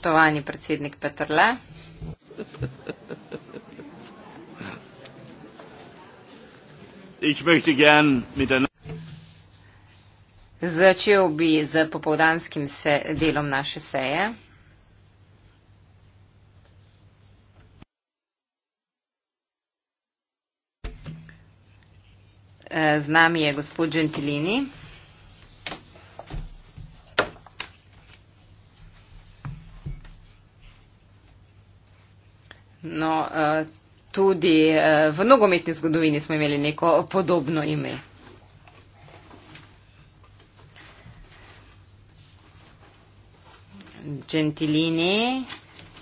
spoštovani predsednik Petrle. Začel bi z popovdanskim se, delom naše seje. Eh, z nami je gospod Gentilini. tudi eh, v nogometni zgodovini smo imeli neko podobno ime. Gentilini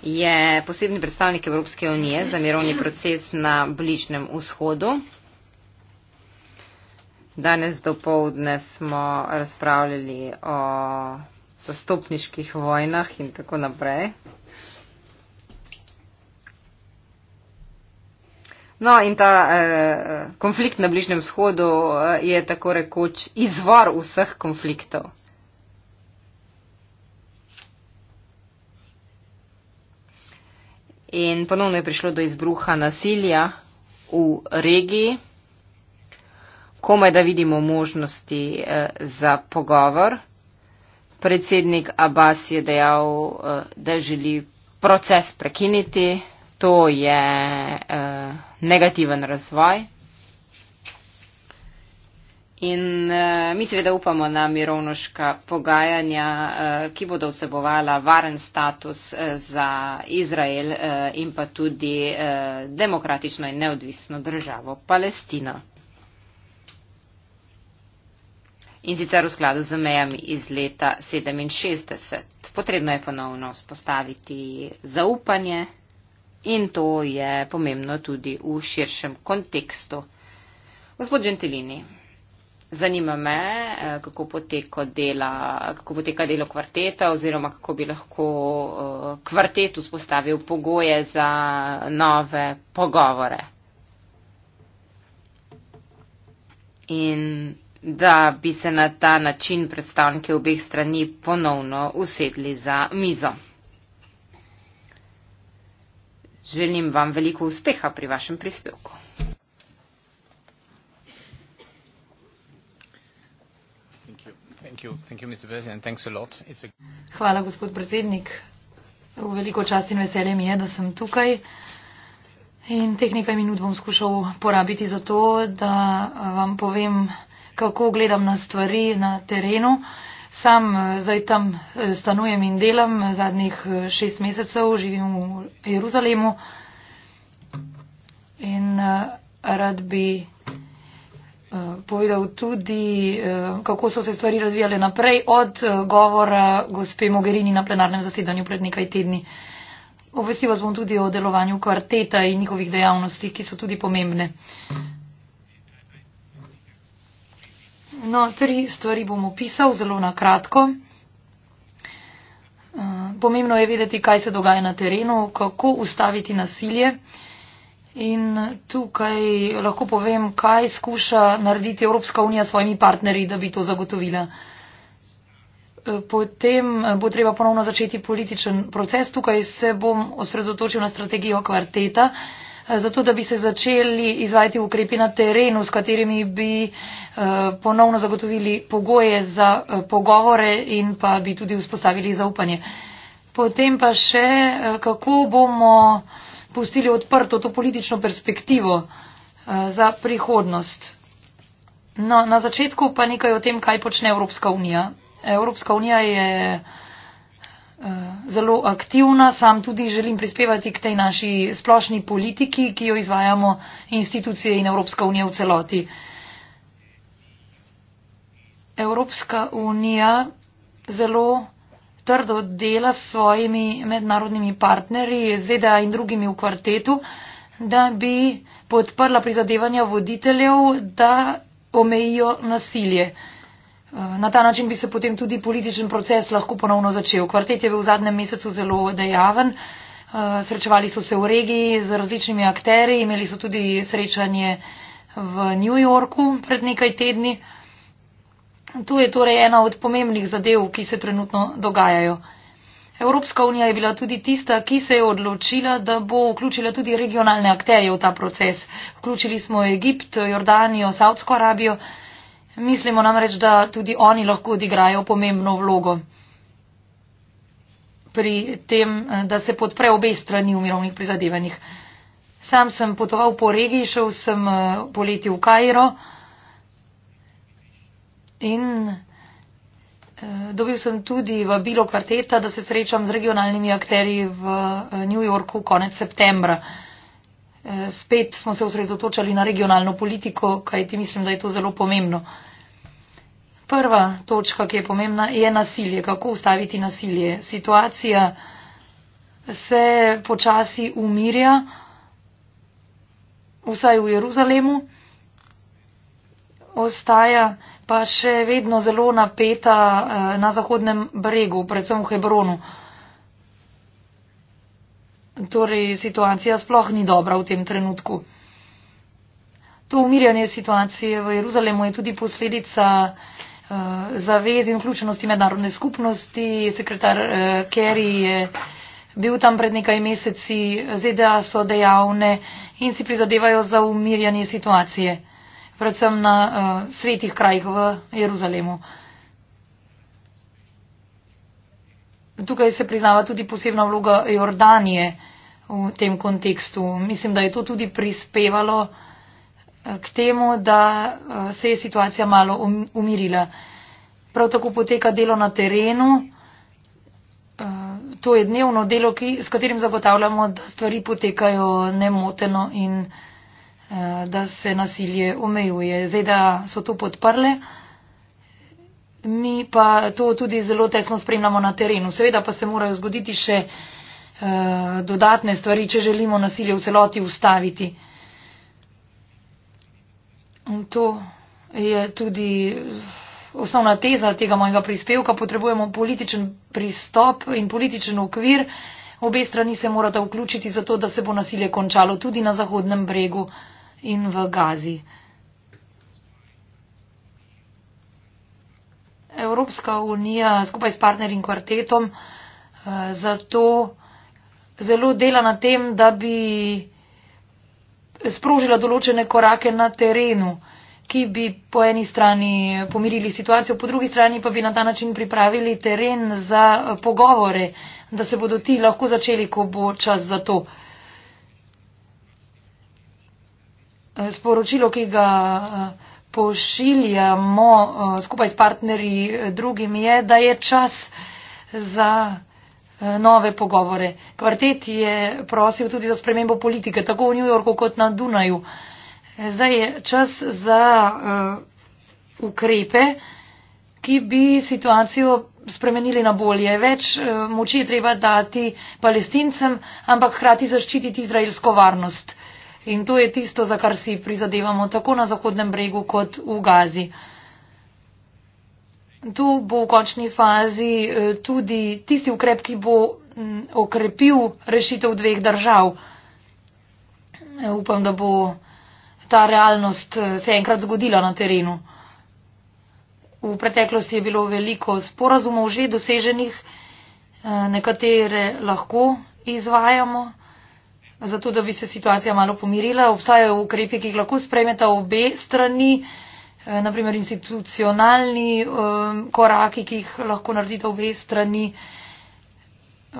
je posebni predstavnik Evropske unije za mirovni proces na Bližnem vzhodu. Danes do povdne smo razpravljali o zastopniških vojnah in tako naprej. No in ta eh, konflikt na Bližnjem vzhodu eh, je tako rekoč izvor vseh konfliktov. In ponovno je prišlo do izbruha nasilja v regiji. Komaj da vidimo možnosti eh, za pogovor. Predsednik Abbas je dejal, eh, da želi proces prekiniti to je uh, negativen razvoj. In uh, mi seveda upamo na mirovnoška pogajanja, uh, ki bodo vsebovala varen status uh, za Izrael uh, in pa tudi uh, demokratično in neodvisno državo Palestina. In sicer v skladu z mejami iz leta 67. Potrebno je ponovno vzpostaviti zaupanje in to je pomembno tudi v širšem kontekstu. Gospod Gentilini, zanima me, eh, kako poteka, dela, kako poteka delo kvarteta oziroma kako bi lahko eh, kvartet vzpostavil pogoje za nove pogovore. In da bi se na ta način predstavniki obeh strani ponovno usedli za mizo. Želim vam veliko uspeha pri vašem prispevku. Hvala, gospod predsednik. V veliko čast in veselje mi je, da sem tukaj. In teh nekaj minut bom skušal porabiti za to, da vam povem, kako gledam na stvari na terenu. Uh, Sam eh, zdaj tam eh, stanujem in delam eh, zadnjih šest mesecev, živim v Jeruzalemu in rad bi povedal tudi, kako so se stvari razvijale naprej od govora gospe Mogherini na plenarnem zasedanju pred nekaj tedni. Obvestil vas bom tudi o delovanju kvarteta in njihovih dejavnosti, ki so tudi pomembne. No, tri stvari bom opisal zelo na kratko. Eh, pomembno je vedeti, kaj se dogaja na terenu, kako ustaviti nasilje. In tukaj lahko povem, kaj skuša narediti Evropska unija s svojimi partnerji, da bi to zagotovila. Eh, potem eh, bo treba ponovno začeti političen proces. Tukaj se bom osredotočil na strategijo kvarteta, zato da bi se začeli izvajati ukrepi na terenu, s katerimi bi eh, ponovno zagotovili pogoje za eh, pogovore in pa bi tudi vzpostavili zaupanje. Potem pa še, eh, kako bomo pustili odprto to politično perspektivo za prihodnost. No, na začetku pa nekaj o tem, kaj počne Evropska unija. Evropska unija je. Eh, zelo aktivna. Sam tudi želim prispevati k tej naši splošni politiki, ki jo izvajamo institucije in Evropska unija v celoti. Evropska unija zelo trdo dela s svojimi mednarodnimi partnerji, ZDA in drugimi v kvartetu, da bi podprla prizadevanja voditeljev, da omejijo nasilje. Na ta način bi se potem tudi političen proces lahko ponovno začel. Kvartet je bil v zadnjem mesecu zelo dejaven. Eh, srečevali so se v regiji z različnimi akteri, imeli so tudi srečanje v New Yorku pred nekaj tedni. To je torej ena od pomembnih zadev, ki se trenutno dogajajo. Evropska unija je bila tudi tista, ki se je odločila, da bo vključila tudi regionalne akterje v ta proces. Vključili smo Egipt, Jordanijo, Saudsko Arabijo. Mislimo namreč, da tudi oni lahko odigrajo pomembno vlogo pri tem, da se podpre obe strani v mirovnih prizadevanjih. Sam sem potoval po regiji, šel sem eh, poleti v Kajro in eh, dobil sem tudi vabilo kvarteta, da se srečam z regionalnimi akteri v eh, New Yorku konec septembra. Spet smo se osredotočali na regionalno politiko, kajti mislim, da je to zelo pomembno. Prva točka, ki je pomembna, je nasilje. Kako ustaviti nasilje? Situacija se počasi umirja, vsaj v Jeruzalemu, ostaja pa še vedno zelo napeta eh, na zahodnem bregu, predvsem v Hebronu. Torej, situacija sploh ni dobra v tem trenutku. To umirjanje situacije v Jeruzalemu je tudi posledica Eh, zavez in vključenosti mednarodne skupnosti. Sekretar uh, Kerry je bil tam pred nekaj meseci, ZDA so dejavne in si prizadevajo za umirjanje situacije, predvsem na uh, svetih krajih v Jeruzalemu. Tukaj se priznava tudi posebna vloga Jordanije v tem kontekstu. Mislim, da je to tudi prispevalo uh, k temu, da eh, se je situacija malo um-, umirila. Prav tako poteka delo na terenu. Eh, to je dnevno delo, ki, s katerim zagotavljamo, da stvari potekajo nemoteno in eh, da se nasilje omejuje. ZDA so to podprle, mi pa to tudi zelo tesno spremljamo na terenu. Seveda pa se morajo zgoditi še dodatne stvari, če želimo nasilje v celoti ustaviti. In to je tudi osnovna teza tega mojega prispevka. Potrebujemo političen pristop in političen okvir. Obe strani se morata vključiti zato, da se bo nasilje končalo tudi na Zahodnem bregu in v Gazi. Evropska unija skupaj s partnerjem in kvartetom eh, zato zelo dela na tem, da bi sprožila določene korake na terenu, ki bi po eni strani pomirili situacijo, po drugi strani pa bi na ta način pripravili teren za eh, pogovore, da se bodo ti lahko začeli, ko bo čas za to. Eh, sporočilo, ki ga eh, pošiljamo skupaj s partnerji drugim, je, da je čas za. Eh, nove pogovore. Kvartet je prosil tudi za spremembo politike, tako v New Yorku kot na Dunaju. Eh, zdaj je čas za uh, ukrepe, ki bi situacijo spremenili na bolje. Več uh, moči je treba dati palestincem, ampak hkrati zaščititi izraelsko varnost. In to je tisto, za kar si prizadevamo tako na Zahodnem bregu kot v Gazi. To bo v končni fazi eh, tudi tisti ukrep, ki bo mm, okrepil rešitev dveh držav. Eh, upam, da bo ta realnost eh, se enkrat zgodila na terenu. V preteklosti je bilo veliko sporazumov že doseženih, nekatere lahko izvajamo, zato da bi se situacija malo pomirila. Obstajajo ukrepe, ki jih lahko spremeta obe strani. Eh, naprimer institucionalni eh, koraki, ki jih lahko naredite obe strani,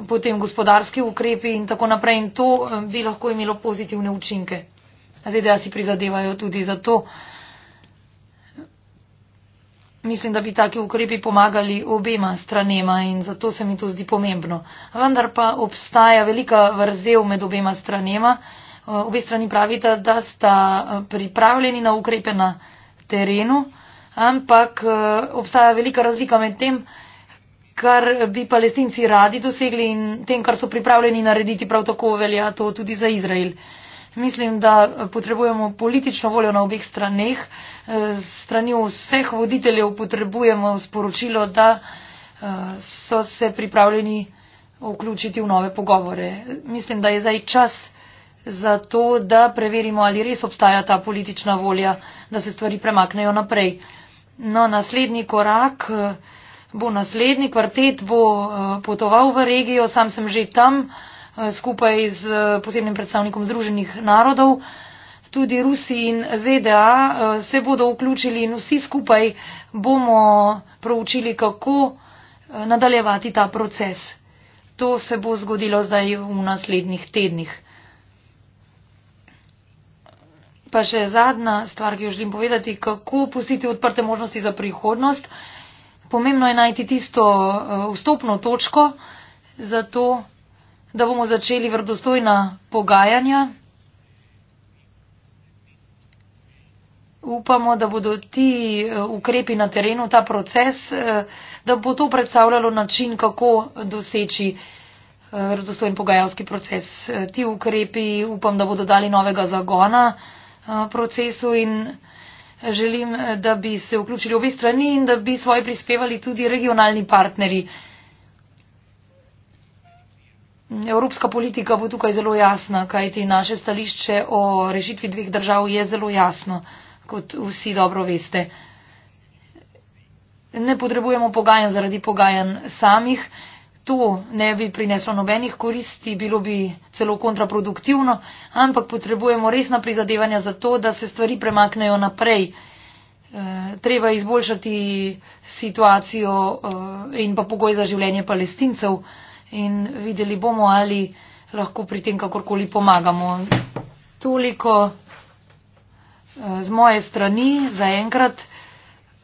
potem gospodarski ukrepi in tako naprej. In to eh, bi lahko imelo pozitivne učinke. ZDA si prizadevajo tudi za to. Mislim, da bi taki ukrepi pomagali obema stranema in zato se mi to zdi pomembno. Vendar pa obstaja velika vrzel med obema stranema. Obe strani pravita, da sta pripravljeni na ukrepe na terenu, ampak eh, obstaja velika razlika med tem, kar bi palestinci radi dosegli in tem, kar so pripravljeni narediti, prav tako velja to tudi za Izrael. Mislim, da potrebujemo politično voljo na obeh straneh. Eh, strani vseh voditeljev potrebujemo sporočilo, da eh, so se pripravljeni vključiti v nove pogovore. Mislim, da je zdaj čas, zato da preverimo, ali res obstaja ta politična volja, da se stvari premaknejo naprej. No, naslednji korak eh, bo naslednji kvartet, bo eh, potoval v regijo, sam sem že tam eh, skupaj z posebnim predstavnikom Združenih narodov. Tudi Rusi in ZDA se bodo vključili in vsi skupaj bomo proučili, kako nadaljevati ta proces. To se bo zgodilo zdaj v naslednjih tednih. Pa še zadnja stvar, ki jo želim povedati, kako pustiti odprte možnosti za prihodnost. Pomembno je najti tisto eh, vstopno točko za to, da bomo začeli vrdostojna pogajanja. Upamo, da bodo ti eh, ukrepi na terenu, ta proces, eh, da bo to predstavljalo način, kako doseči vrdostojen pogajalski proces. Ti ukrepi upam, da bodo dali novega zagona procesu in želim, da bi se vključili obe strani in da bi svoje prispevali tudi regionalni partnerji. Evropska politika bo tukaj zelo jasna, kajti naše stališče o rešitvi dveh držav je zelo jasno, kot vsi dobro veste. Ne potrebujemo pogajanj zaradi pogajanj samih to ne bi prineslo nobenih koristi, bilo bi celo kontraproduktivno, ampak potrebujemo resna prizadevanja za to, da se stvari premaknejo naprej. Eh, treba izboljšati situacijo eh, in pa pogoj za življenje palestincev in videli bomo, ali lahko pri tem kakorkoli pomagamo. Toliko eh, z moje strani za enkrat.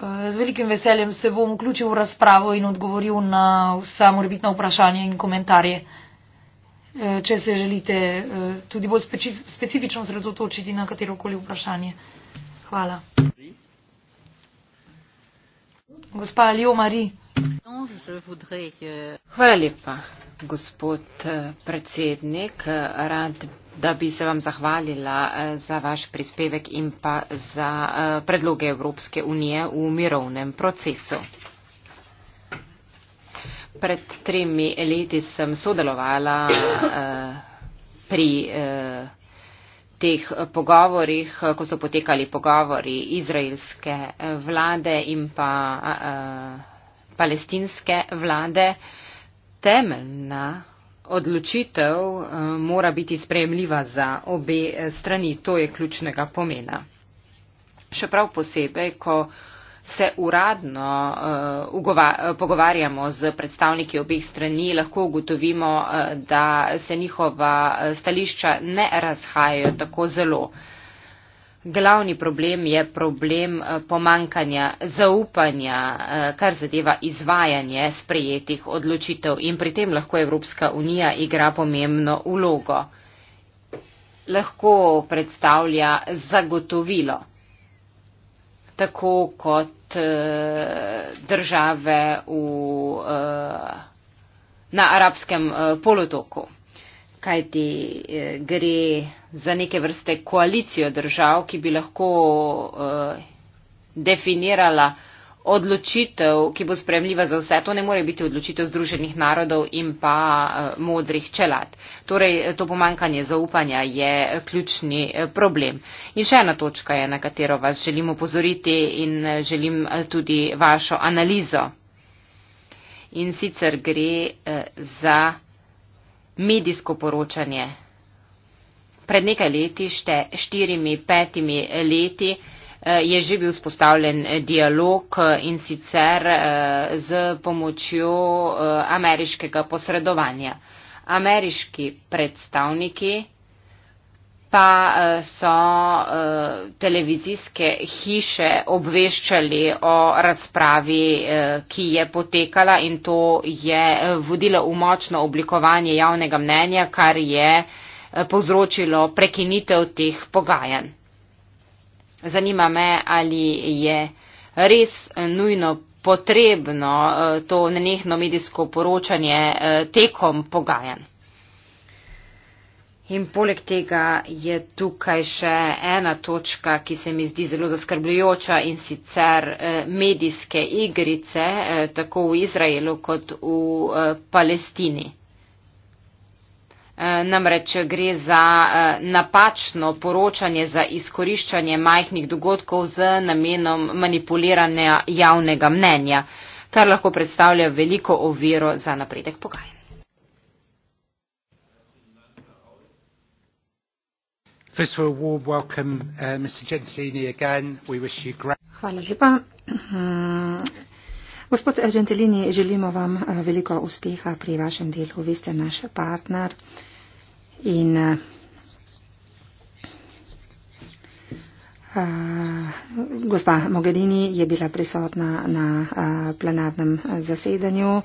Eh, z velikim veseljem se bom vključil v razpravo in odgovoril na vsa morbitna vprašanja in komentarje. Eh, če se želite eh, tudi bolj specifično sredotočiti na katero koli vprašanje. Hvala. Gospa Alijo Mari. Hvala lepa, gospod predsednik. Rad da bi se vam zahvalila eh, za vaš prispevek in pa za eh, predloge Evropske unije v mirovnem procesu. Pred tremi leti sem sodelovala eh, pri teh pogovorih, ko so potekali pogovori izraelske vlade in pa palestinske vlade. Temeljna odločitev eh, mora biti sprejemljiva za obe eh, strani. To je ključnega pomena. Še prav posebej, ko se uradno eh, pogovarjamo z predstavniki obeh strani, lahko ugotovimo, da se njihova stališča ne razhajajo tako zelo glavni problem je problem eh, pomankanja zaupanja, eh, kar zadeva izvajanje sprejetih odločitev in pri tem lahko Evropska unija igra pomembno ulogo. Lahko predstavlja zagotovilo, tako kot eh, države v, na arabskem polotoku kajti eh, gre za neke vrste koalicijo držav, ki bi lahko eh, definirala odločitev, ki bo spremljiva za vse. To ne more biti odločitev Združenih narodov in pa eh, modrih čelad. Torej, to pomankanje zaupanja je ključni problem. In še ena točka je, na katero vas želim upozoriti in želim tudi vašo analizo. In sicer gre za medijsko poročanje. Pred nekaj leti, šte štirimi, petimi leti, eh, je že bil spostavljen eh, dialog eh, in sicer z pomočjo ameriškega posredovanja. Ameriški predstavniki pa eh, so eh, televizijske hiše obveščali o razpravi, eh, ki je potekala in to je vodilo v močno oblikovanje javnega mnenja, kar je povzročilo prekinitev teh pogajanj. Zanima me, ali je res nujno potrebno to nenehno medijsko poročanje tekom pogajanj. In poleg tega je tukaj še ena točka, ki se mi zdi zelo zaskrbljujoča in sicer eh, medijske igrice, eh, tako v Izraelu kot v eh, Palestini. Namreč gre za napačno poročanje, za izkoriščanje majhnih dogodkov z namenom manipuliranja javnega mnenja, kar lahko predstavlja veliko oviro za napredek pogajanj. First of all, warm welcome, uh, Mr. Gentilini again. We wish you great. Hvala lepa. Gospod Gentilini, želimo vam uh, veliko uspeha pri vašem delu. Vi ste naš partner in Uh, uh gospa Mogherini je bila prisotna na uh, plenarnem uh, zasedanju uh,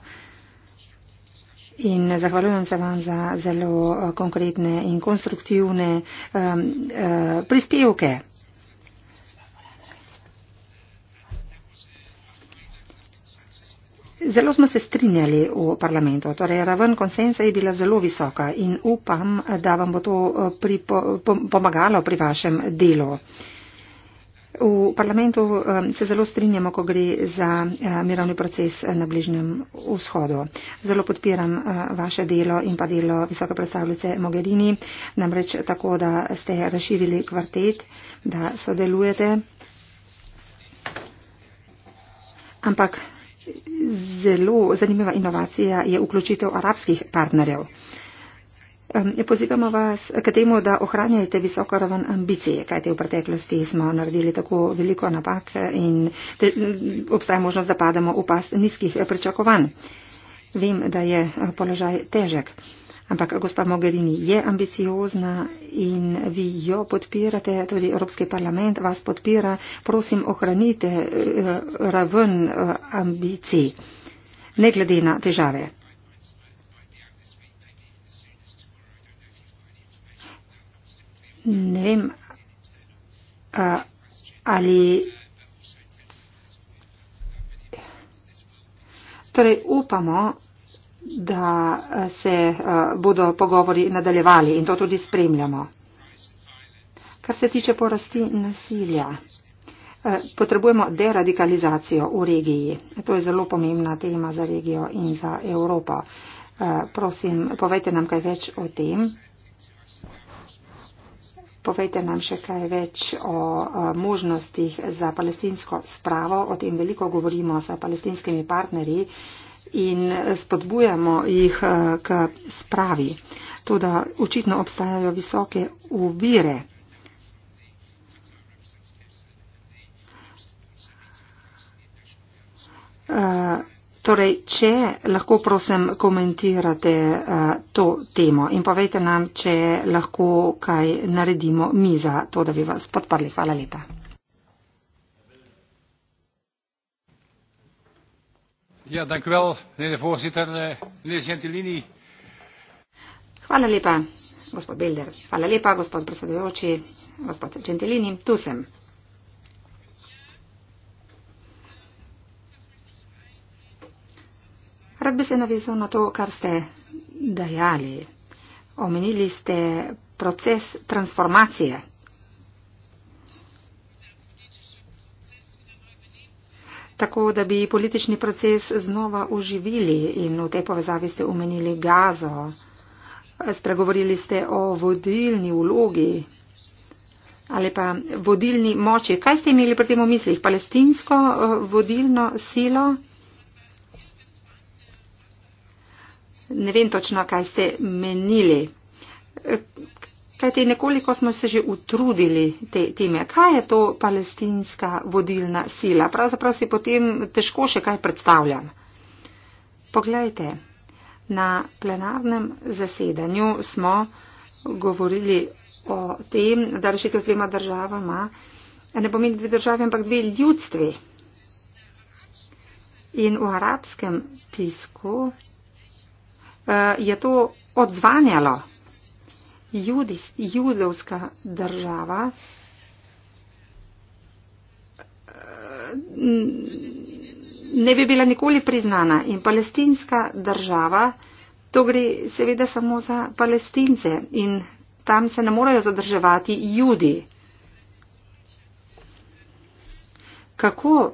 In zahvaljujem se vam za zelo eh, konkretne in konstruktivne um, uh, prispevke. Zelo smo se strinjali v parlamentu, torej raven konsensa je bila zelo visoka in upam, da vam bo to eh, pripo, pomagalo pri vašem delu. Uh, V parlamentu um, se zelo strinjamo, ko gre za uh, mirovni proces uh, na Bližnjem vzhodu. Zelo podpiram uh, vaše delo in pa delo visoke predstavljice Mogherini, namreč tako, da ste razširili kvartet, da sodelujete. Ampak zelo zanimiva inovacija je vključitev arabskih partnerjev. Pozivamo vas k temu, da ohranjajte visoko raven ambicije, kajte v preteklosti smo naredili tako veliko napak in te, obstaja možnost, da pademo v past nizkih pričakovanj. Vem, da je eh, položaj težek, ampak gospa Mogherini je ambiciozna in vi jo podpirate, tudi Evropski parlament vas podpira. Prosim, ohranite eh, raven eh, ambicij, ne glede na težave. ne vem, a, ali. Torej, upamo, da se a, bodo pogovori nadaljevali in to tudi spremljamo. Kar se tiče porasti nasilja, a, potrebujemo deradikalizacijo v regiji. To je zelo pomembna tema za regijo in za Evropo. A, prosim, povejte nam kaj več o tem. Povejte nam še kaj več o eh, možnostih za palestinsko spravo. O tem veliko govorimo s palestinskimi partnerji in spodbujamo jih eh, k spravi. Tudi očitno obstajajo visoke uvire. Uh, Torej, če lahko prosim komentirate uh, to temo in povejte nam, če lahko kaj naredimo mi za to, da bi vas podprli. Hvala lepa. Ja, dank wel, meneer de voorzitter, eh, meneer Gentilini. Hvala lepa, gospod Bilder. Hvala lepa, gospod predsedujoči, gospod Gentilini. Tu sem. rad bi se navezal na to, kar ste dajali. Omenili ste proces transformacije. Tako, da bi politični proces znova uživili in v tej povezavi ste omenili gazo. Spregovorili ste o vodilni vlogi ali pa vodilni moči. Kaj ste imeli pri tem v mislih? Palestinsko eh, vodilno silo? ne vem točno, kaj ste menili. Kajti nekoliko smo se že utrudili te time. Kaj je to palestinska vodilna sila? Pravzaprav si potem težko še kaj predstavljam. Poglejte, na plenarnem zasedanju smo govorili o tem, da rešitev s dvema državama ne pomeni dve države, ampak dve ljudstvi. In v arabskem tisku Eh, je to odzvanjalo. Judis, judovska država eh, ne bi bila nikoli priznana in palestinska država, to gre seveda samo za palestince in tam se ne morejo zadrževati judi. Kako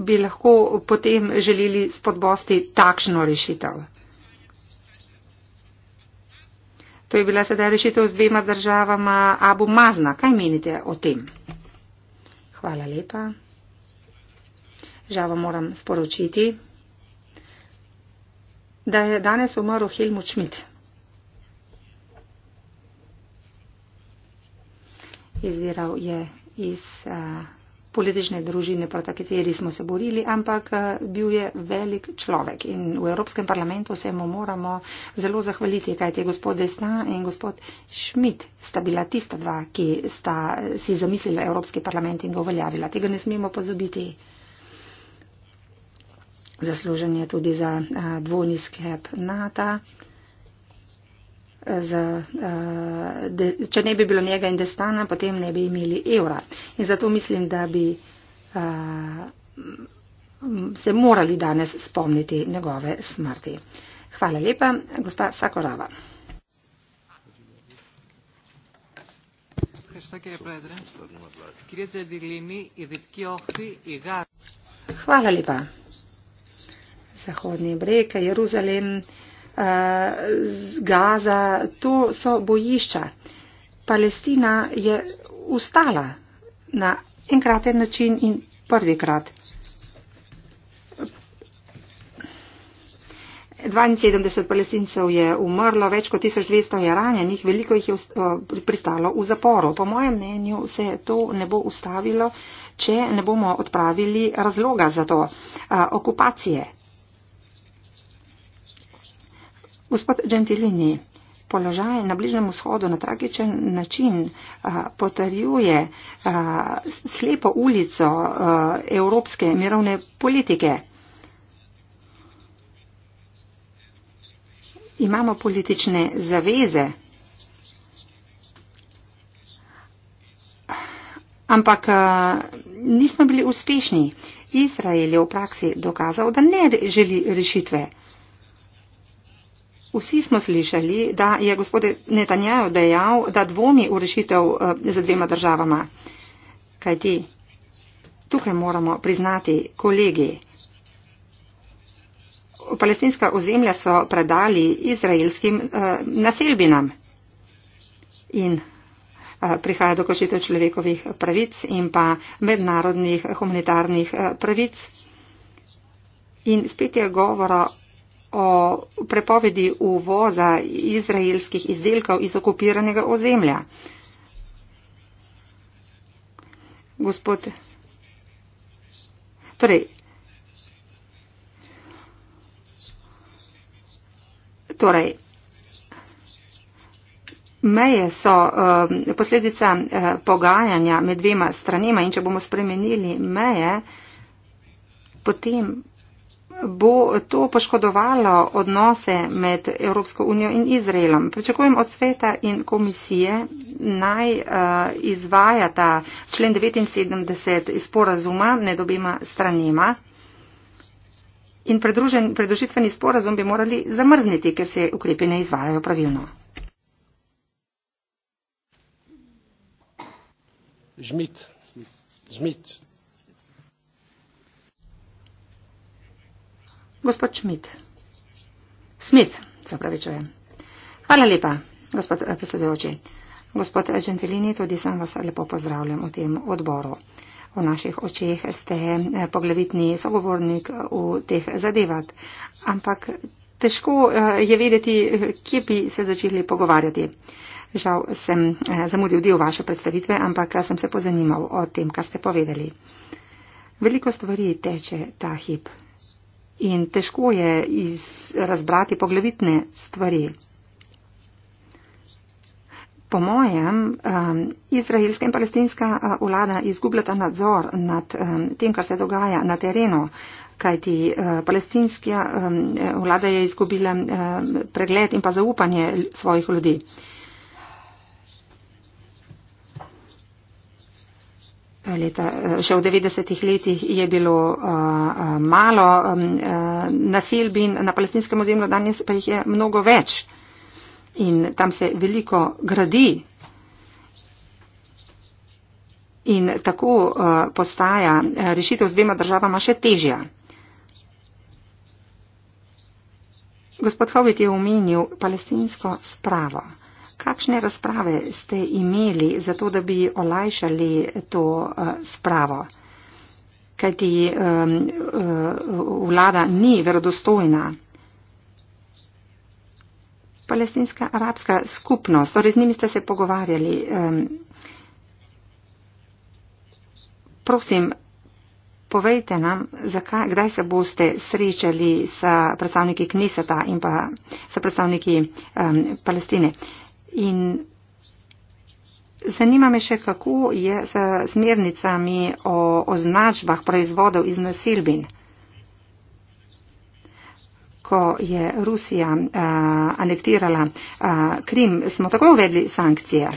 bi lahko potem želeli spodbosti takšno rešitev? To je bila sedaj rešitev z dvema državama Abu Mazna. Kaj menite o tem? Hvala lepa. Žal vam moram sporočiti, da je danes umrl Helmut Schmidt. Izviral je iz. Uh, politične družine, proti kateri smo se borili, ampak eh, bil je velik človek. In v Evropskem parlamentu se mu moramo zelo zahvaliti, kajte gospod Desna in gospod Schmidt sta bila tista dva, ki sta eh, si zamislila Evropski parlament in ga uveljavila. Tega ne smemo pozabiti. Zaslužen je tudi za eh, dvojni sklep NATO za, eh, de, če ne bi bilo njega in Destana, potem ne bi imeli evra. In zato mislim, da bi a, eh, se morali danes spomniti njegove smrti. Hvala lepa, gospa Sakorava. Hvala lepa. Zahodni breg, Jeruzalem. Gaza, to so bojišča. Palestina je ustala na enkraten način in prvikrat. 72 palestincev je umrlo, več kot 1200 je ranjenih, veliko jih je pristalo v zaporu. Po mojem mnenju se to ne bo ustavilo, če ne bomo odpravili razloga za to. Okupacije. Gospod Gentilini, položaj na Bližnem vzhodu na tragičen način a, potrjuje a, slepo ulico a, evropske mirovne politike. Imamo politične zaveze, ampak a, nismo bili uspešni. Izrael je v praksi dokazal, da ne želi rešitve. Vsi smo slišali, da je gospod Netanjahu dejal, da dvomi v rešitev eh, za dvema državama. Kaj ti? Tukaj moramo priznati kolegi. Palestinska ozemlja so predali izraelskim uh, naselbinam in uh, prihaja do kršitev človekovih pravic in pa mednarodnih humanitarnih uh, pravic. In spet je govora o prepovedi uvoza izraelskih izdelkov iz okupiranega ozemlja. Gospod, torej, torej, Meje so uh, posledica uh, pogajanja med dvema stranima in če bomo spremenili meje, potem bo to poškodovalo odnose med Evropsko unijo in Izraelom. Pričakujem od sveta in komisije naj uh, eh, izvaja ta člen 79 iz porazuma med obima stranima in predružitveni sporazum bi morali zamrzniti, ker se ukrepi ne izvajajo pravilno. Žmit. Žmit. Gospod Schmidt. Smith, se pravi, čujem. Hvala lepa, gospod eh, predsedujoči. Gospod Gentilini, tudi sam vas lepo pozdravljam v tem odboru. V naših očeh ste eh, poglavitni sogovornik eh, v teh zadevah, ampak težko je vedeti, kje bi se začeli pogovarjati. Žal sem zamudil del vaše predstavitve, ampak sem se pozanimal o tem, kar ste povedali. Veliko stvari teče ta hip in težko je razbrati poglavitne stvari. Po mojem, um, izraelska in palestinska uh, vlada uh, izgubljata nadzor nad um, tem, kar se dogaja na terenu, kajti uh, palestinska um, vlada um, je izgubila um, pregled in pa zaupanje svojih ljudi. Uh, Leta, eh, še v 90-ih letih je bilo uh, malo um, uh, naselbin na palestinskem ozemlju, danes pa jih je mnogo več. In tam se veliko gradi. In tako uh, postaja rešitev z dvema državama še težja. Gospod Hovit je omenil palestinsko spravo. Kakšne razprave ste imeli za to, da bi olajšali to eh, spravo? Kajti um, vlada ni verodostojna. Palestinska arabska skupnost, torej z njimi ste se pogovarjali. Um, prosim. Povejte nam, zakaj, kdaj se boste srečali s predstavniki Kniseta in pa s predstavniki um, Palestine. In zanima me še, kako je z zmernicami o označbah proizvodov iz naselbin, ko je Rusija a, anektirala a, Krim, smo tako uvedli sankcije.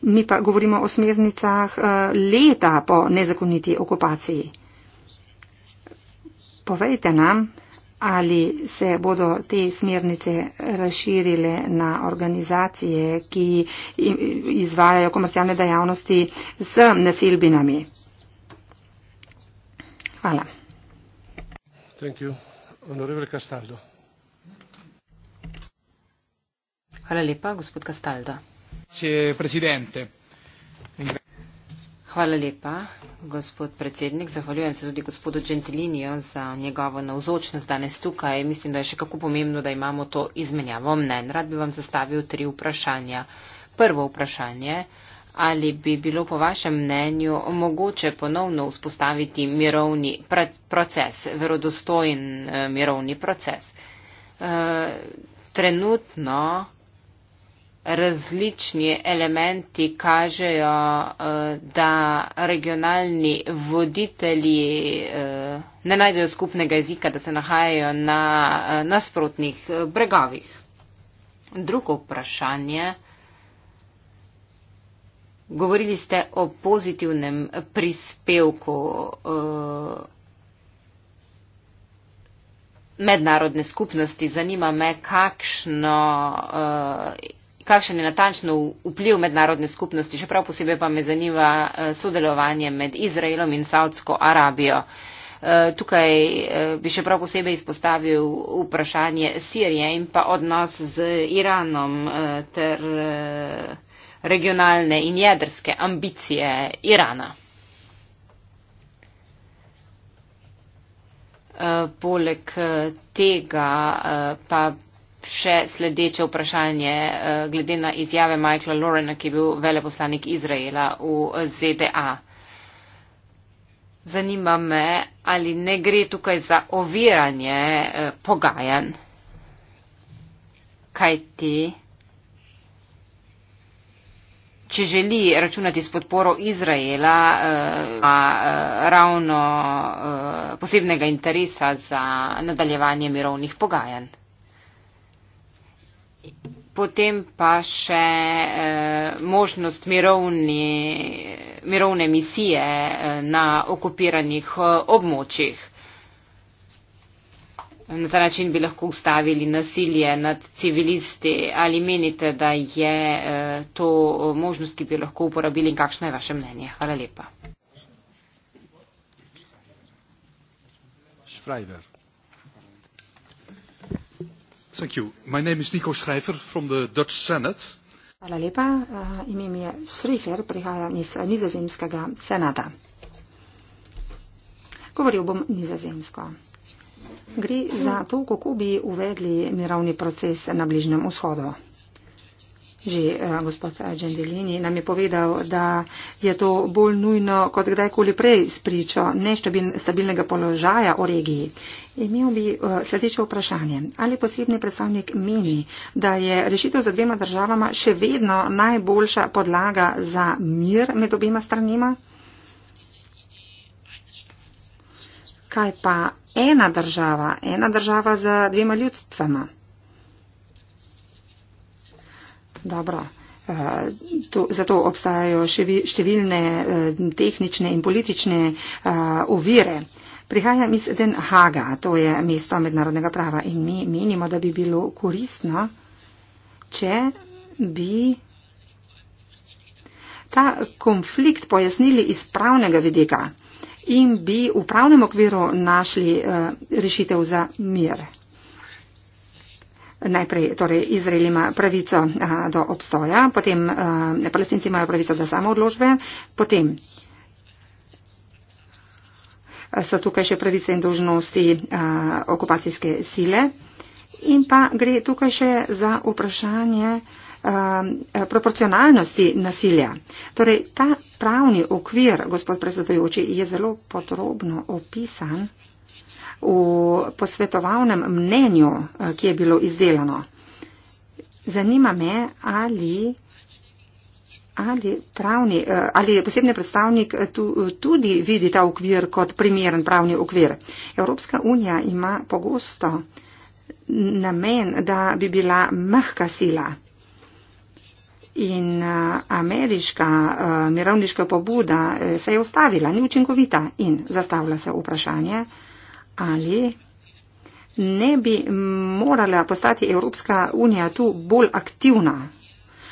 Mi pa govorimo o smernicah leta po nezakoniti okupaciji. Povejte nam, ali se bodo te smernice razširile na organizacije, ki izvajajo komercialne dejavnosti z nasilbinami. Hvala. Hvala lepa, gospod Castaldo. Hvala, predsednik. Hvala lepa, gospod predsednik. Zahvaljujem se tudi gospodu Gentilinijo za njegovo navzočnost danes tukaj. Mislim, da je še kako pomembno, da imamo to izmenjavo mnen. Rad bi vam zastavil tri vprašanja. Prvo vprašanje. Ali bi bilo po vašem mnenju mogoče ponovno vzpostaviti mirovni proces, verodostojen eh, mirovni proces? Eh, trenutno različni elementi kažejo, eh, da regionalni voditelji eh, ne najdejo skupnega jezika, da se nahajajo na eh, nasprotnih bregovih. Drugo vprašanje. Govorili ste o pozitivnem prispevku mednarodne skupnosti. Zanima me, kakšno kakšen je natančno vpliv mednarodne skupnosti, še prav posebej pa me zanima eh, sodelovanje med Izraelom in Saudsko Arabijo. Eh, tukaj eh, bi še prav posebej izpostavil vprašanje Sirije in pa odnos z Iranom ter regionalne in jedrske ambicije Irana. Poleg tega pa še sledeče vprašanje eh, glede na izjave Michaela Lorena, ki je bil veleposlanik Izraela v eh, ZDA. Zanima me, ali ne gre tukaj za oviranje eh, pogajanj. Kaj ti? Če želi računati s podporo Izraela, ima eh, ravno eh, posebnega interesa za nadaljevanje mirovnih pogajanj. Potem pa še eh, možnost mirovni, mirovne misije eh, na okupiranih eh, območjih. Na ta način bi lahko ustavili nasilje nad civilisti. Ali menite, da je eh, to možnost, ki bi lahko uporabili in kakšno je vaše mnenje? Hvala lepa. Schreiber. Thank you. My name is Nico Schrijver from the Dutch Senate. Hvala lepa. Uh, ime mi je Schrijver, prihajam iz eh, nizozemskega senata. Govoril bom nizozemsko. Gre za to, kako bi uvedli mirovni proces na Bližnjem vzhodu že eh, gospod Gendelini nam je povedal, da je to bolj nujno kot kdajkoli prej spričo nestabilnega položaja o regiji. Imel bi eh, sledeče vprašanje. Ali posebni predstavnik meni, da je rešitev za dvema državama še vedno najboljša podlaga za mir med obima stranima? Kaj pa ena država, ena država z dvema ljudstvama? Dobro. Eh, to, zato obstajajo ševi, številne uh, tehnične in politične uh, ovire. Prihajam iz Den Haga, to je mesto mednarodnega prava in mi menimo, da bi bilo koristno, če bi ta konflikt pojasnili iz pravnega vidika in bi v pravnem okviru našli uh, rešitev za mir. Najprej torej Izrael ima pravico a, do obstoja, potem a, palestinci imajo pravico do samoodložbe, potem so tukaj še pravice in dožnosti a, okupacijske sile in pa gre tukaj še za vprašanje a, a, proporcionalnosti nasilja. Torej ta pravni okvir, gospod predsedujoči, je zelo podrobno opisan v posvetovalnem mnenju, eh, ki je bilo izdelano. Zanima me, ali, ali, pravni, eh, ali posebni predstavnik eh, tu, tudi vidi ta okvir kot primeren pravni okvir. Evropska unija ima pogosto namen, da bi bila mehka sila. In ameriška mirovniška pobuda se je ustavila, ni učinkovita in zastavlja se vprašanje ali ne bi morala postati Evropska unija tu bolj aktivna,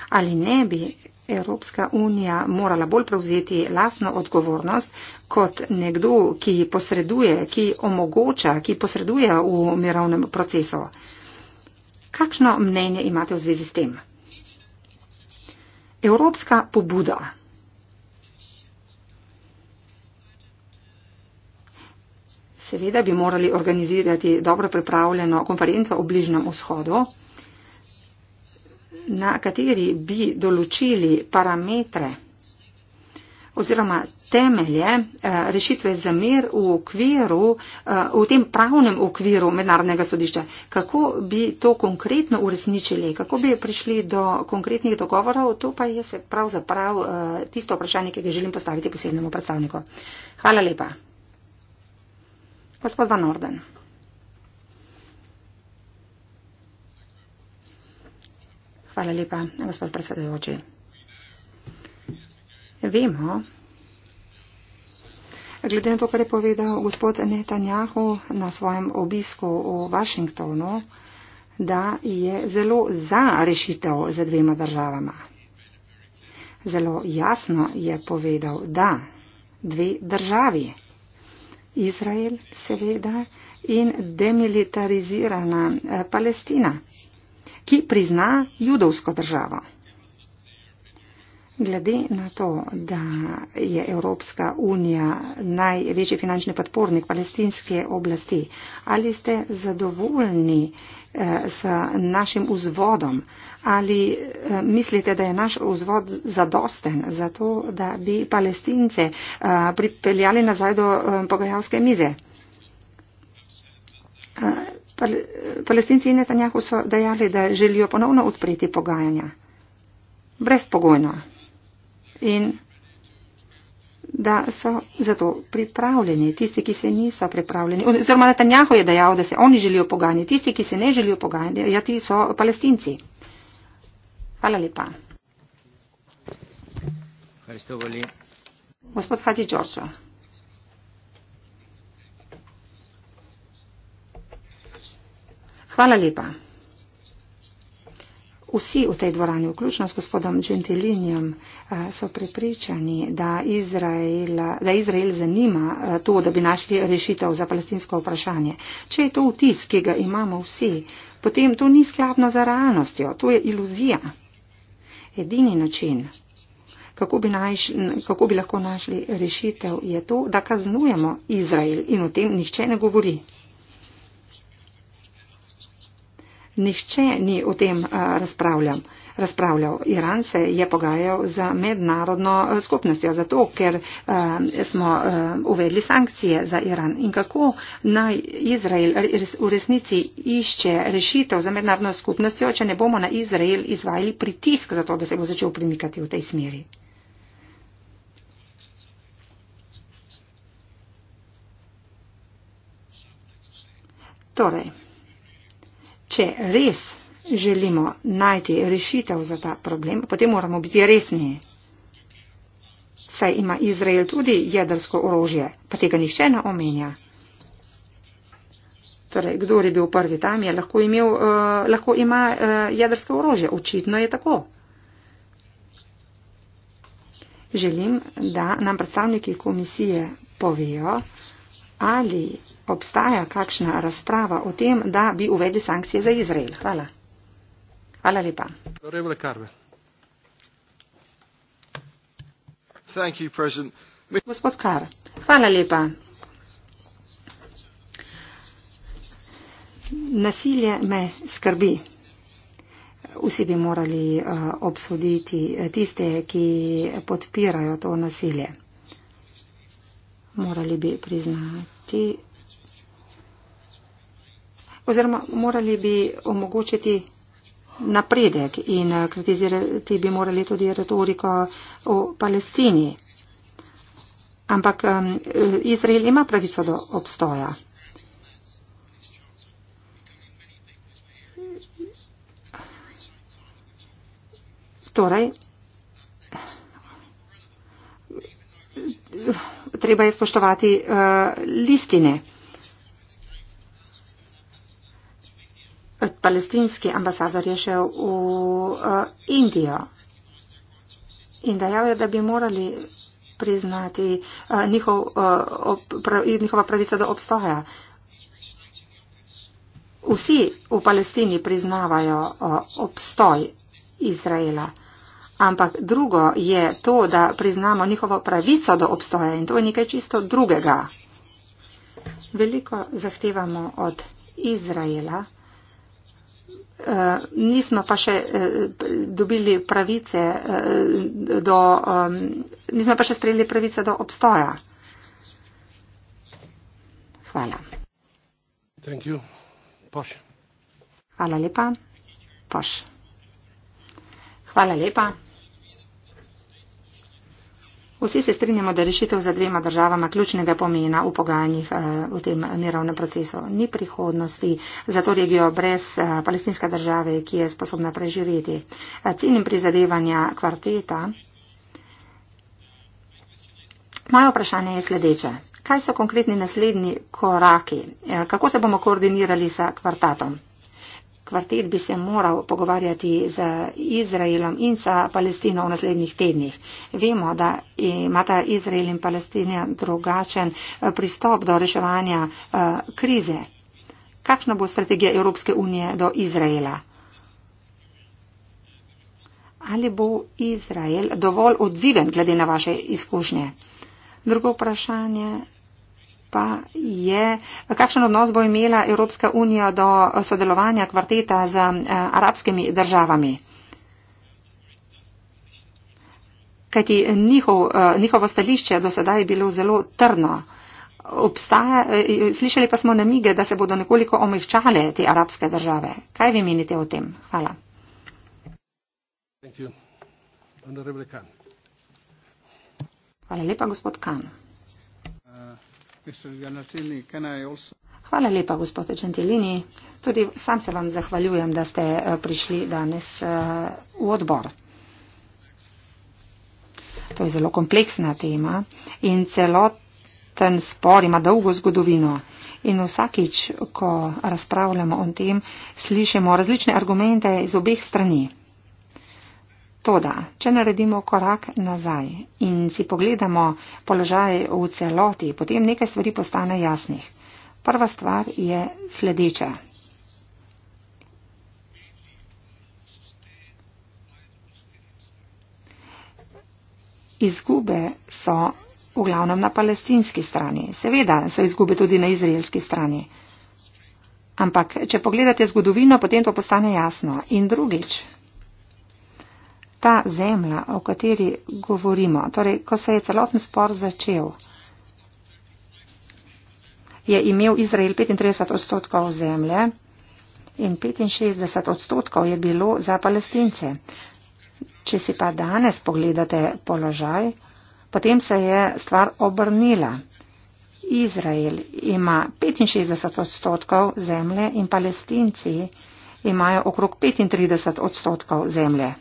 ali ne bi Evropska unija morala bolj prevzeti lasno odgovornost kot nekdo, ki posreduje, ki omogoča, ki posreduje v mirovnem procesu. Kakšno mnenje imate v zvezi s tem? Evropska pobuda. Seveda bi morali organizirati dobro pripravljeno konferenco o bližnjem vzhodu, na kateri bi določili parametre oziroma temelje eh, rešitve za mir v, okviru, eh, v tem pravnem okviru mednarodnega sodišča. Kako bi to konkretno uresničili, kako bi prišli do konkretnih dogovorov, to pa je pravzaprav eh, tisto vprašanje, ki ga želim postaviti posebnemu predstavniku. Hvala lepa. Gospod Van Orden. Hvala lepa, gospod predsedujoči. Vemo, glede na to, kar je povedal gospod Netanjahu na svojem obisku v Washingtonu, da je zelo za rešitev za dvema državama. Zelo jasno je povedal, da dve državi Izrael, seveda, in demilitarizirana eh, Palestina, ki prizna judovsko državo. Glede na to, da je Evropska unija največji finančni podpornik palestinske oblasti, ali ste zadovoljni eh, s našim vzvodom ali eh, mislite, da je naš vzvod zadosten za to, da bi palestince eh, pripeljali nazaj do eh, pogajalske mize? Eh, palestinci in Netanjahu so dejali, da želijo ponovno odpreti pogajanja. Brezpogojno in da so zato pripravljeni, tisti, ki se niso pripravljeni. Oziroma Netanjahu je dejal, da se oni želijo poganjati, tisti, ki se ne želijo poganjati, so palestinci. Hvala lepa. Gospod Hadi Đorđo. Hvala lepa. Vsi v tej dvorani, vključno s gospodom Gentilinjem, eh, so prepričani, da Izrael, da Izrael zanima eh, to, da bi našli rešitev za palestinsko vprašanje. Če je to vtis, ki ga imamo vsi, potem to ni skladno za realnostjo, to je iluzija. Edini način, kako bi, naš, kako bi lahko našli rešitev, je to, da kaznujemo Izrael in o tem nihče ne govori. Nihče ni o tem eh, razpravljal. razpravljal. Iran se je pogajal za mednarodno eh, skupnostjo, zato ker eh, smo uvedli sankcije za Iran. In kako naj Izrael v resnici išče rešitev za mednarodno skupnostjo, če ne bomo na Izrael izvajali pritisk za to, da se bo začel premikati v tej smeri. Torej, če res želimo najti rešitev za ta problem, potem moramo biti resni. Saj ima Izrael tudi jedrsko orožje, pa tega nihče ne omenja. Torej, kdo je bil prvi tam, je lahko imel, uh, lahko ima uh, jedrsko orožje. Očitno je tako. Želim, da nam predstavniki komisije povejo, uh, ali obstaja kakšna razprava o tem, da bi uvedli sankcije za Izrael. Hvala. Hvala lepa. Gospod Kar, hvala lepa. Nasilje me skrbi. Vsi bi morali uh, obsoditi eh, tiste, ki podpirajo to nasilje morali bi priznati oziroma morali bi omogočiti napredek in kritizirati bi morali tudi retoriko o Palestini. Ampak um, Izrael ima pravico do obstoja. Torej, treba je spoštovati uh, listine. Palestinski ambasador je šel v uh, Indijo in dejal je, da bi morali priznati uh, njihov, uh, prav, njihova pravica do obstoja. Vsi v Palestini priznavajo uh, obstoj Izraela ampak drugo je to, da priznamo njihovo pravico do obstoja in to je nekaj čisto drugega. Veliko zahtevamo od Izraela, e, nismo pa še e, dobili pravice e, do, e, nismo pa še sprejeli pravice do obstoja. Hvala. Thank you. Poš. Hvala lepa. Poš. Hvala lepa. Vsi se strinjamo, da rešitev za dvema državama ključnega pomena v pogajanjih eh, v tem mirovnem procesu ni prihodnosti za to regijo brez eh, palestinske države, ki je sposobna preživeti. Eh, Cenim prizadevanja kvarteta. Moje vprašanje je sledeče. Kaj so konkretni naslednji koraki? Kako se bomo koordinirali sa kvartatom? kvartet bi se moral pogovarjati z Izraelom in sa Palestino v naslednjih tednih. Vemo, da imata Izrael in Palestina drugačen eh, pristop do reševanja eh, krize. Kakšna bo strategija Evropske unije do Izraela? Ali bo Izrael dovolj odziven glede na vaše izkušnje? Drugo vprašanje pa je, kakšen odnos bo imela Evropska unija do sodelovanja kvarteta z eh, arabskimi državami. Kajti njihov, eh, njihovo stališče do sedaj je bilo zelo trdno. Obstaja, eh, slišali pa smo namige, da se bodo nekoliko omehčale te arabske države. Kaj vi menite o tem? Hvala. Hvala lepa, gospod Kan. Uh, Hvala lepa, gospod Čentilini. Tudi sam se vam zahvaljujem, da ste eh, prišli danes eh, v odbor. To je zelo kompleksna tema in celoten spor ima dolgo zgodovino. In vsakič, ko razpravljamo o tem, slišimo različne argumente iz obeh strani. Toda, če naredimo korak nazaj in si pogledamo položaj v celoti, potem nekaj stvari postane jasnih. Prva stvar je sledeča. Izgube so v glavnem na palestinski strani. Seveda so izgube tudi na izraelski strani. Ampak, če pogledate zgodovino, potem to postane jasno. In drugič, ta zemlja, o kateri govorimo, torej, ko se je celoten spor začel, je imel Izrael 35 odstotkov zemlje in 65 odstotkov je bilo za palestince. Če si pa danes pogledate položaj, potem se je stvar obrnila. Izrael ima 65 odstotkov zemlje in palestinci imajo okrog 35 odstotkov zemlje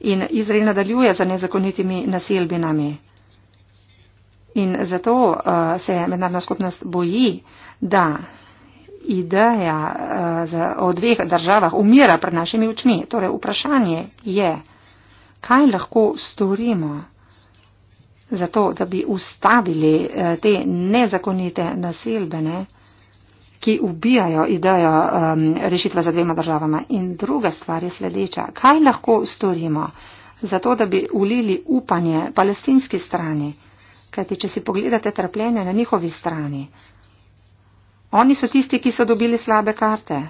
in Izrael nadaljuje za nezakonitimi naselbinami. In zato uh, se mednarodna skupnost boji, da ideja uh, o dveh državah umira pred našimi očmi. Torej, vprašanje je, kaj lahko storimo za to, da bi ustavili uh, te nezakonite naselbene ki ubijajo idejo um, rešitve za dvema državama. In druga stvar je sledeča. Kaj lahko storimo za to, da bi ulili upanje palestinski strani? Kajti, če si pogledate trpljenje na njihovi strani, oni so tisti, ki so dobili slabe karte.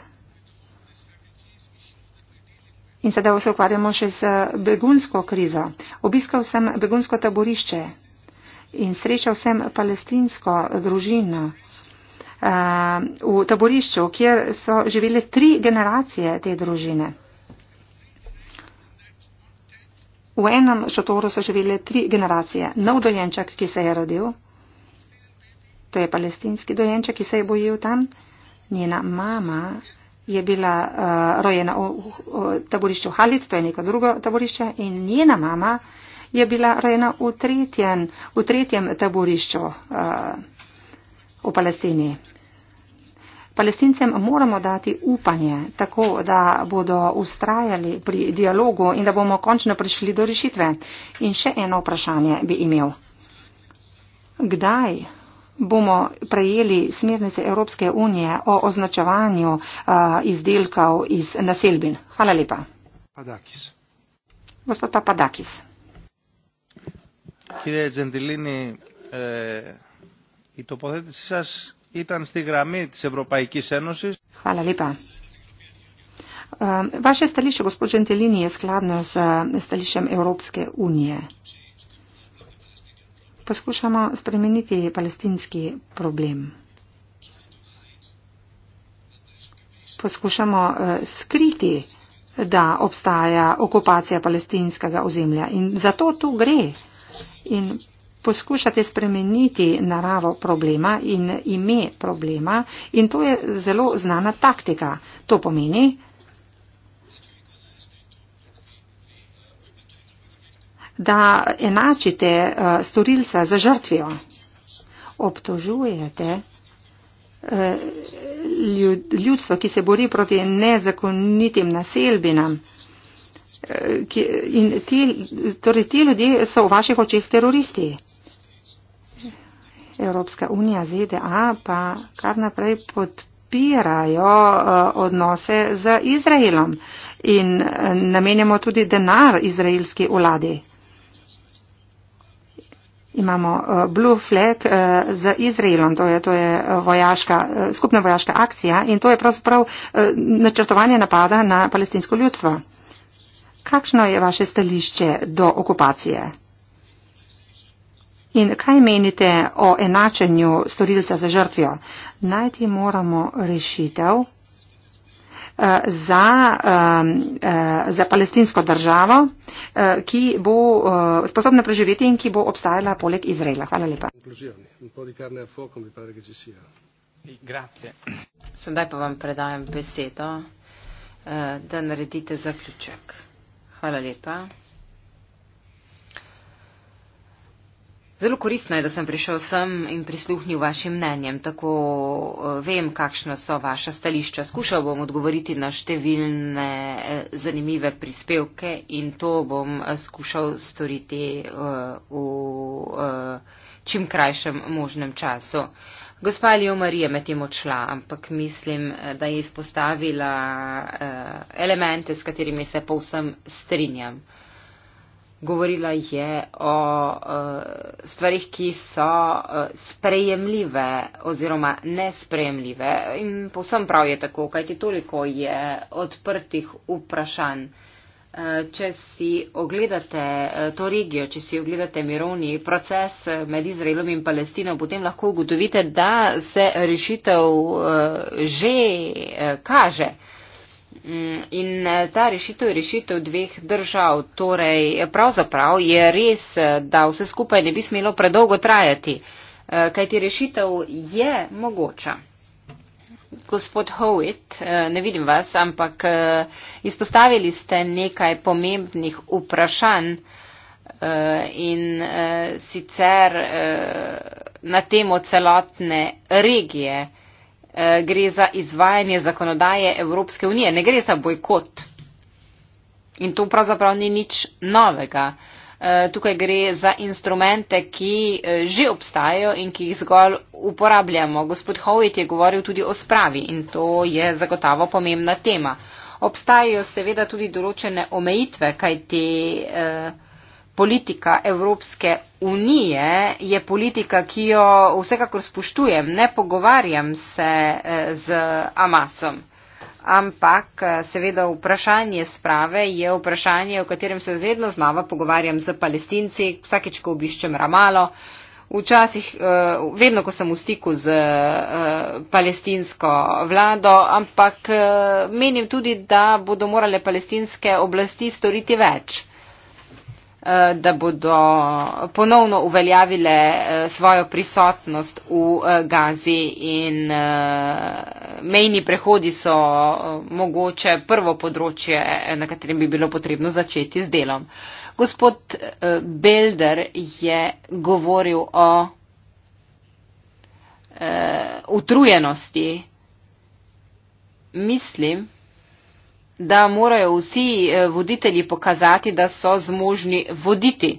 In sedaj se ukvarjamo še z eh, begunsko krizo. Obiskal sem begunsko taborišče in srečal sem palestinsko družino. Uh, v taborišču, kjer so živele tri generacije te družine. V enem šotoru so živele tri generacije. Nov dojenček, ki se je rodil, to je palestinski dojenček, ki se je bojil tam, njena mama je bila uh, rojena v, v, v taborišču Halit, to je neko drugo taborišče, in njena mama je bila rojena v tretjem, v tretjem taborišču. Uh, v Palestini. Palestincem moramo dati upanje, tako da bodo ustrajali pri dialogu in da bomo končno prišli do rešitve. In še eno vprašanje bi imel. Kdaj bomo prejeli smernice Evropske unije o označevanju uh, izdelkov iz naselbin? Hvala lepa. Padakis. Gospod Papadakis. Kje je Zendelini? Eh... Η τοποθέτησή σας ήταν στη γραμμή της Ευρωπαϊκής Ένωσης. Χαλά λίπα. Ваше сталище, господин Телини, е складно с сталищем Европейской Унии. Поскушаем спременить палестинский проблем. Поскушаем скрыть, да обстая оккупация палестинского земля. И за то ту гре. И poskušate spremeniti naravo problema in ime problema in to je zelo znana taktika. To pomeni, da enačite eh, storilca za žrtvijo. Obtožujete eh, ljudstvo, ki se bori proti nezakonitim naselbinam. Eh, in ti, torej ti ljudje so v vaših očeh teroristi. Evropska unija, ZDA pa kar naprej podpirajo eh, odnose z Izraelom in eh, namenjamo tudi denar izraelski vladi. Imamo eh, Blue Flag z Izraelom, to je, to je vojaška, skupna vojaška akcija in to je pravzaprav načrtovanje napada na palestinsko ljudstvo. Kakšno je vaše stališče do okupacije? In kaj menite o enačenju storilca za žrtvijo? Najti moramo rešitev eh, za, ehm, eh, za palestinsko državo, eh, ki bo sposobna preživeti in ki bo obstajala poleg Izraela. Hvala lepa. Sedaj pa vam predajam besedo, da naredite zaključek. Hvala lepa. Zelo koristno je, da sem prišel sem in prisluhnil vašim mnenjem, tako eh, vem, kakšna so vaša stališča. Skušal bom odgovoriti na številne eh, zanimive prispevke in to bom eh, skušal storiti v čim krajšem možnem času. Gospa Lijo Marija med tem odšla, ampak mislim, da je izpostavila elemente, s katerimi se povsem strinjam govorila je o uh, stvarih, ki so uh, sprejemljive oziroma nesprejemljive in povsem prav je tako, kajti toliko je odprtih vprašanj. E, če si ogledate to regijo, če si ogledate mirovni proces med Izraelom in Palestino, potem lahko ugotovite, da se rešitev že kaže. Mm, in eh, ta rešitev je rešitev dveh držav. Torej, pravzaprav je res, eh, da vse skupaj ne bi smelo predolgo trajati, eh, kajti rešitev je mogoča. Gospod Howitt, ne vidim vas, ampak izpostavili ste nekaj pomembnih vprašanj in sicer na temo celotne regije. Eh, gre za izvajanje zakonodaje Evropske unije, ne gre za bojkot. In to pravzaprav ni nič novega. Eh, tukaj gre za instrumente, ki eh, že obstajajo in ki jih zgolj uporabljamo. Gospod Hovet je govoril tudi o spravi in to je zagotavo pomembna tema. Obstajajo seveda tudi določene omejitve, kaj te. Eh, politika Evropske unije je politika, ki jo vsekakor spoštujem, ne pogovarjam se eh, z Amasom. Ampak eh, seveda vprašanje sprave je vprašanje, o katerem se vedno znova pogovarjam z palestinci, vsakeč, ko obiščem Ramalo. Včasih, eh, vedno, ko sem v stiku z palestinsko vlado, ampak menim tudi, da bodo morale palestinske oblasti storiti več. Eh, da bodo ponovno uveljavile eh, svojo prisotnost v eh, Gazi in mejni prehodi so mogoče prvo področje, na katerem bi bilo potrebno začeti z delom. Gospod Belder je govoril o utrujenosti. Mislim, da morajo vsi eh, voditelji pokazati, da so zmožni voditi.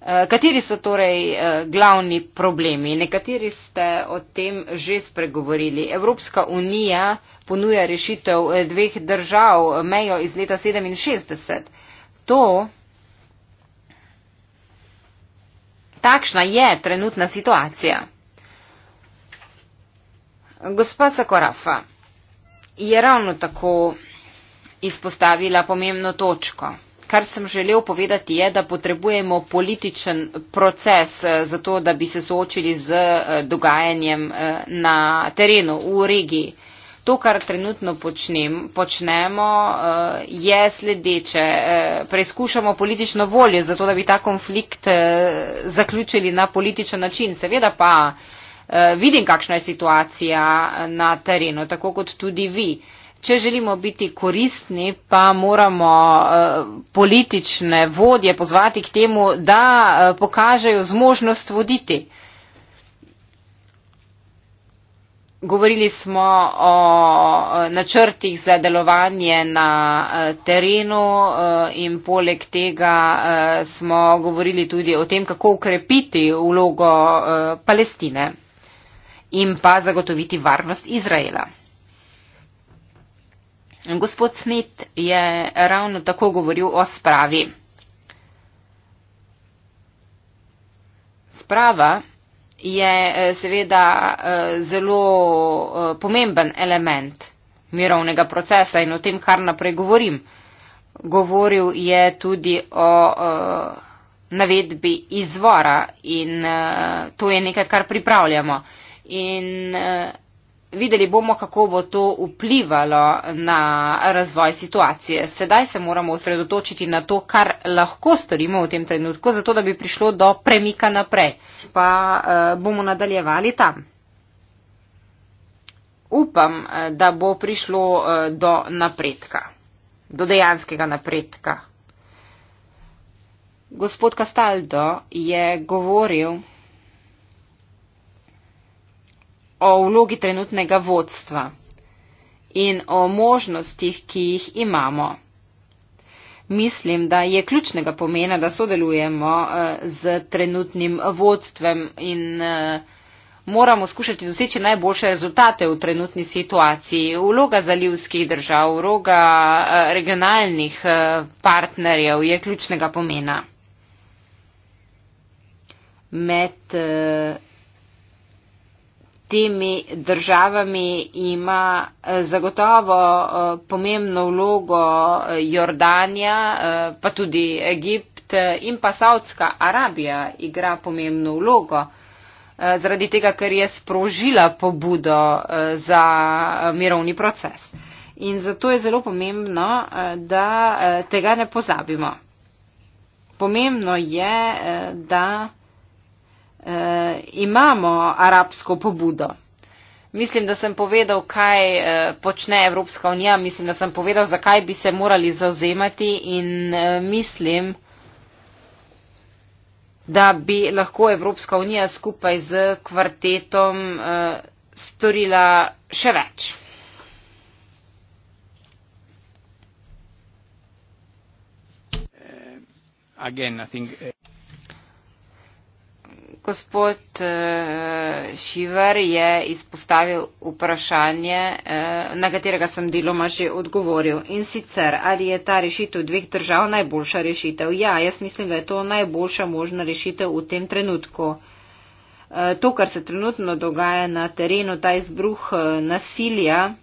Eh, kateri so torej eh, glavni problemi? Nekateri ste o tem že spregovorili. Evropska unija ponuja rešitev dveh držav mejo iz leta 67. To, takšna je trenutna situacija. Gospa Sakorafa, je ravno tako izpostavila pomembno točko. Kar sem želel povedati je, da potrebujemo političen proces eh, za to, da bi se soočili z eh, dogajanjem eh, na terenu, v regiji. To, kar trenutno počnem, počnemo, je sledeče. Preizkušamo politično voljo za to, da bi ta konflikt zaključili na političen način. Seveda pa vidim, kakšna je situacija na terenu, tako kot tudi vi. Če želimo biti koristni, pa moramo eh, politične vodje pozvati k temu, da eh, pokažejo zmožnost voditi. Govorili smo o eh, načrtih za delovanje na terenu in poleg tega smo govorili tudi o tem, kako ukrepiti vlogo Palestine in pa zagotoviti varnost Izraela. Gospod Smith je ravno tako govoril o spravi. Sprava je eh, seveda eh, zelo eh, pomemben element mirovnega procesa in o tem, kar naprej govorim. Govoril je tudi o navedbi izvora in to je nekaj, kar pripravljamo. In Videli bomo, kako bo to vplivalo na razvoj situacije. Sedaj se moramo osredotočiti na to, kar lahko storimo v tem trenutku, zato da bi prišlo do premika naprej. Pa eh, bomo nadaljevali tam. Upam, eh, da bo prišlo eh, do napredka, do dejanskega napredka. Gospod Castaldo je govoril. o vlogi trenutnega vodstva in o možnostih, ki jih imamo. Mislim, da je ključnega pomena, da sodelujemo eh, z trenutnim vodstvem in eh, moramo skušati doseči najboljše rezultate v trenutni situaciji. Vloga zalivskih držav, vloga eh, regionalnih partnerjev je ključnega pomena. Med temi državami ima eh, zagotovo eh, pomembno vlogo eh, Jordanija, pa tudi Egipt in pa Saudska Arabija igra pomembno vlogo, zaradi tega, ker je sprožila pobudo za mirovni proces. In zato je zelo pomembno, da tega ne pozabimo. Pomembno je, da eh, imamo arabsko pobudo. Mislim, da sem povedal, kaj eh, počne Evropska unija, mislim, da sem povedal, zakaj bi se morali zauzemati in eh, mislim, da bi lahko Evropska unija skupaj z kvartetom eh, storila še več. Uh, again, I think, uh gospod uh, eh, Šivar je izpostavil vprašanje, uh, na katerega sem deloma že odgovoril. In sicer, ali je ta rešitev dveh držav najboljša rešitev? Ja, jaz mislim, da je to najboljša možna rešitev v tem trenutku. Eh, to, kar se trenutno dogaja na terenu, ta izbruh nasilja,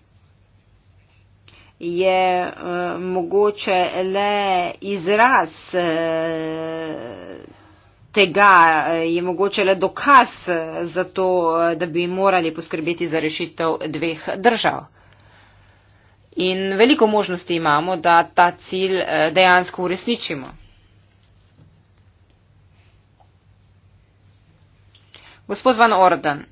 je mogoče le izraz tega eh, je mogoče le dokaz eh, za to, eh, da bi morali poskrbeti za rešitev dveh držav. In veliko možnosti imamo, da ta cilj dejansko uresničimo. Gospod Van Ordan,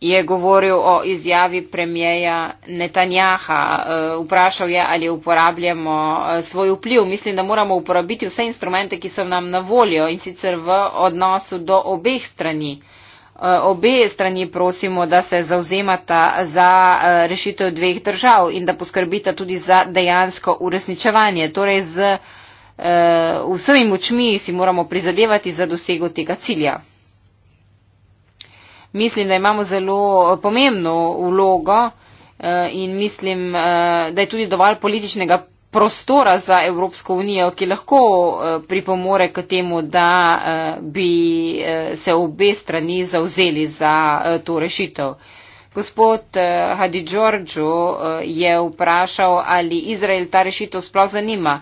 je govoril o izjavi premjeja Netanjaha, e, vprašal je, ali uporabljamo e, svoj vpliv. Mislim, da moramo uporabiti vse instrumente, ki so nam na voljo in sicer v odnosu do obeh strani. E, obe strani prosimo, da se zauzemata za rešitev dveh držav in da poskrbita tudi za dejansko uresničevanje. Torej z vsemi močmi si moramo prizadevati za dosego tega cilja mislim, da imamo zelo eh, pomembno vlogo eh, in mislim, eh, da je tudi dovolj političnega prostora za Evropsko unijo, ki lahko pripomore k temu, da bi se obe strani zauzeli za to rešitev. Gospod Hadi Džordžu je vprašal, ali Izrael ta rešitev sploh zanima.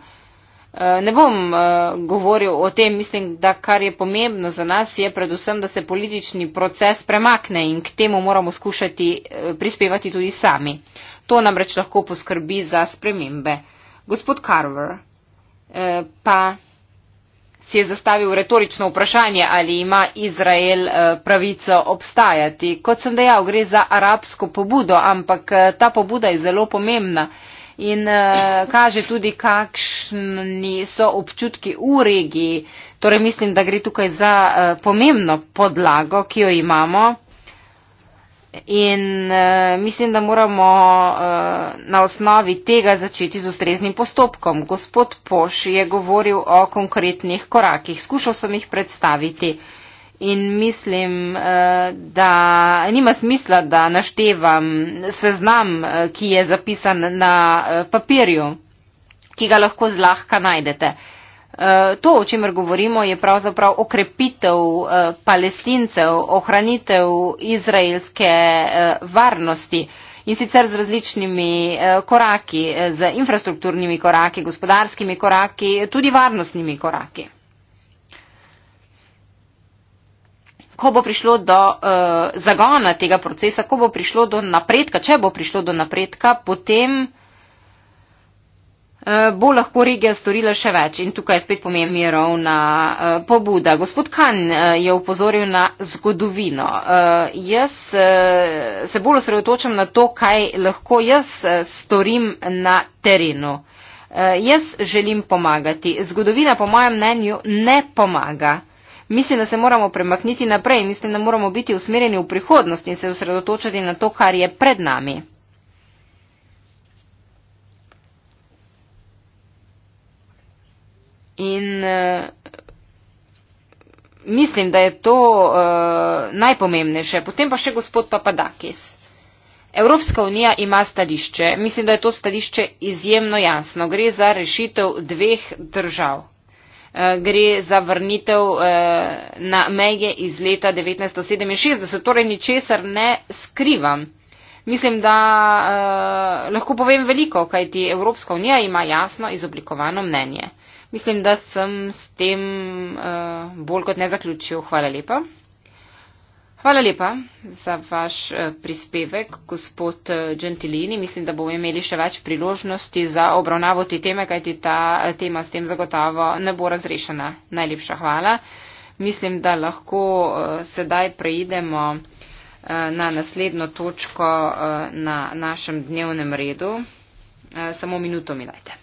Eh, ne bom eh, govoril o tem, mislim, da kar je pomembno za nas, je predvsem, da se politični proces premakne in k temu moramo skušati eh, prispevati tudi sami. To namreč lahko poskrbi za spremembe. Gospod Carver pa si je zastavil retorično vprašanje, ali ima Izrael pravico obstajati. Kot sem dejal, gre za arabsko pobudo, ampak ta pobuda je zelo pomembna in uh, kaže tudi, kakšni so občutki v regiji. Torej mislim, da gre tukaj za uh, pomembno podlago, ki jo imamo. In uh, mislim, da moramo uh, na osnovi tega začeti z ustreznim postopkom. Gospod Poš je govoril o konkretnih korakih. Skušal sem jih predstaviti. Uh, In mislim, eh, da nima smisla, da naštevam seznam, eh, ki je zapisan na eh, papirju, ki ga lahko zlahka najdete. To, o čemer govorimo, je pravzaprav okrepitev palestincev, ohranitev izraelske varnosti in sicer z različnimi koraki, z infrastrukturnimi koraki, gospodarskimi koraki, tudi varnostnimi koraki. ko bo prišlo do uh, zagona tega procesa, ko bo prišlo do napredka, če bo prišlo do napredka, potem uh, bo lahko regija storila še več. In tukaj je spet pomembna mirovna uh, pobuda. Gospod Kan uh, je upozoril na zgodovino. Uh, jaz uh, se bolj osredotočam na to, kaj lahko jaz uh, storim na terenu. Uh, jaz želim pomagati. Zgodovina, po mojem mnenju, ne pomaga mislim, da se moramo premakniti naprej, mislim, da moramo biti usmerjeni v prihodnost in se osredotočiti na to, kar je pred nami. In uh, mislim, da je to uh, najpomembnejše. Potem pa še gospod Papadakis. Evropska unija ima stališče. Mislim, da je to stališče izjemno jasno. Gre za rešitev dveh držav. Eh, gre za vrnitev eh, na meje iz leta 1967, torej ničesar ne skrivam. Mislim, da eh, lahko povem veliko, kajti Evropska unija ima jasno izoblikovano mnenje. Mislim, da sem s tem bolj kot ne zaključil. Hvala lepa. Hvala lepa za vaš eh, prispevek, gospod eh, Gentilini. Mislim, da bomo imeli še več priložnosti za obravnavo te teme, kajti ta eh, tema s tem zagotovo ne bo razrešena. Najlepša hvala. Mislim, da lahko sedaj preidemo na naslednjo točko na našem dnevnem redu. Samo minuto mi dajte.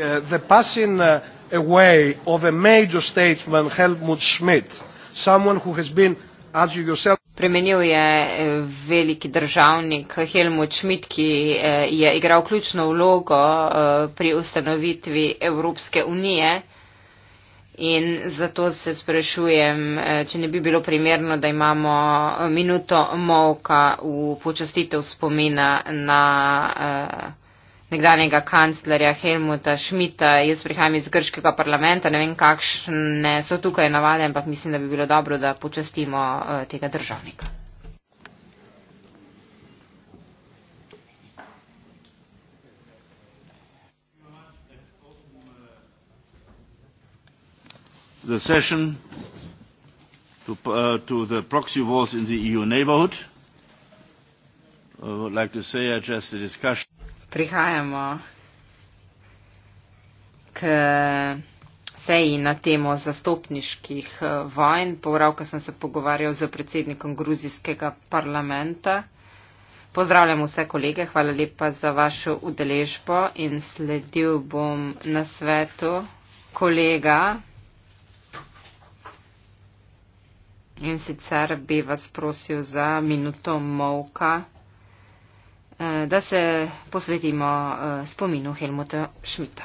Uh, the passing uh, away of a major statesman, Helmut Schmidt, someone who has been, as you yourself. Premenil je eh, veliki državnik Helmut Schmidt, ki eh, je igral ključno vlogo eh, pri ustanovitvi Evropske unije. In zato se sprašujem, če ne bi bilo primerno, da imamo minuto molka v počastitev spomina na nekdanjega kanclerja Helmuta Šmita. Jaz prihajam iz grškega parlamenta, ne vem, kakšne so tukaj navade, ampak mislim, da bi bilo dobro, da počastimo eh, tega državnika. The session to, uh, to the proxy wars in the EU neighborhood. I would like to say, adjust the discussion prihajamo k seji na temo zastopniških eh, vojn. Povravka sem se pogovarjal z predsednikom gruzijskega parlamenta. Pozdravljam vse kolege, hvala lepa za vašo udeležbo in sledil bom na svetu kolega. In sicer bi vas prosil za minuto molka. Eh, da se posvetimo eh, spominu Helmuta Schmidta.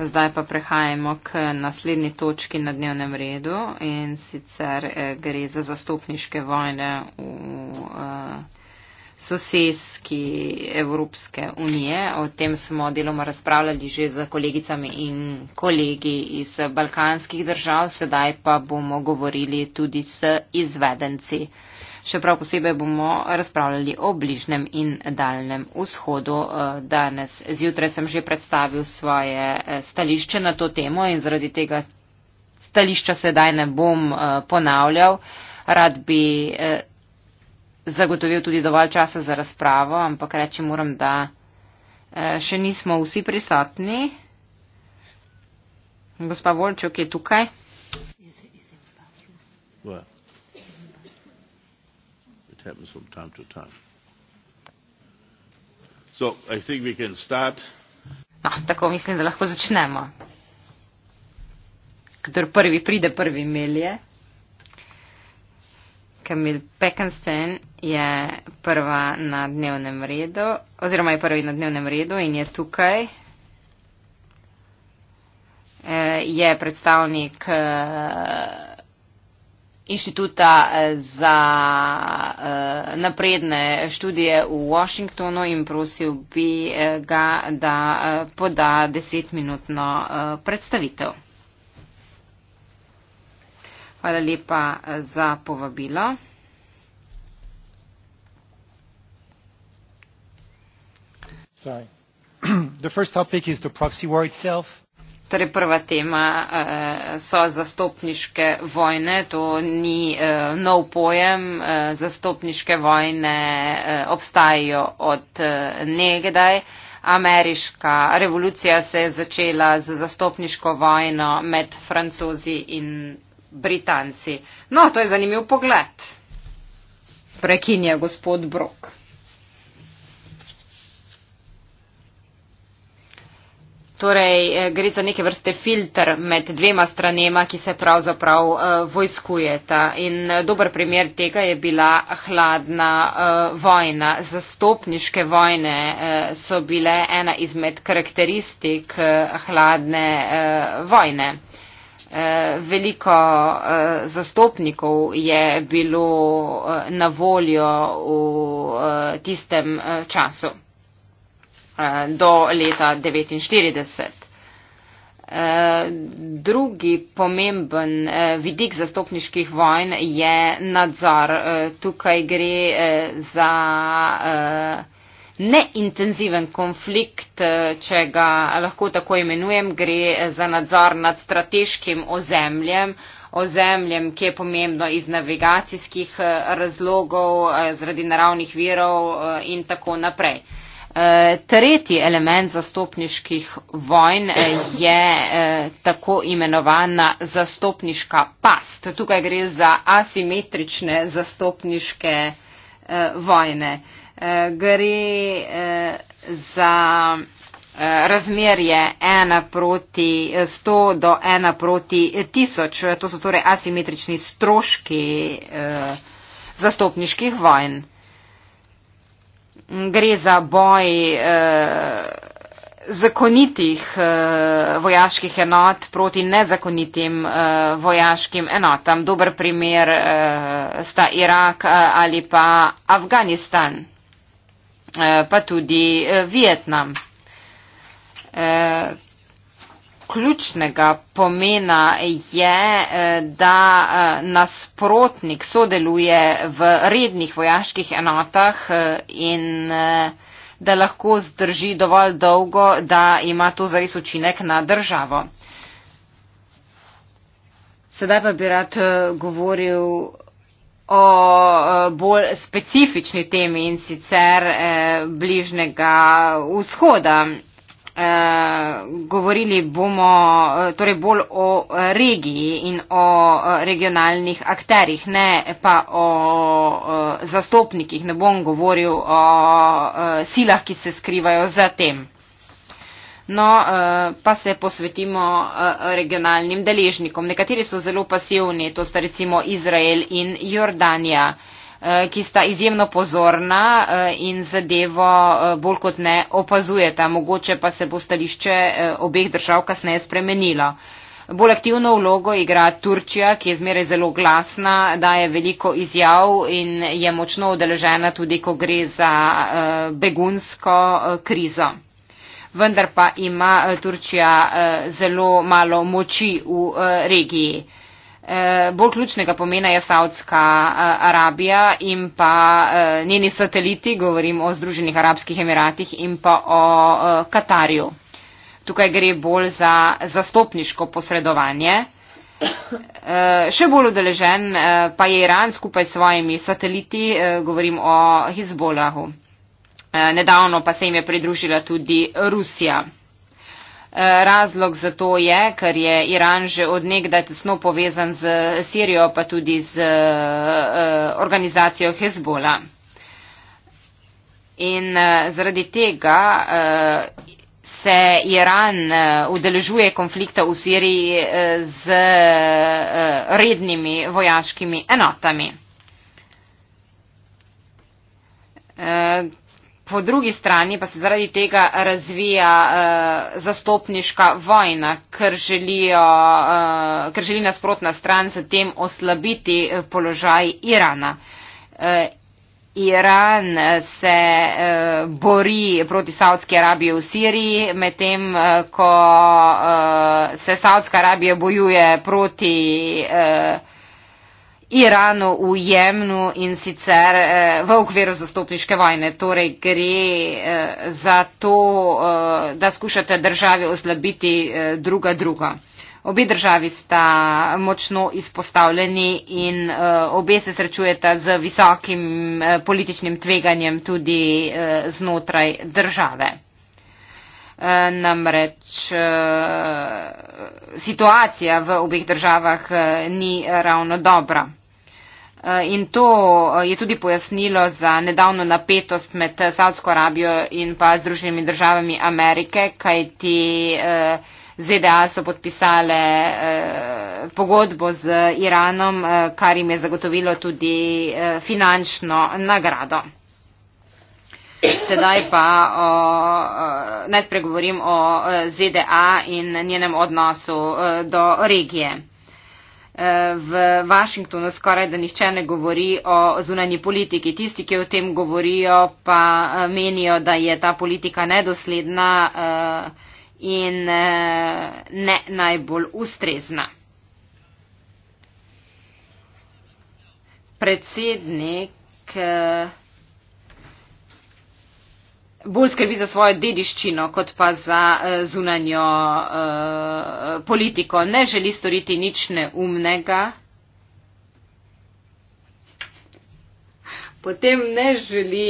Zdaj pa prehajamo k naslednji točki na dnevnem redu in sicer eh, gre za zastopniške vojne v eh, sosedski Evropske unije. O tem smo deloma razpravljali že z kolegicami in kolegi iz balkanskih držav, sedaj pa bomo govorili tudi s izvedenci še prav posebej bomo razpravljali o bližnem in daljnem vzhodu. Eh, danes zjutraj sem že predstavil svoje eh, stališče na to temo in zaradi tega stališča sedaj ne bom eh, ponavljal. Rad bi zagotovil tudi dovolj časa za razpravo, ampak reči moram, da še nismo vsi prisotni. Gospa Volčuk je tukaj. Yeah happens from time to time. So I think we can start. No, tako mislim, da lahko začnemo. Kdor prvi pride, prvi melje. Kamil Pekensten je prva na dnevnem redu, oziroma je prvi na dnevnem redu in je tukaj. E, je predstavnik e, inštituta eh, za uh, napredne študije v Washingtonu in prosil bi eh, ga, da poda desetminutno predstavitev. Hvala lepa za povabilo. Sorry. The first topic is the proxy war itself. Torej prva tema eh, so zastopniške vojne, to ni eh, nov pojem, eh, zastopniške vojne eh, obstajajo od eh, nekdaj. Ameriška revolucija se je začela z zastopniško vojno med francozi in britanci. No, to je zanimiv pogled. Prekinja gospod Brok. Torej, eh, gre za neke vrste filter med dvema stranema, ki se pravzaprav uh, vojskujeta. In eh, dober primer tega je bila hladna uh, vojna. Zastopniške vojne uh, so bile ena izmed karakteristik uh, hladne uh, vojne. Veliko zastopnikov je bilo na voljo v tistem času. Eh, do leta 1949. Eh, drugi pomemben eh, vidik zastopniških vojn je nadzor. Tukaj gre za neintenziven konflikt, če ga lahko tako imenujem, gre za nadzor nad strateškim ozemljem, ozemljem, ki je pomembno iz navigacijskih razlogov, zaradi naravnih virov in tako naprej. Eh, tretji element zastopniških vojn eh, je eh, tako imenovana zastopniška past. Tukaj gre za asimetrične zastopniške vojne. Gre za razmerje 1 proti 100 do 1 proti 1000. To so torej asimetrični stroški zastopniških vojn gre za boj eh, zakonitih eh, vojaških enot proti nezakonitim eh, vojaškim enotam. Dober primer eh, sta Irak eh, ali pa Afganistan, eh, pa tudi eh, Vietnam. Eh, ključnega pomena je, eh, da eh, nasprotnik sodeluje v rednih vojaških enotah eh, in da lahko zdrži dovolj dolgo, da ima to zares učinek na državo. Sedaj pa bi rad govoril o bolj specifični temi in sicer bližnjega vzhoda. Eh, govorili bomo eh, torej bolj o regiji in o eh, regionalnih akterih, ne pa o zastopnikih. Ne bom govoril o silah, ki se skrivajo za tem. No, pa se posvetimo regionalnim deležnikom. Nekateri so zelo pasivni, to sta recimo Izrael in Jordanija. Eh, ki sta izjemno pozorna eh, in zadevo eh, bolj kot ne opazujeta. Mogoče pa se bo stališče obeh držav kasneje spremenilo. Bolj aktivno vlogo igra Turčija, ki je zmeraj zelo glasna, daje veliko izjav in je močno odeležena tudi, ko gre za begunsko krizo. Vendar pa ima Turčija zelo malo moči v regiji. Eh, bolj ključnega pomena je Saudska eh, Arabija in pa eh, njeni sateliti, govorim o Združenih Arabskih Emiratih in pa o Katarju. Tukaj gre bolj za zastopniško posredovanje. Še bolj udeležen pa je Iran skupaj s svojimi sateliti, govorim o Hezbolahu. Nedavno pa se jim je pridružila tudi Rusija. Eh, razlog za to je, ker je Iran že odnegdaj tesno povezan z Sirijo, pa tudi z eh, eh, organizacijo Hezbola. In zaradi tega se Iran udeležuje konflikta v Siriji z rednimi vojaškimi enotami. Po drugi strani pa se zaradi tega razvija uh, zastopniška vojna, ker, želijo, uh, ker želi nasprotna stran s tem oslabiti eh, položaj Irana. Uh, Iran se uh, bori proti Saudski Arabiji v Siriji, medtem uh, ko uh, se Saudska Arabija bojuje proti. Uh, Iranu, v Jemnu in sicer eh, v okviru zastopniške vojne. Torej gre eh, za to, eh, da skušate države oslabiti druga druga. Obe državi sta močno izpostavljeni in obe se srečujeta z visokim političnim tveganjem tudi znotraj države. Namreč situacija v obeh državah ni ravno dobra. Eh, in to eh, je tudi pojasnilo za nedavno napetost med eh, Saudsko Arabijo in pa Združenimi državami Amerike, kajti ZDA so podpisale pogodbo z Iranom, kar jim je zagotovilo tudi finančno nagrado. Sedaj pa o, naj spregovorim o ZDA in njenem odnosu do regije v Vašingtonu skoraj, da nihče ne govori o zunanji politiki. Tisti, ki o tem govorijo, pa eh, menijo, da je ta politika nedosledna eh, in eh, ne najbolj ustrezna. Predsednik bolj skrbi za svojo dediščino, kot pa za uh, zunanjo uh, politiko. Ne želi storiti nič neumnega. Potem ne želi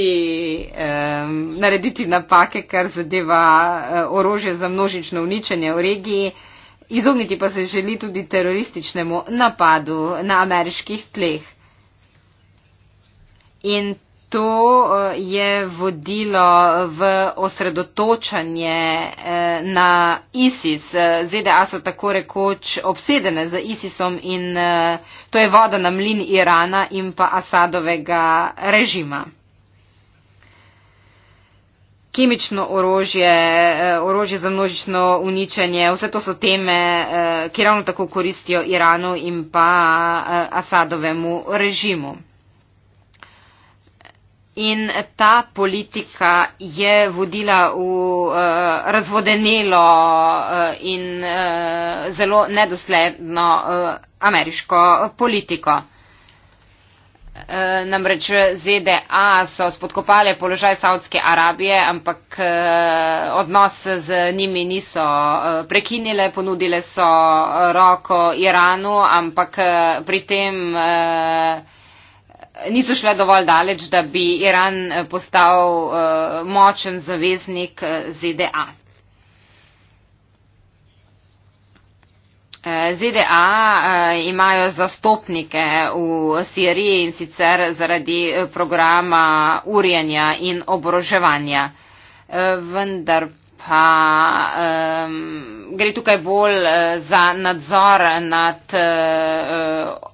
um, narediti napake, kar zadeva uh, orožje za množično uničenje v regiji. Izogniti pa se želi tudi terorističnemu napadu na ameriških tleh. In To eh, je vodilo v osredotočanje eh, na ISIS. ZDA so tako rekoč obsedene z ISISom in eh, to je voda na mlin Irana in pa Asadovega režima. Kemično orožje, orožje za množično uničenje, vse to so teme, ki ravno tako koristijo Iranu in pa Asadovemu režimu. In ta politika je vodila v eh, razvodenelo eh, in eh, zelo nedosledno ameriško politiko. Namreč ZDA so spodkopale položaj Saudske Arabije, ampak odnos z njimi niso prekinile, ponudile so roko Iranu, ampak pri tem niso šle dovolj daleč, da bi Iran eh, postal uh, močen zaveznik eh, ZDA. ZDA imajo zastopnike v Siriji in sicer zaradi programa urjanja in obroževanja. Vendar pa um, gre tukaj bolj za nadzor nad uh,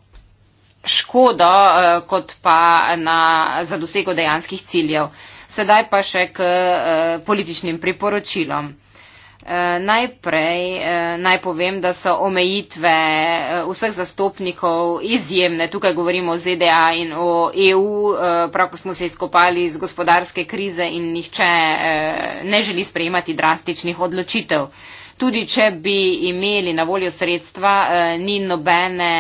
škodo, eh, kot pa na, za dosego dejanskih ciljev. Sedaj pa še k eh, političnim priporočilom. Eh, najprej naj povem, da so omejitve vseh zastopnikov izjemne. Tukaj govorimo o ZDA in o EU, pravko smo se izkopali iz gospodarske krize in nihče ne želi sprejemati drastičnih odločitev tudi če bi imeli na voljo sredstva, eh, ni, nobene,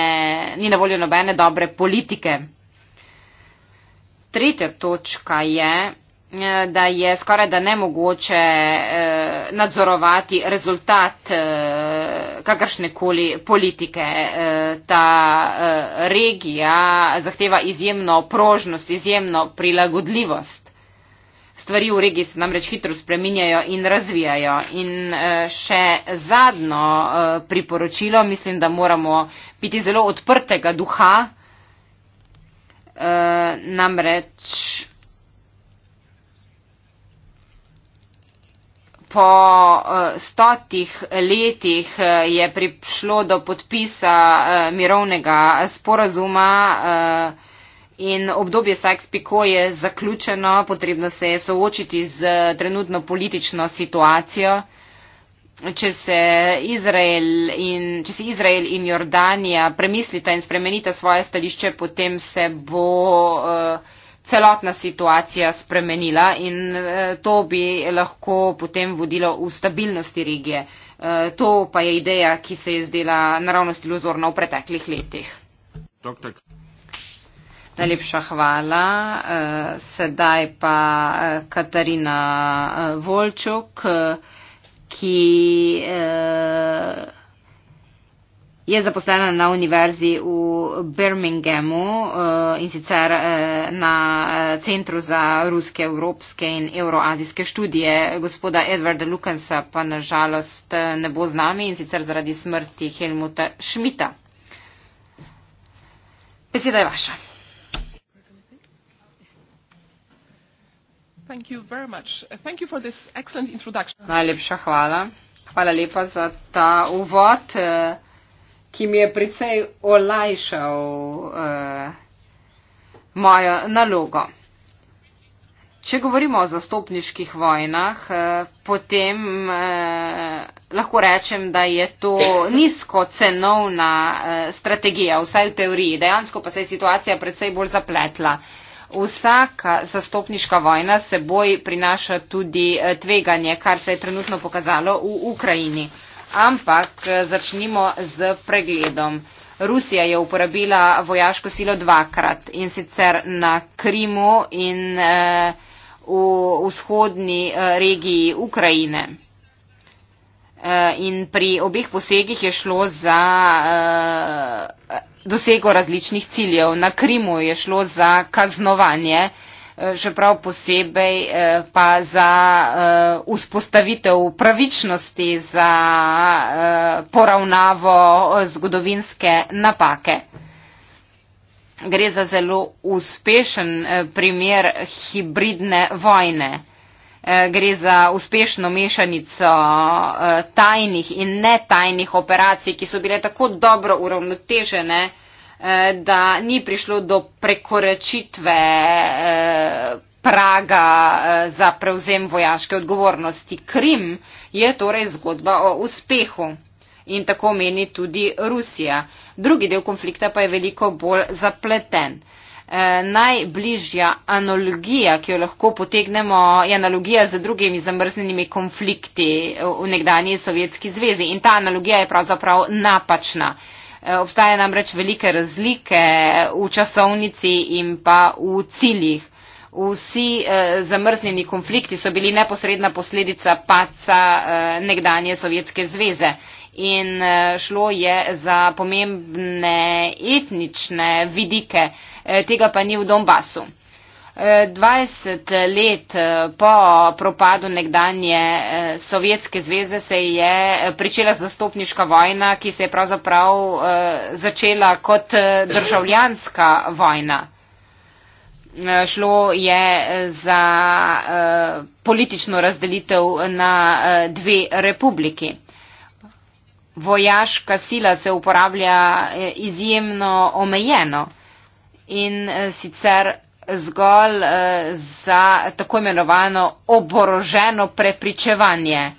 ni na voljo nobene dobre politike. Tretja točka je, eh, da je skoraj da nemogoče eh, nadzorovati rezultat kakršnekoli politike. Ta regija zahteva izjemno prožnost, izjemno prilagodljivost. Stvari v regiji se namreč hitro spreminjajo in razvijajo. In eh, še zadnjo eh, priporočilo, mislim, da moramo biti zelo odprtega duha, eh, namreč po stotih letih je prišlo do podpisa mirovnega sporazuma In obdobje Sykes-Pico je zaključeno, potrebno se je soočiti z trenutno politično situacijo. Če se Izrael in, če se Izrael in Jordanija premislita in spremenita svoje stališče, potem se bo uh, celotna situacija spremenila in uh, to bi lahko potem vodilo v stabilnosti regije. Uh, to pa je ideja, ki se je zdela naravnost iluzorna v preteklih letih. Doktor. Najlepša hvala. Eh, sedaj pa eh, Katarina eh, Volčuk, ki je zaposlena na univerzi v Birminghamu in sicer na Centru za ruske, evropske in euroazijske študije. Gospoda Edwarda Lukensa pa nažalost ne bo z nami in sicer zaradi smrti Helmuta Šmita. Beseda je vaša. Najlepša hvala. Hvala lepa za ta uvod, eh, ki mi je precej olajšal uh, mojo nalogo. Če govorimo o zastopniških vojnah, eh, potem eh, lahko rečem, da je to nizkocenovna eh, strategija, vsaj v teoriji. Dejansko pa se je situacija predvsej bolj zapletla. Eh, vsaka zastopniška vojna seboj prinaša tudi eh, tveganje, kar se je trenutno pokazalo v Ukrajini. Ampak eh, začnimo z pregledom. Rusija je uporabila vojaško silo dvakrat in sicer na Krimu in eh, v vzhodni regiji Ukrajine. In pri obeh posegih je šlo za dosego različnih ciljev. Na Krimu je šlo za kaznovanje, eh, še prav posebej eh, pa za eh, vzpostavitev pravičnosti, za poravnavo zgodovinske napake. Gre za zelo uspešen primer hibridne vojne. Eh, gre za uspešno mešanico eh, tajnih in netajnih operacij, ki so bile tako dobro uravnotežene, eh, da ni prišlo do prekoračitve praga za prevzem vojaške odgovornosti. Krim je torej zgodba o uspehu in tako meni tudi Rusija. Drugi del konflikta pa je veliko bolj zapleten. Eh, najbližja analogija, ki jo lahko potegnemo, je analogija z drugimi zamrznenimi konflikti v nekdanji Sovjetski zvezi. In ta analogija je pravzaprav napačna. Eh, obstaja namreč velike razlike v časovnici in pa v ciljih. Vsi eh, zamrznjeni konflikti so bili neposredna posledica paca eh, nekdanje Sovjetske zveze in eh, šlo je za pomembne etnične vidike eh, Eh, tega pa ni v Donbasu. 20 eh, let eh, po propadu nekdanje Sovjetske zveze se je pričela zastopniška vojna, ki se je pravzaprav začela kot državljanska vojna. Šlo je za politično razdelitev na dve republiki. Vojaška sila se uporablja izjemno omejeno in eh, sicer zgolj eh, za tako imenovano oboroženo prepričevanje.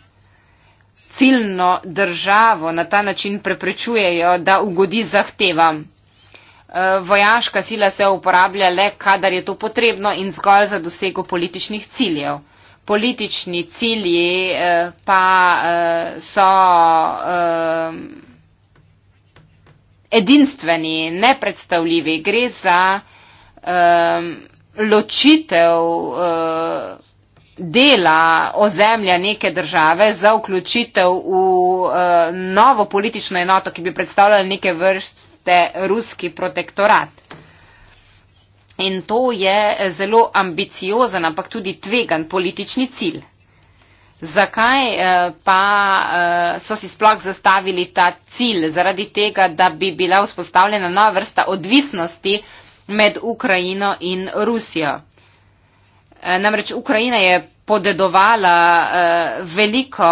Ciljno državo na ta način preprečujejo, da ugodi zahtevam. Eh, vojaška sila se uporablja le, kadar je to potrebno in zgolj za dosego političnih ciljev. Politični cilji pa so edinstveni, nepredstavljivi. Gre za um, ločitev uh, dela ozemlja neke države, za vključitev v uh, novo politično enoto, ki bi predstavljala neke vrste ruski protektorat. In to je zelo ambiciozen, ampak tudi tvegan politični cilj. Zakaj eh, pa eh, so si sploh zastavili ta cilj? Zaradi tega, da bi bila vzpostavljena nova vrsta odvisnosti med Ukrajino in Rusijo. Eh, namreč Ukrajina je podedovala veliko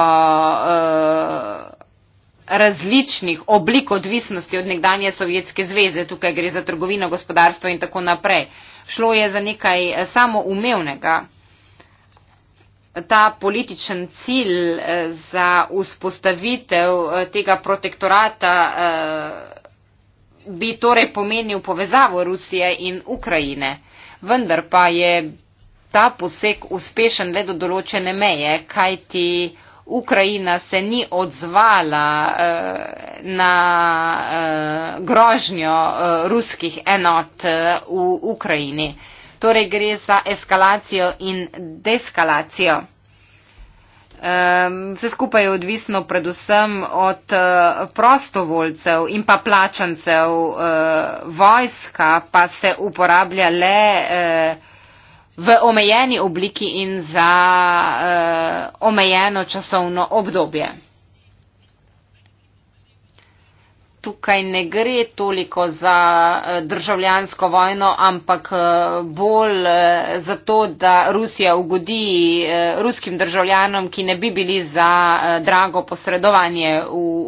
različnih oblik odvisnosti od nekdanje Sovjetske zveze. Tukaj gre za trgovino, gospodarstvo in tako naprej. Šlo je za nekaj samoumevnega ta političen cilj eh, za vzpostavitev eh, tega protektorata eh, bi torej pomenil povezavo Rusije in Ukrajine. Vendar pa je ta poseg uspešen le do določene meje, kajti Ukrajina se ni odzvala na grožnjo ruskih enot v Ukrajini torej gre za eskalacijo in deskalacijo. Vse skupaj je odvisno predvsem od eh, prostovoljcev in pa plačancev. Eh, vojska pa se uporablja le eh, v omejeni obliki in za omejeno časovno obdobje. tukaj ne gre toliko za eh, državljansko vojno, ampak eh, bolj eh, za to, da Rusija ugodi ruskim državljanom, ki ne bi bili za drago posredovanje v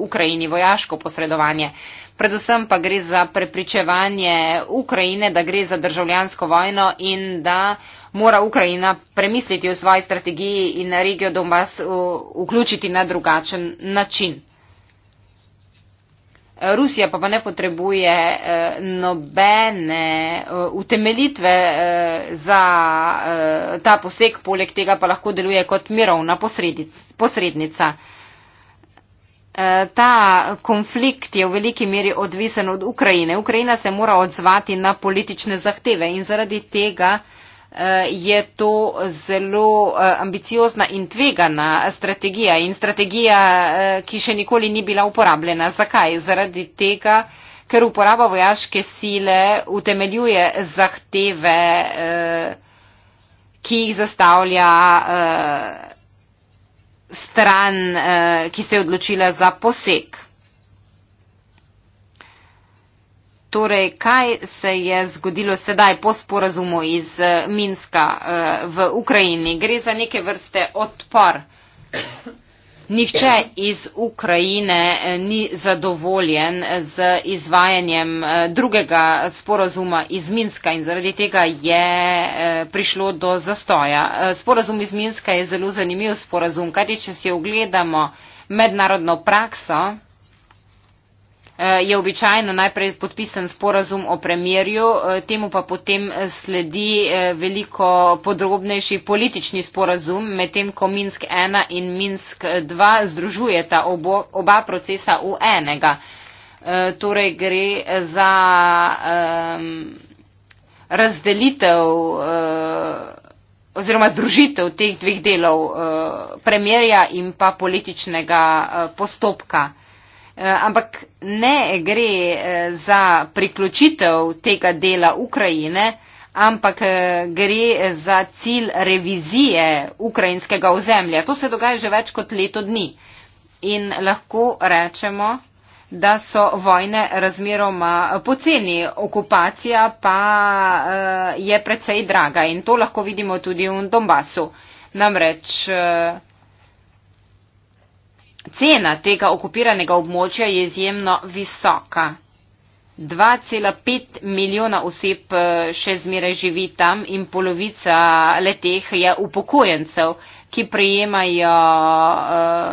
Ukrajini, vojaško posredovanje. Predvsem pa gre za prepričevanje Ukrajine, da gre za državljansko vojno in da mora Ukrajina premisliti o svoji strategiji in regijo Donbass vključiti na drugačen način. Rusija pa, pa ne potrebuje uh, nobene uh, eh, utemelitve uh, eh, za uh, ta poseg, poleg tega pa lahko deluje kot mirovna posrednica. Ta konflikt je v veliki meri odvisen od Ukrajine. Ukrajina se mora odzvati na politične zahteve in zaradi tega uh, Eh, je to zelo eh, ambiciozna in tvegana strategija in strategija, eh, ki še nikoli ni bila uporabljena. Zakaj? Zaradi tega, ker uporaba vojaške sile utemeljuje zahteve, ki jih zastavlja stran, ki se je odločila za poseg. Torej, kaj se je zgodilo sedaj po sporazumu iz eh, Minska eh, v Ukrajini? Gre za neke vrste odpor. Nihče iz Ukrajine eh, ni zadovoljen z izvajanjem drugega sporazuma iz Minska in zaradi tega je prišlo do zastoja. Sporazum iz Minska je zelo zanimiv sporazum, kajti če si ogledamo mednarodno prakso, Eh, je običajno najprej podpisan sporazum o premirju, eh, temu pa potem eh, sledi veliko podrobnejši politični sporazum, medtem ko Minsk 1 in Minsk 2 združujeta oba procesa v enega. Torej gre za ehm, razdelitev oziroma združitev teh dveh delov premirja in pa političnega postopka. Eh, ampak ne gre eh, za priključitev tega dela Ukrajine, ampak eh, gre za cilj revizije ukrajinskega ozemlja. To se dogaja že več kot leto dni in lahko rečemo, da so vojne razmeroma poceni, okupacija pa je precej draga in to lahko vidimo tudi v Donbasu. Namreč Cena tega okupiranega območja je izjemno visoka. 2,5 milijona oseb eh, še zmeraj živi tam in polovica leteh je upokojencev, ki prejemajo eh,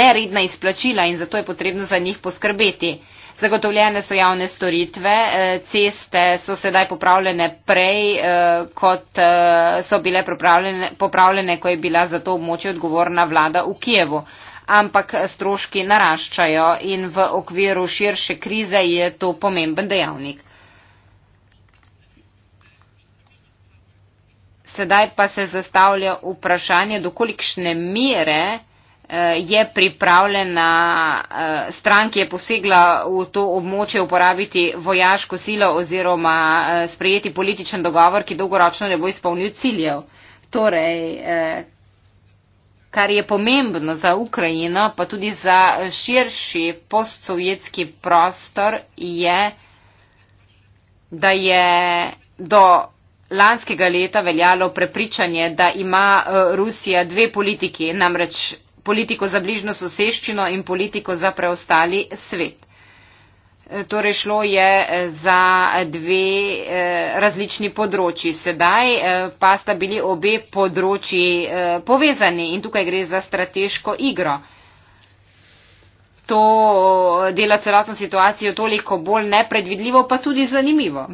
neredna izplačila in zato je potrebno za njih poskrbeti. Zagotovljene so javne storitve, eh, ceste so sedaj popravljene prej, kot so bile popravljene, ko je bila za to območje odgovorna vlada v Kijevu ampak stroški naraščajo in v okviru širše krize je to pomemben dejavnik. Sedaj pa se zastavlja vprašanje, dokolikšne mere eh, je pripravljena eh, stran, ki je posegla v to območje uporabiti vojaško silo oziroma eh, sprejeti političen dogovor, ki dolgoročno ne bo izpolnil ciljev. Torej, kar je pomembno za Ukrajino, pa tudi za širši postsovjetski prostor, je, da je do lanskega leta veljalo prepričanje, da ima eh, Rusija dve politiki, namreč politiko za bližno soseščino in politiko za preostali svet. Torej šlo je eh, za eh, dve eh, različni področji. Sedaj pa sta bili obe področji povezani in tukaj gre za strateško igro. To dela celotno situacijo toliko bolj nepredvidljivo, pa tudi zanimivo.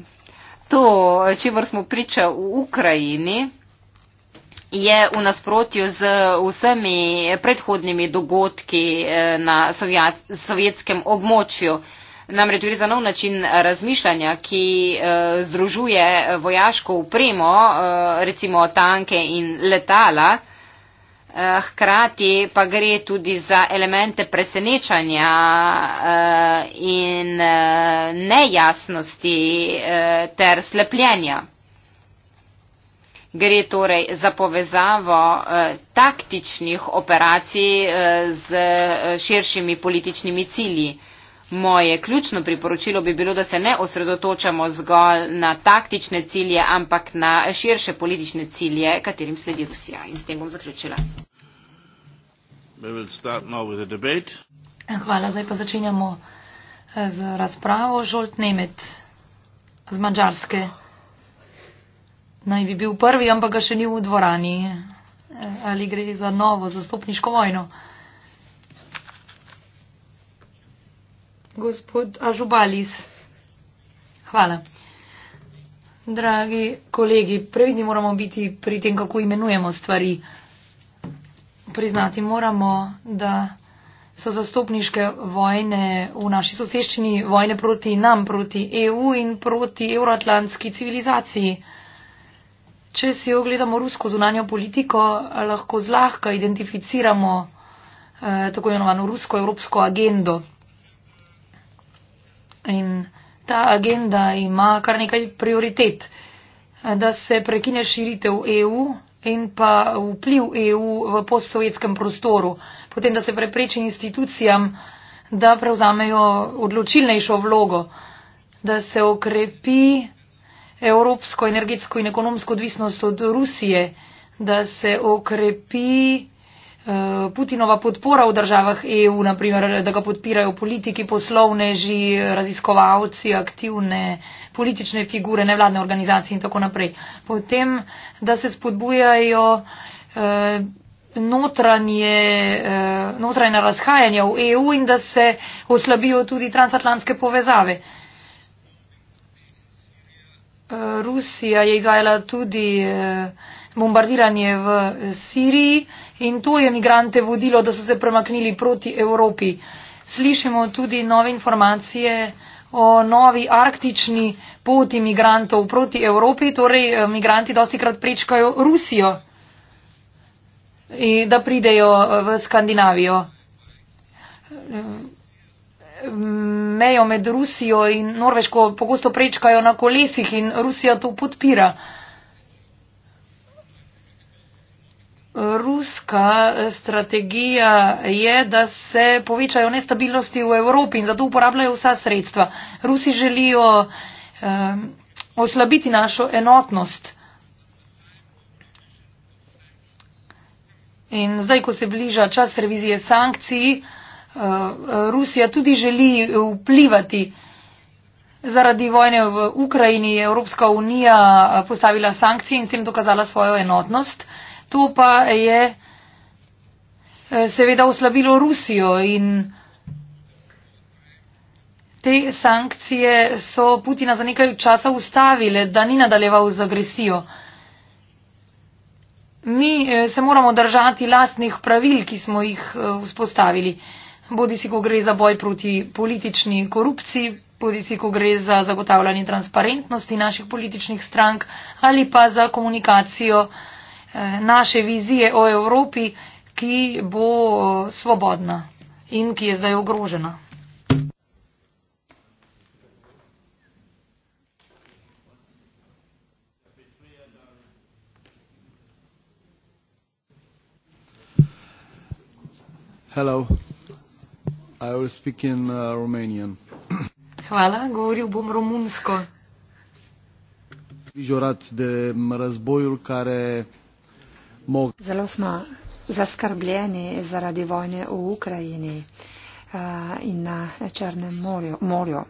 To, če vr smo priča v Ukrajini, je v nasprotju z vsemi predhodnimi dogodki na sovjetskem območju. Namreč gre za nov način eh, razmišljanja, ki eh, združuje eh, vojaško upremo, recimo tanke in letala, hkrati pa gre tudi za elemente presenečanja in nejasnosti ter slepljenja. Gre torej za povezavo eh, taktičnih operacij eh, z širšimi političnimi cilji. Eh, Moje ključno priporočilo bi bilo, da se ne osredotočamo zgolj na taktične cilje, ampak na širše politične cilje, katerim sledi Rusija. In s tem bom zaključila. Hvala, zdaj pa začenjamo eh, z razpravo. Žolt Nemet z Mačarske naj bi bil prvi, ampak ga še ni v dvorani. Eh, Ali gre za novo zastopniško vojno? gospod Ažubalis. Hvala. Dragi kolegi, previdni moramo biti pri tem, kako imenujemo stvari. Priznati moramo, da so zastopniške vojne v naši soseščini, vojne proti nam, proti EU in proti euroatlantski civilizaciji. Če si ogledamo rusko zunanjo politiko, lahko zlahka identificiramo eh, tako imenovano rusko-evropsko agendo. In ta agenda ima kar nekaj prioritet, da se prekine širitev EU in pa vpliv EU v postsovjetskem prostoru, potem da se prepreči institucijam, da prevzamejo odločilnejšo vlogo, da se okrepi evropsko energetsko in ekonomsko odvisnost od Rusije, da se okrepi Eh, Putinova podpora v državah EU, naprimer, da ga podpirajo politiki, poslovneži, raziskovalci, aktivne politične figure, nevladne organizacije in tako naprej. Potem, da se spodbujajo eh, notranje, eh, notranje razhajanja v EU in da se oslabijo tudi transatlantske povezave. Rusija je izvajala tudi eh, bombardiranje v Siriji in to je migrante vodilo, da so se premaknili proti Evropi. Slišimo tudi nove informacije o novi arktični poti migrantov proti Evropi, torej eh, migranti dosti krat prečkajo Rusijo, eh, da pridejo eh, v Skandinavijo. Mejo med Rusijo in Norveško pogosto prečkajo na kolesih in Rusija to podpira. ruska strategija je, da se povečajo nestabilnosti v Evropi in zato uporabljajo vsa sredstva. Rusi želijo um, oslabiti našo enotnost. In zdaj, ko se bliža čas revizije sankcij, uh, Rusija tudi želi vplivati. Zaradi vojne v Ukrajini je Evropska unija eh, postavila sankcije in s tem dokazala svojo enotnost. Uh, To pa je eh, seveda oslabilo Rusijo in te sankcije so Putina za nekaj časa ustavile, da ni nadaljeval z agresijo. Mi eh, se moramo držati lastnih pravil, ki smo jih eh, vzpostavili. Bodi si, ko gre za boj proti politični korupciji, bodi si, ko gre za zagotavljanje transparentnosti naših političnih strank ali pa za komunikacijo naše vizije o Evropi, ki bo eh, svobodna in ki je zdaj ogrožena. Hello. I will speak in uh, Romanian. Hvala, govoril bom romunsko. Vi žorat de razbojul care mogli. Zelo smo zaskrbljeni zaradi vojne v Ukrajini eh, in na Črnem morju. morju.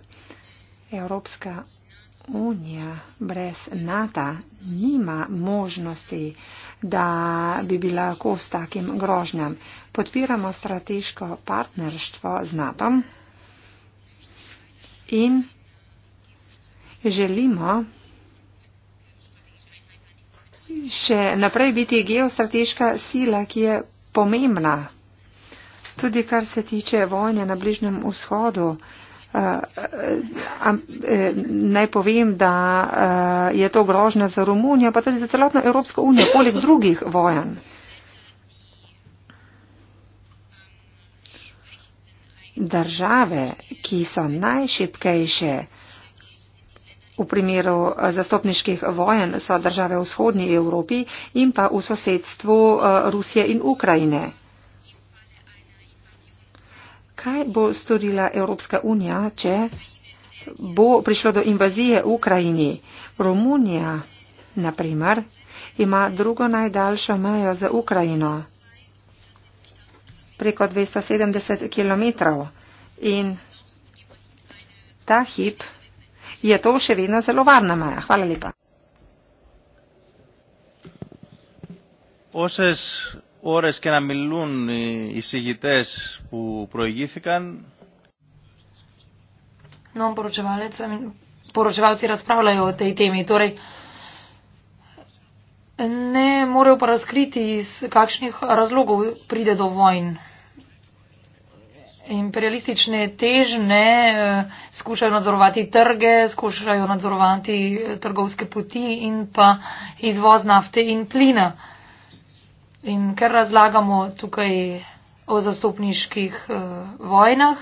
Evropska unija brez NATO nima možnosti, da bi bila lahko s takim grožnjam. Podpiramo strateško partnerstvo z NATO in želimo, še naprej biti geostrateška sila, ki je pomembna. Tudi kar se tiče vojne na Bližnjem vzhodu, eh, eh, eh, naj povem, da je to grožnja za Romunijo, pa tudi za celotno Evropsko unijo, poleg drugih vojen. Države, ki so najšipkejše, V primeru eh, zastopniških vojen so države v vzhodnji Evropi in pa v sosedstvu eh, Rusije in Ukrajine. Kaj bo storila Evropska unija, če bo prišlo do invazije v Ukrajini? Romunija, na primer, ima drugo najdaljšo mejo z Ukrajino, preko 270 km. In ta hip je to še vedno zelo varna meja. Hvala lepa. Όσες ώρες και να μιλούν οι εισηγητές που προηγήθηκαν. Non poročevalec, poročevalci razpravljajo o tej temi. Torej, ne morejo pa razkriti, iz kakšnih razlogov pride do vojn imperialistične težne eh, skušajo nadzorovati trge, skušajo nadzorovati eh, trgovske poti in pa izvoz nafte in plina. In ker razlagamo tukaj o zastopniških eh, vojnah,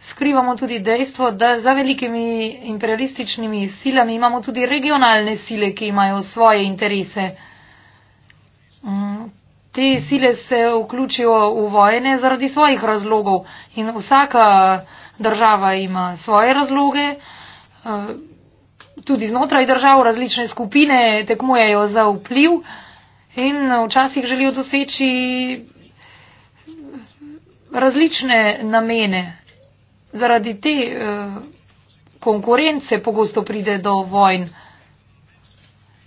skrivamo tudi dejstvo, da za velikimi imperialističnimi silami imamo tudi regionalne sile, ki imajo svoje interese te sile se vključijo v vojne zaradi svojih razlogov in vsaka država ima svoje razloge. Eh, tudi znotraj držav različne skupine tekmujejo za vpliv in včasih želijo doseči različne namene. Zaradi te eh, konkurence pogosto pride do vojn.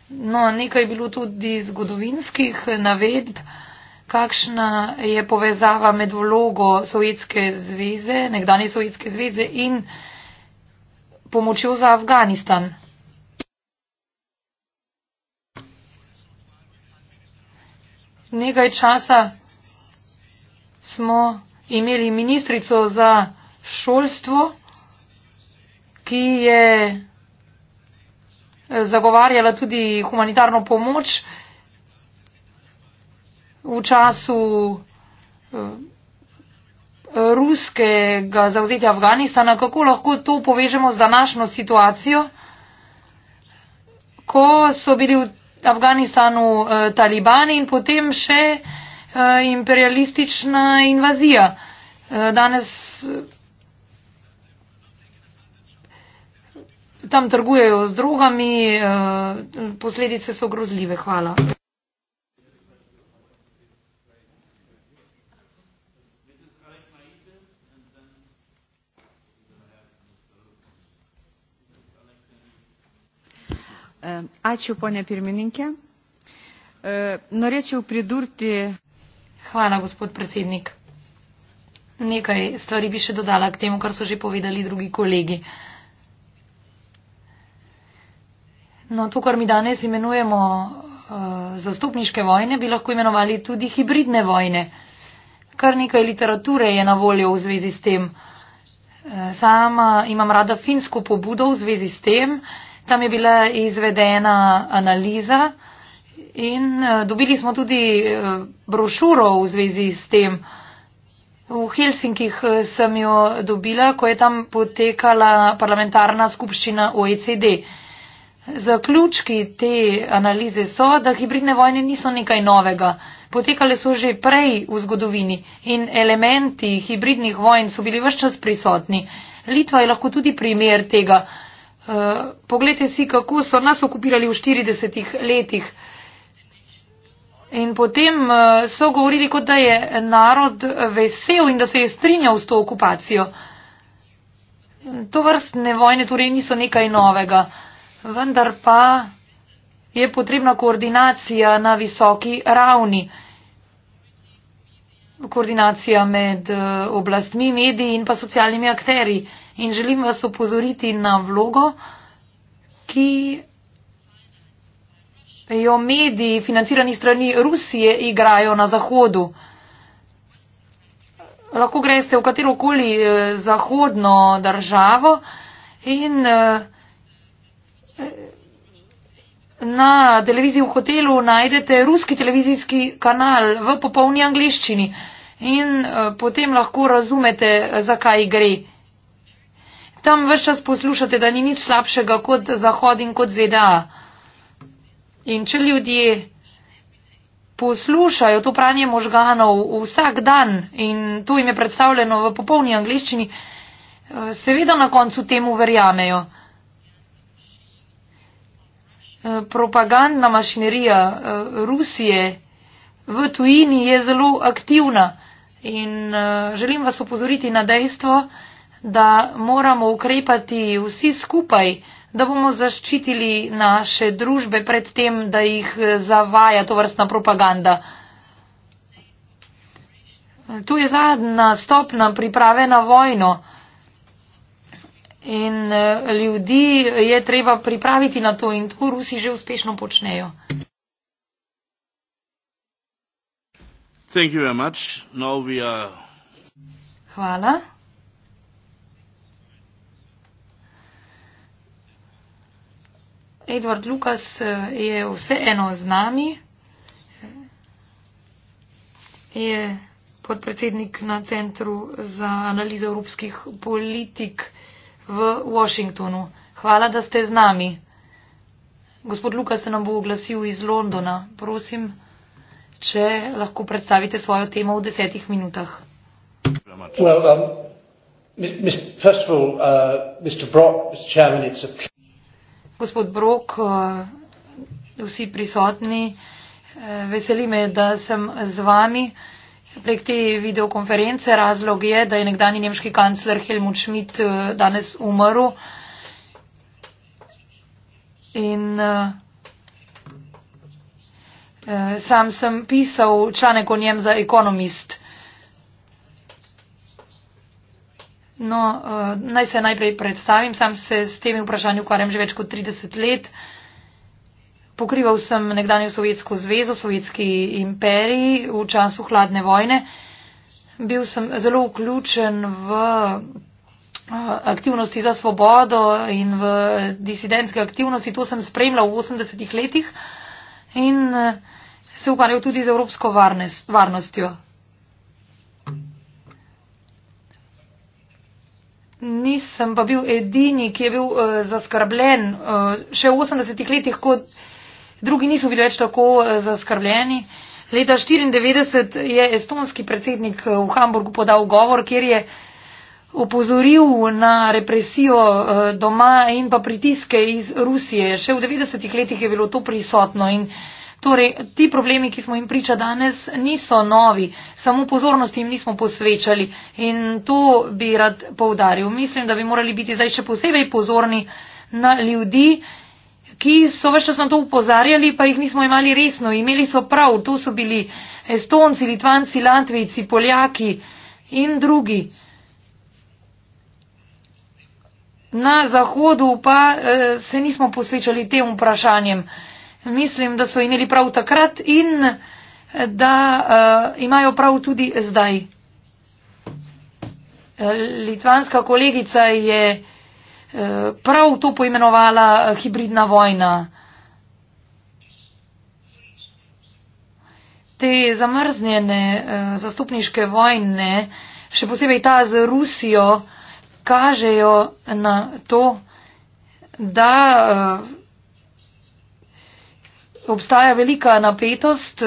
No, nekaj je bilo tudi zgodovinskih navedb, kakšna je povezava med vlogo Sovjetske zveze, nekdanje Sovjetske zveze in pomočjo za Afganistan. Nekaj časa smo imeli ministrico za šolstvo, ki je zagovarjala tudi humanitarno pomoč v času eh, ruskega zauzetja Afganistana. Kako lahko to povežemo z današnjo situacijo, ko so bili v Afganistanu eh, talibani in potem še eh, imperialistična invazija? Danes tam trgujejo z drogami, eh, posledice so grozljive. Hvala. Eh, ačiū, ponė pirmininkė. Eh, norėčiau pridurti. Hvala, gospod predsednik. Nekaj stvari bi še dodala k temu, kar so že povedali drugi kolegi. Uh, No, to, kar mi danes imenujemo uh, zastopniške vojne, bi lahko imenovali tudi hibridne vojne. Kar nekaj literature je na voljo v zvezi s tem. Eh, sama imam rada finsko pobudo v zvezi s tem. Tam je bila izvedena analiza in eh, dobili smo tudi brošuro v zvezi s tem. V Helsinkih sem jo dobila, ko je tam potekala parlamentarna skupščina OECD. Zaključki te analize so, da hibridne vojne niso nekaj novega. Potekale so že prej v zgodovini in elementi hibridnih vojn so bili vse čas prisotni. Litva je lahko tudi primer tega. Eh, poglejte si, kako so nas okupirali v 40 letih. In potem eh, so govorili, kot da je narod eh, vesel in da se je strinjal s to okupacijo. To vrstne vojne torej niso nekaj novega vendar pa je potrebna koordinacija na visoki ravni. Koordinacija med eh, oblastmi, mediji in pa socialnimi akteri. In želim vas upozoriti na vlogo, ki jo mediji financirani strani Rusije igrajo na Zahodu. Lahko greste v katero koli eh, zahodno državo in eh, Na televiziji v hotelu najdete ruski televizijski kanal v popolni angliščini in eh, potem lahko razumete, eh, zakaj gre. Tam vse čas poslušate, da ni nič slabšega kot Zahod in kot ZDA. In če ljudje poslušajo to pranje možganov vsak dan in to jim je predstavljeno v popolni angliščini, eh, seveda na koncu temu verjamejo. Eh, propagandna mašinerija eh, Rusije v tujini je zelo aktivna. In eh, želim vas opozoriti na dejstvo, da moramo ukrepati vsi skupaj, da bomo zaščitili naše družbe pred tem, da jih zavaja to vrstna propaganda. Tu je zadnja stopna priprave na vojno. In eh, ljudi je treba pripraviti na to in to Rusi že uspešno počnejo. Hvala. Edward Lukas eh, je vseeno z nami, je podpredsednik na Centru za analizo evropskih politik v Washingtonu. Hvala, da ste z nami. Gospod Luka se nam bo oglasil iz Londona. Prosim, če lahko predstavite svojo temo v desetih minutah. Well, um, mis, all, uh, Brock, chairman, a... Gospod Brok, uh, vsi prisotni, uh, veseli me, da sem z vami. Uh, prek te videokonference. Razlog je, da je nekdani nemški kancler Helmut Schmidt eh, danes umrl. In uh, sam sem pisal članek o njem za ekonomist. No, uh, naj se najprej predstavim, sam se s temi vprašanji ukvarjam že več kot 30 let. Uh, pokrival sem nekdanjo Sovjetsko zvezo, Sovjetski imperij v času hladne vojne. Bil sem zelo vključen v aktivnosti za svobodo in v disidentske aktivnosti. To sem spremljal v 80-ih letih in se ukvarjal tudi z evropsko varnostjo. Nisem pa bil edini, ki je bil uh, zaskrbljen uh, še v 80-ih letih, ko drugi niso bili več tako eh, zaskrbljeni. Leta 1994 je estonski predsednik eh, v Hamburgu podal govor, kjer je opozoril na represijo eh, doma in pa pritiske iz Rusije. Še v 90-ih letih je bilo to prisotno in torej ti problemi, ki smo jim priča danes, niso novi, samo pozornosti jim nismo posvečali in to bi rad povdaril. Mislim, da bi morali biti zdaj še posebej pozorni na ljudi, ki so vse čas na to upozarjali, pa jih nismo imeli resno. Imeli so prav, to so bili Estonci, Litvanci, Latvijci, Poljaki in drugi. Na zahodu pa eh, se nismo posvečali tem vprašanjem. Mislim, da so imeli prav takrat in eh, da eh, imajo prav tudi zdaj. Eh, litvanska kolegica je prav to poimenovala eh, hibridna vojna. Te zamrznjene eh, zastupniške vojne, še posebej ta z Rusijo, kažejo na to, da eh, obstaja velika napetost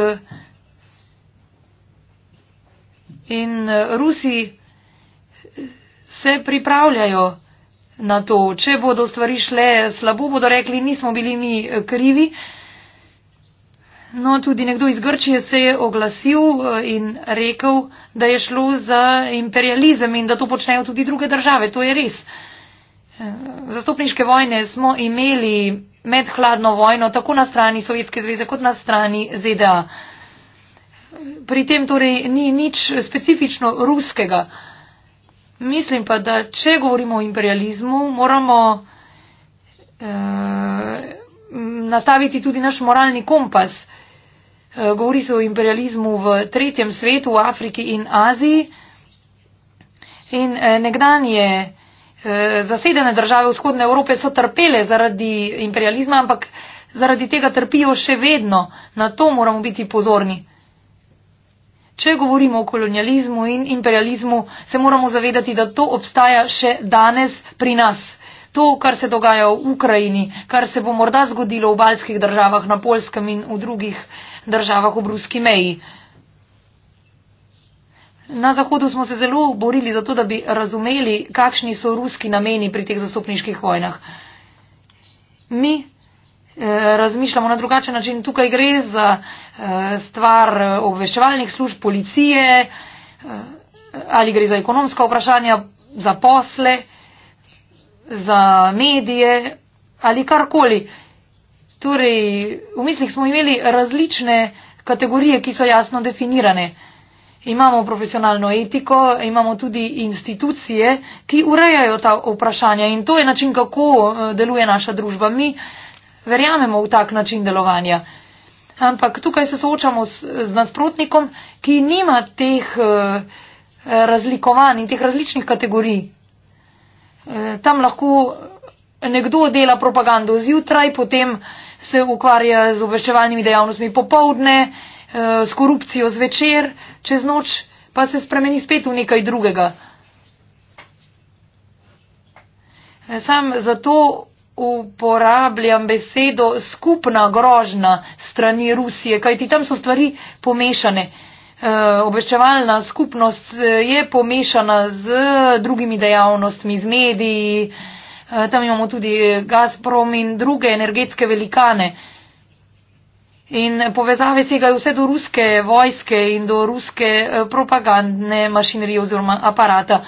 in Rusi se pripravljajo na to. Če bodo stvari šle slabo, bodo rekli, nismo bili mi eh, krivi. No, tudi nekdo iz Grčije se je oglasil eh, in rekel, da je šlo za imperializem in da to počnejo tudi druge države. To je res. Eh, Zastopniške vojne smo imeli med hladno vojno tako na strani Sovjetske zveze kot na strani ZDA. Pri tem torej ni nič specifično ruskega. Mislim pa, da če govorimo o imperializmu, moramo e, nastaviti tudi naš moralni kompas. E, govori se o imperializmu v tretjem svetu, v Afriki in Aziji. In e, nekdanje e, zasedene države vzhodne Evrope so trpele zaradi imperializma, ampak zaradi tega trpijo še vedno. Na to moramo biti pozorni. Če govorimo o kolonializmu in imperializmu, se moramo zavedati, da to obstaja še danes pri nas. To, kar se dogaja v Ukrajini, kar se bo morda zgodilo v baljskih državah, na Polskem in v drugih državah ob ruski meji. Na Zahodu smo se zelo borili za to, da bi razumeli, kakšni so ruski nameni pri teh zastopniških vojnah. Mi Eh, razmišljamo na drugačen način. Tukaj gre za eh, stvar eh, obveščevalnih služb policije ali gre za ekonomska vprašanja, za posle, za medije ali karkoli. Torej, v mislih smo imeli različne kategorije, ki so jasno definirane. Imamo profesionalno etiko, imamo tudi institucije, ki urejajo ta vprašanja in to je način, kako deluje naša družba. Mi verjamemo v tak način delovanja. Ampak tukaj se soočamo s, z nasprotnikom, ki nima teh e, razlikovanj in teh različnih kategorij. E, tam lahko nekdo dela propagando zjutraj, potem se ukvarja z obveščevalnimi dejavnostmi popovdne, e, eh, s korupcijo zvečer, čez noč pa se spremeni spet v nekaj drugega. Sam zato uporabljam besedo skupna grožna strani Rusije, kajti tam so stvari pomešane. E, obveščevalna skupnost eh, je pomešana z drugimi dejavnostmi, z mediji, e, tam imamo tudi Gazprom in druge energetske velikane. In povezave segajo vse do ruske vojske in do ruske propagandne mašinerije oziroma aparata.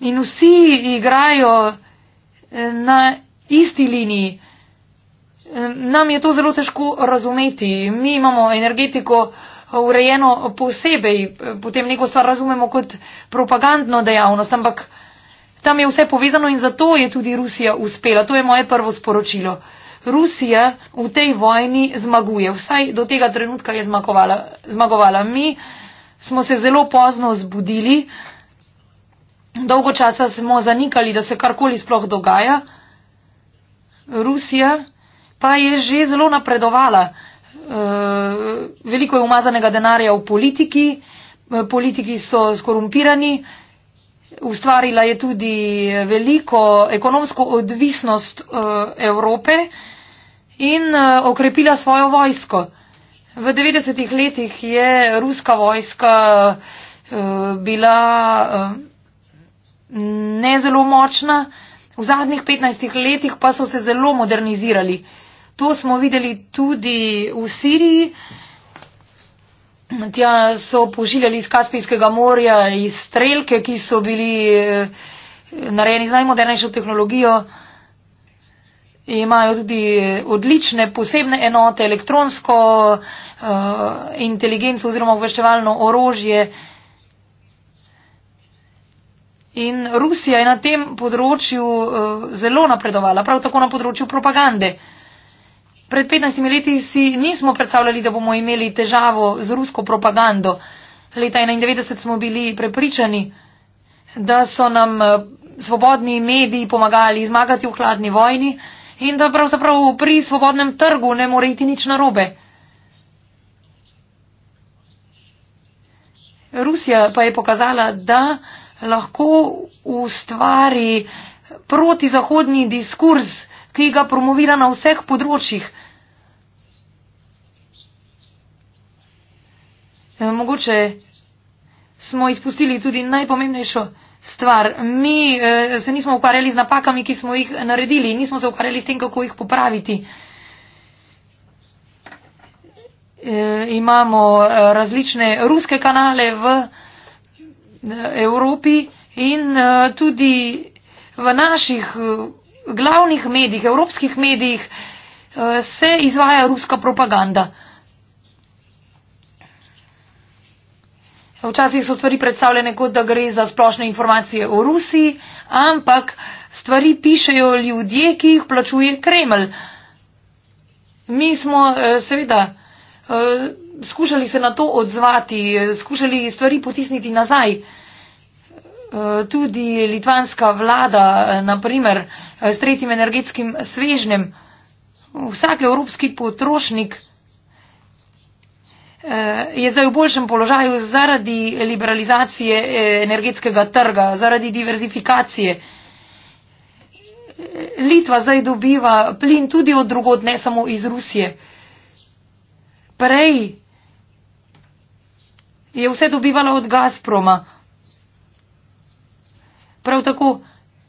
In vsi igrajo na isti liniji. Nam je to zelo težko razumeti. Mi imamo energetiko eh, urejeno posebej, potem neko stvar razumemo kot propagandno dejavnost, ampak tam je vse povezano in zato je tudi Rusija uspela. To je moje prvo sporočilo. Rusija v tej vojni zmaguje, vsaj do tega trenutka je zmagovala. zmagovala. Mi smo se zelo pozno zbudili, dolgo časa smo zanikali, da se karkoli sploh dogaja. Rusija pa je že zelo napredovala. Eh, veliko je umazanega denarja v politiki, eh, politiki so skorumpirani, ustvarila je tudi veliko ekonomsko odvisnost eh, Evrope in okrepila svojo vojsko. V 90-ih letih je ruska vojska bila ne zelo močna, V zadnjih 15 letih pa so se zelo modernizirali. To smo videli tudi v Siriji. Tja so pošiljali iz Kaspijskega morja izstrelke, ki so bili eh, narejeni z najmodernejšo tehnologijo. Imajo tudi odlične posebne enote, elektronsko uh, inteligenco oziroma obveščevalno orožje. Uh, In Rusija je na tem področju eh, zelo napredovala, prav tako na področju propagande. Pred 15 leti si nismo predstavljali, da bomo imeli težavo z rusko propagando. Leta 91 smo bili prepričani, da so nam eh, svobodni mediji pomagali zmagati v hladni vojni in da pravzaprav pri svobodnem trgu ne more iti nič narobe. Rusija pa je pokazala, da lahko ustvari protizahodni diskurs, ki ga promovira na vseh področjih. Eh, mogoče smo izpustili tudi najpomembnejšo stvar. Mi eh, se nismo ukvarjali z napakami, ki smo jih naredili, nismo se ukvarjali s tem, kako jih popraviti. Eh, imamo različne ruske kanale v Eh, Evropi in eh, tudi v naših eh, glavnih medijih, evropskih medijih se izvaja ruska propaganda. Včasih so stvari predstavljene kot da gre za splošne informacije o Rusiji, ampak stvari pišejo ljudje, ki jih plačuje Kreml. Mi smo seveda skušali se na to odzvati, skušali stvari potisniti nazaj. E, tudi litvanska vlada, e, naprimer, e, s tretjim energetskim svežnem, vsak evropski potrošnik je zdaj v boljšem položaju zaradi liberalizacije energetskega trga, zaradi diverzifikacije. Litva zdaj dobiva plin tudi od drugod, ne samo iz Rusije. Prej je vse dobivala od Gazproma. Prav tako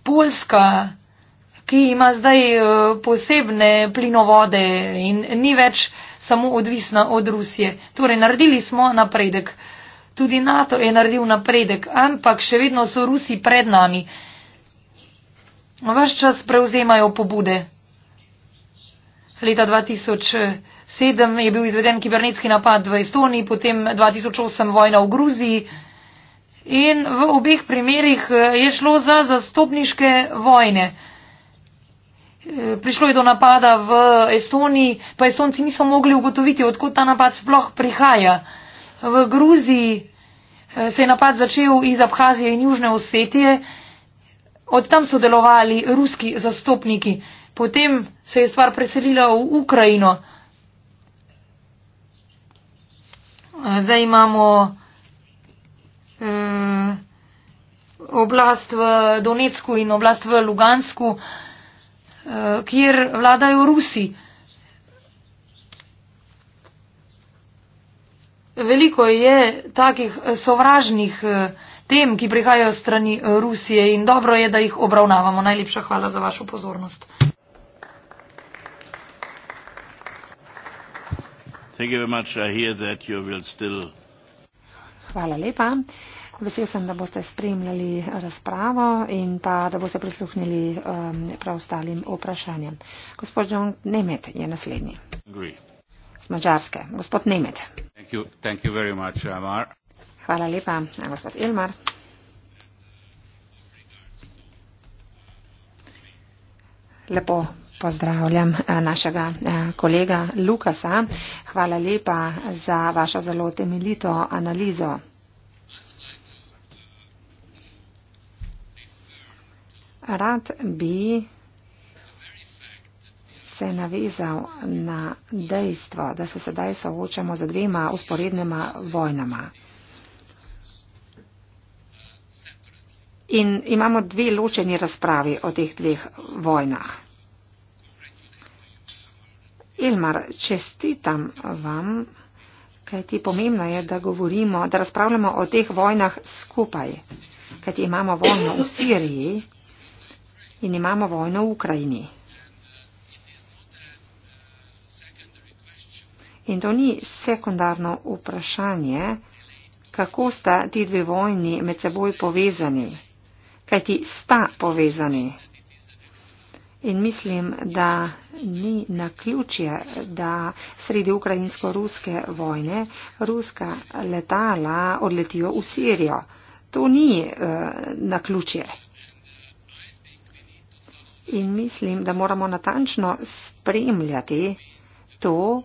Poljska, ki ima zdaj eh, posebne plinovode in ni več samo odvisna od Rusije. Torej, naredili smo napredek. Tudi NATO je naredil napredek, ampak še vedno so Rusi pred nami. Vaš čas prevzemajo pobude. Leta 2000 sedem je bil izveden kibernetski napad v Estoniji, potem 2008 vojna v Gruziji. In v obeh primerih eh, je šlo za zastopniške vojne. Eh, prišlo je do napada v Estoniji, pa Estonci niso mogli ugotoviti, odkot ta napad sploh prihaja. V Gruziji eh, se je napad začel iz Abhazije in Južne Osetije. Od tam so delovali ruski zastopniki. Potem se je stvar preselila v Ukrajino. zdaj imamo eh, oblast v Donetsku in oblast v Lugansku, eh, kjer vladajo Rusi. Veliko je takih sovražnih e, tem, ki prihajajo strani e, Rusije in dobro je, da jih obravnavamo. Najlepša hvala za vašo pozornost. Hvala lepa. Vesel sem, da boste spremljali razpravo in pa, da boste prisluhnili um, preostalim vprašanjem. Gospod John Nemet je naslednji. Agree. Z Mačarske. Gospod Nemet. Thank you. Thank you much, Hvala lepa, gospod Ilmar. Lepo Pozdravljam eh, našega eh, kolega Lukasa. Hvala lepa za vašo zelo temeljito analizo. Rad bi se navezal na dejstvo, da se sedaj soočamo z dvema usporednima vojnama. In imamo dve ločeni razpravi o teh dveh vojnah. Ilmar, čestitam vam, kaj ti pomembno je, da govorimo, da razpravljamo o teh vojnah skupaj, kaj ti imamo vojno v Siriji in imamo vojno v Ukrajini. In to ni sekundarno vprašanje, kako sta ti dve vojni med seboj povezani, kaj ti sta povezani. In mislim, da ni na ključje, da sredi ukrajinsko-ruske vojne ruska letala odletijo v Sirijo. To ni uh, eh, na ključje. In mislim, da moramo natančno spremljati to, uh,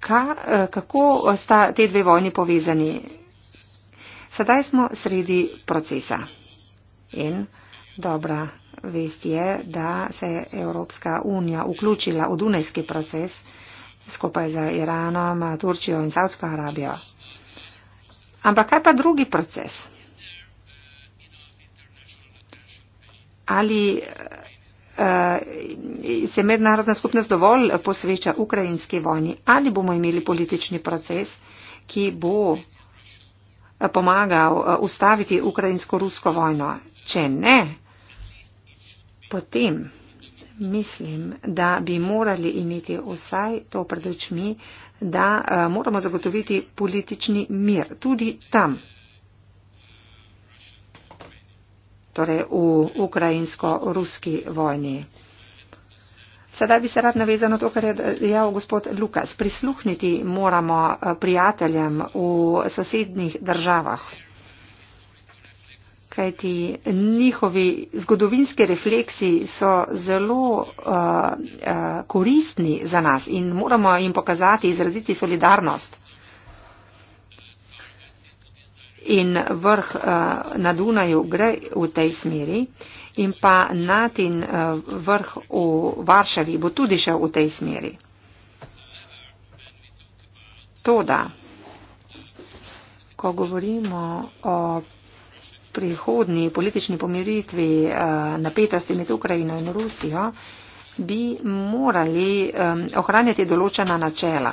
ka, uh, kako sta te dve vojni povezani. Sedaj smo sredi procesa. In dobra vest je, da se je Evropska unija vključila v Dunajski proces skupaj z Iranom, Turčijo in Saudsko Arabijo. Ampak kaj pa drugi proces? Ali uh, se mednarodna skupnost dovolj posveča ukrajinski vojni? Ali bomo imeli politični proces, ki bo eh, pomagal eh, ustaviti ukrajinsko-rusko vojno? Če ne, uh, potem mislim, da bi morali imeti vsaj to pred očmi, da eh, moramo zagotoviti politični mir tudi tam. Torej v ukrajinsko-ruski vojni. Sedaj bi se rad navezal na to, kar je dejal gospod Lukas. Prisluhniti moramo eh, prijateljem v sosednjih državah kajti njihovi zgodovinski refleksi so zelo uh, uh, koristni za nas in moramo jim pokazati, izraziti solidarnost. In vrh uh, na Dunaju gre v tej smeri in pa natin uh, vrh v Varšavi bo tudi šel v tej smeri. Toda, ko govorimo o prihodni politični pomiritvi eh, napetosti med Ukrajino in Rusijo, bi morali ohranjati določena načela.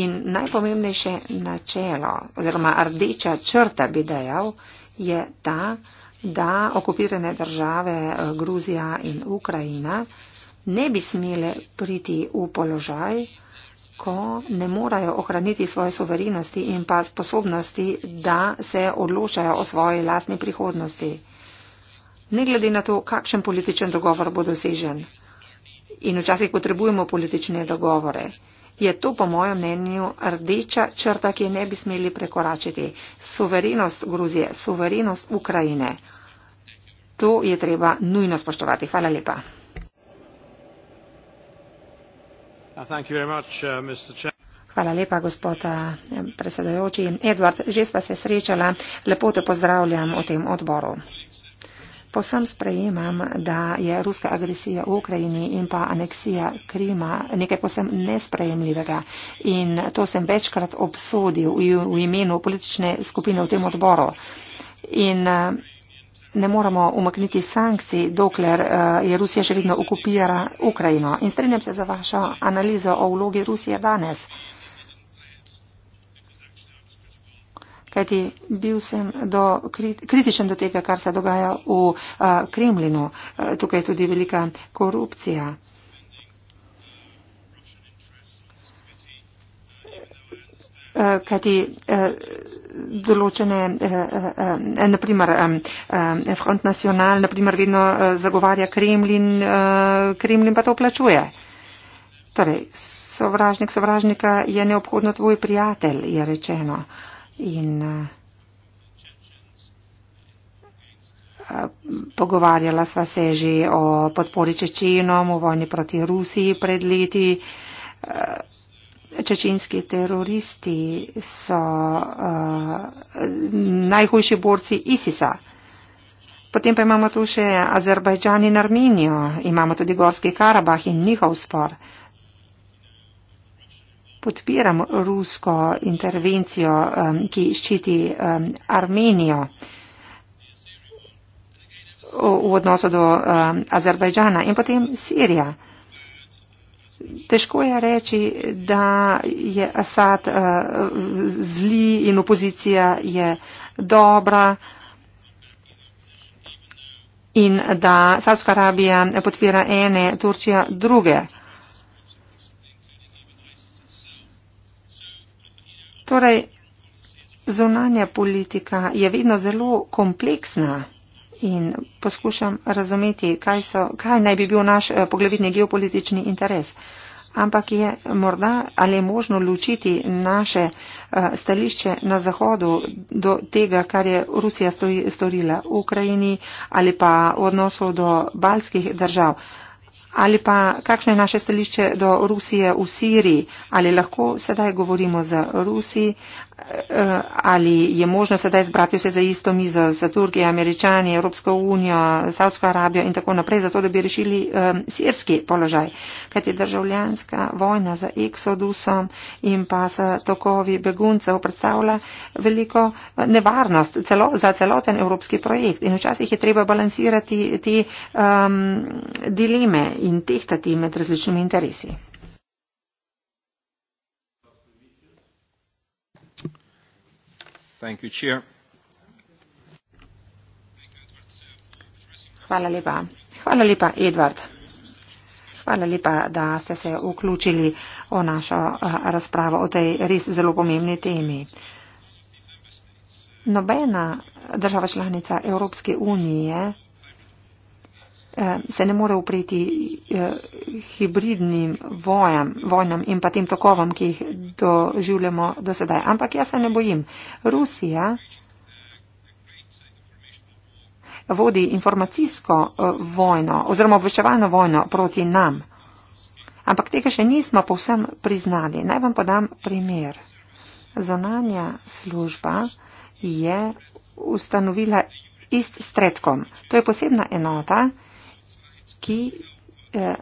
In najpomembnejše načelo oziroma rdeča črta bi dejal je ta, da okupirane države eh, Gruzija in Ukrajina ne bi smele priti v položaj, ko ne morajo ohraniti svoje soverenosti in pa sposobnosti, da se odločajo o svoji lastni prihodnosti. Ne glede na to, kakšen političen dogovor bo dosežen. In včasih potrebujemo politične dogovore. Je to, po mojem mnenju, rdeča črta, ki je ne bi smeli prekoračiti. Soverenost Gruzije, soverenost Ukrajine. To je treba nujno spoštovati. Hvala lepa. Uh, uh, Hvala lepa, gospod uh, predsedojoči. Edward, že sva se srečala. Lepo te pozdravljam v tem odboru. Posem sprejemam, da je ruska agresija v Ukrajini in pa aneksija Krima nekaj posem nesprejemljivega. In to sem večkrat obsodil v imenu politične skupine v tem odboru. In, uh, ne moremo umakniti sankcij, dokler eh, je Rusija še vedno okupira Ukrajino. In strinjam se za vašo analizo o vlogi Rusije danes. Kajti bil sem do, kritičen do tega, kar se dogaja v eh, Kremlinu. Eh, tukaj je tudi velika korupcija. Kajti določene, eh, eh, eh, naprimer Front National, naprimer vedno zagovarja Kremlin, Kremlin pa to plačuje. Torej, sovražnik sovražnika je neobhodno tvoj prijatelj, je rečeno. In pogovarjala sva se že o podpori Čečenom, o vojni proti Rusiji pred leti. Čečenski teroristi so uh, najhujši borci ISIS-a. Potem pa imamo tu še Azerbajdžan in Armenijo, imamo tudi Gorski Karabah in njihov spor. Podpiram rusko intervencijo, um, ki ščiti um, Armenijo v, v odnosu do um, Azerbajdžana in potem Sirija težko je reči, da je Asad uh, eh, zli in opozicija je dobra in da Saudska Arabija podpira ene, Turčija druge. Torej, zunanja politika je vedno zelo kompleksna in poskušam razumeti, kaj, so, kaj naj bi bil naš eh, poglavitni geopolitični interes. Ampak je morda ali je možno ločiti naše eh, stališče na Zahodu do tega, kar je Rusija stoji, storila v Ukrajini ali pa v odnosu do balskih držav. Ali pa kakšno je naše stališče do Rusije v Siriji? Ali lahko sedaj govorimo za Rusiji? Eh, ali je možno sedaj zbrati vse za isto mizo za Turkijo, Američani, Evropsko unijo, Saudsko Arabijo in tako naprej, zato da bi rešili um, sirski položaj. Kajti državljanska vojna za eksodusom in pa za tokovi beguncev predstavlja veliko eh, nevarnost celo, za celoten evropski projekt. In včasih je treba balansirati te um, dileme in tehtati med različnimi interesi. Thank you, Chair. Hvala lepa. Hvala lepa, Edward. Hvala lepa, da ste se vključili v našo razpravo o tej res zelo pomembni temi. Nobena država članica Evropske unije je Eh, se ne more upreti eh, hibridnim vojam, vojnam in pa tem tokovam, ki jih doživljamo do sedaj. Ampak jaz se ne bojim. Rusija eh, vodi informacijsko vojno oziroma obveščevalno vojno proti nam. Ampak tega še nismo povsem priznali. Naj vam podam primer. Zonanja služba je ustanovila ist stredkom. To je posebna enota, ki eh,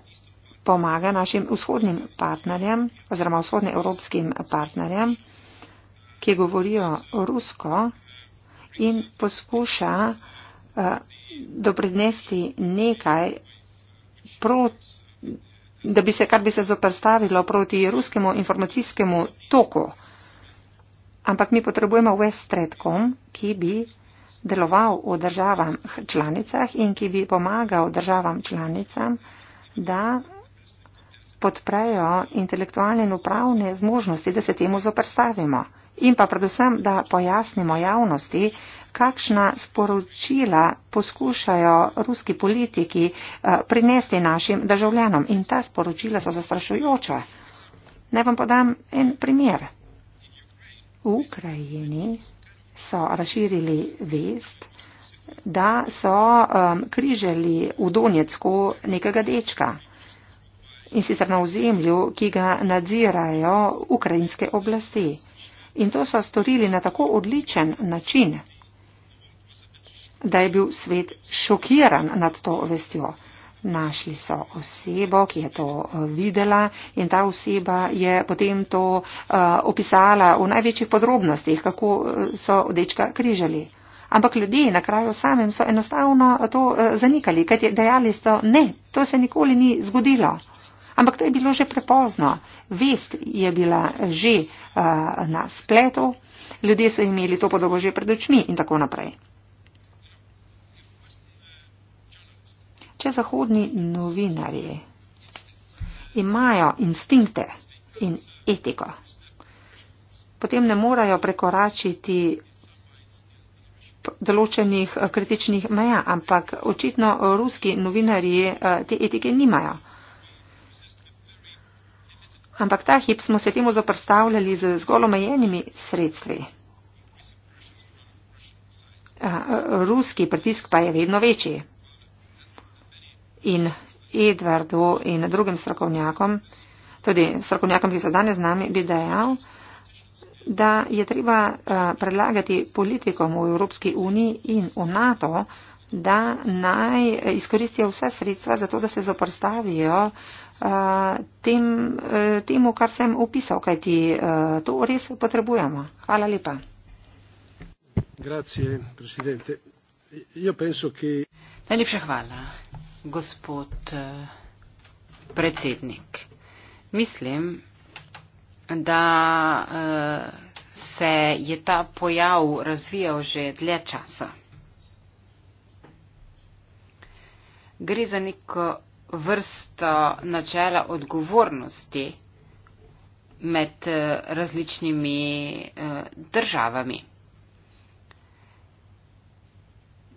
pomaga našim vzhodnim partnerjem oziroma vzhodnoevropskim partnerjem, ki govorijo rusko in poskuša eh, doprinesti nekaj, pro, da bi se kar bi se zoprstavilo proti ruskemu informacijskemu toku. Ampak mi potrebujemo Westretkom, ki bi deloval v državah članicah in ki bi pomagal državam članicam, da podprejo intelektualne in upravne zmožnosti, da se temu zoprstavimo. In pa predvsem, da pojasnimo javnosti, kakšna sporočila poskušajo ruski politiki eh, prinesti našim državljanom. In ta sporočila so zastrašujoča. Naj vam podam en primer. V Ukrajini so razširili vest, da so um, križali v Donetsku nekega dečka in sicer na ozemlju, ki ga nadzirajo ukrajinske oblasti. In to so storili na tako odličen način, da je bil svet šokiran nad to vestjo. Našli so osebo, ki je to eh, videla in ta oseba je potem to eh, opisala v največjih podrobnostih, kako eh, so dečka križali. Ampak ljudje na kraju samem so enostavno to zanikali, kajti dejali so, ne, to se nikoli ni zgodilo. Ampak to je bilo že prepozno. Vest je bila že uh, na spletu, ljudje so imeli to podobo že pred očmi in tako naprej. Če zahodni novinarji imajo instinkte in etiko, potem ne morajo prekoračiti določenih eh, kritičnih meja, ampak očitno ruski novinarji eh, te etike nimajo. Ampak ta hip smo se temu zaprstavljali z zgolj omejenimi sredstvi. Eh, ruski pritisk pa je vedno večji in Edvardu in drugim strokovnjakom, tudi strokovnjakom, ki so danes z nami, bi dejal, da je treba eh, predlagati politikom v Evropski uniji in v NATO, da naj izkoristijo vse sredstva za to, da se zoprstavijo eh, tem, eh, temu, kar sem opisal, kajti to res potrebujemo. Hvala lepa. Grazie, Najlepša hvala gospod eh, predsednik. Mislim, da eh, se je ta pojav razvijal že dlje časa. Gre za neko vrsto načela odgovornosti med eh, različnimi državami.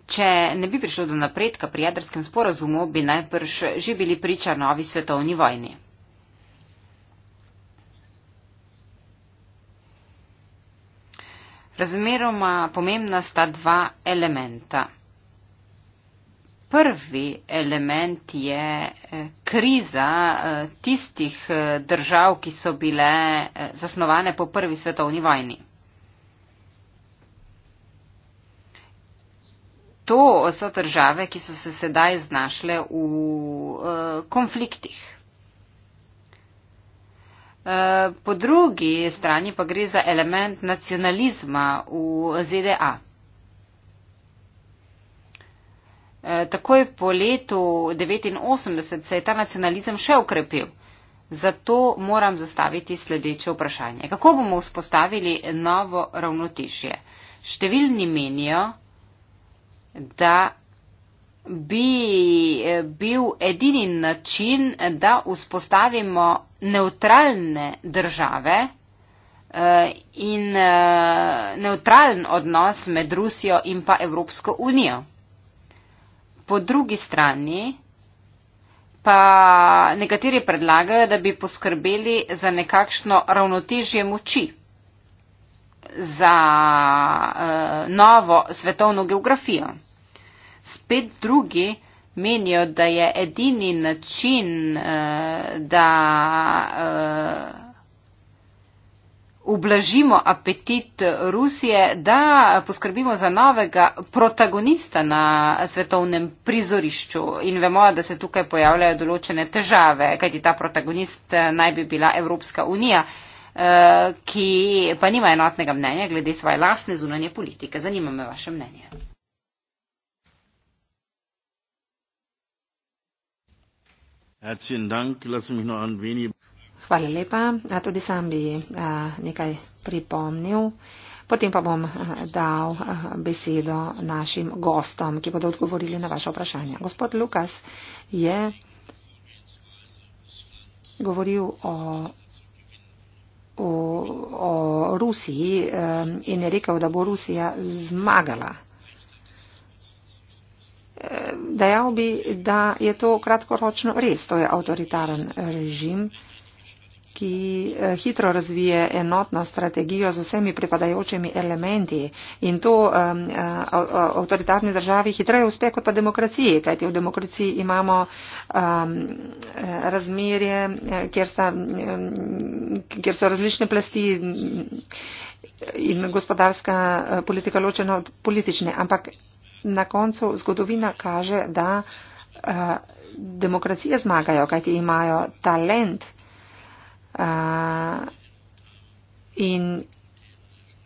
Če ne bi prišlo do napredka pri jedrskem sporazumu, bi najprej že bili priča novi svetovni vojni. Razmeroma pomembna sta dva elementa. Prvi element je eh, kriza eh, tistih eh, držav, ki so bile zasnovane po prvi svetovni vojni. to so države, ki so se sedaj znašle v uh, konfliktih. Eh, po drugi strani pa gre za element nacionalizma v ZDA. Eh, takoj po letu 1989 se je ta nacionalizem še ukrepil. Zato moram zastaviti sledeče vprašanje. Kako bomo vzpostavili novo ravnotežje? Številni menijo, da bi eh, bil edini način, da vzpostavimo neutralne države eh, in eh, neutralen odnos med Rusijo in pa Evropsko unijo. Po drugi strani pa nekateri predlagajo, da bi poskrbeli za nekakšno ravnotežje moči za uh, novo svetovno geografijo. Spet drugi menijo, da je edini način, uh, da uh, ublažimo apetit Rusije, da poskrbimo za novega protagonista na svetovnem prizorišču. In vemo, da se tukaj pojavljajo določene težave, kajti ta protagonist naj bi bila Evropska unija. Uh, Eh, ki pa nima enotnega mnenja glede svoje lastne zunanje politike. Zanima me vaše mnenje. Hvala lepa. A tudi sam bi a, nekaj pripomnil. Potem pa bom dal besedo našim gostom, ki bodo odgovorili na vaše vprašanje. Gospod Lukas je govoril o o, o Rusiji in je rekel, da bo Rusija zmagala. Dejal bi, da je to kratkoročno res, to je avtoritaren režim ki eh, hitro razvije enotno strategijo z vsemi pripadajočimi elementi. In to um, avtoritarni državi hitreje uspe kot pa demokraciji, kajti v demokraciji imamo um, razmerje, kjer, sta, ehm, kjer so različne plasti in gospodarska politika ločena od politične. Ampak na koncu zgodovina kaže, da uh, demokracije zmagajo, kajti imajo talent in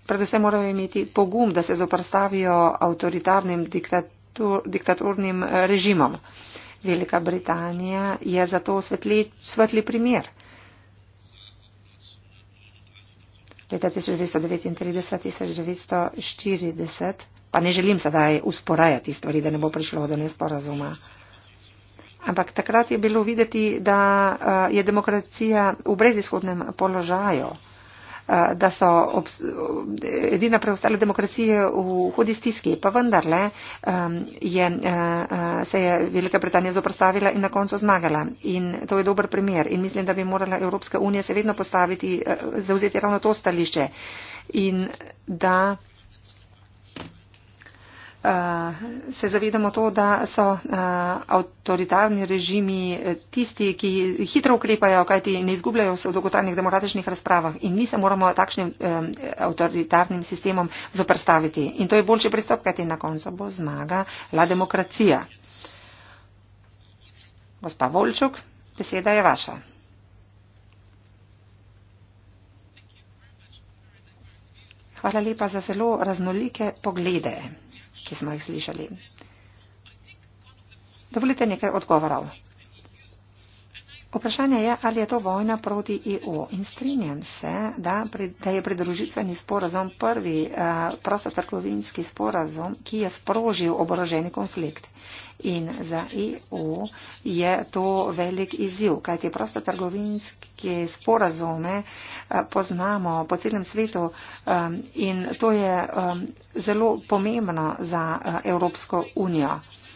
predvsem morajo imeti pogum, da se zoprstavijo avtoritarnim diktatur, diktaturnim eh, režimom. Velika Britanija je zato svetli primer. Leta 1939-1940, pa ne želim sedaj usporajati stvari, da ne bo prišlo do nesporazuma. Ampak takrat je bilo videti, da eh, je demokracija v brezizhodnem položaju, eh, da so edina preostala demokracija v hudi stiski, pa vendarle je, eh, se je Velika Britanija zoprstavila in na koncu zmagala. In to je dober primer. In mislim, da bi morala Evropska unija se vedno postaviti, zauzeti ravno to stališče. In da. Eh, se zavedamo to, da so eh, avtoritarni režimi eh, tisti, ki hitro ukrepajo, kajti ne izgubljajo se v dogotarnih demokratičnih razpravah in mi se moramo takšnim avtoritarnim sistemom zoprstaviti. In to je boljši pristop, kajti na koncu bo zmaga la demokracija. Gospa Volčuk, beseda je vaša. Hvala lepa za zelo raznolike poglede ki smo jih slišali. Dovolite nekaj odgovorov. Vprašanje je, ali je to vojna proti EU. In strinjam se, da, da je pridružitveni sporazum prvi uh, prostotrgovinski sporazum, ki je sprožil oboroženi konflikt. In za EU je to velik izziv, kajti prostotrgovinske sporazume uh, poznamo po celem svetu um, in to je um, zelo pomembno za uh, Evropsko unijo. Uh,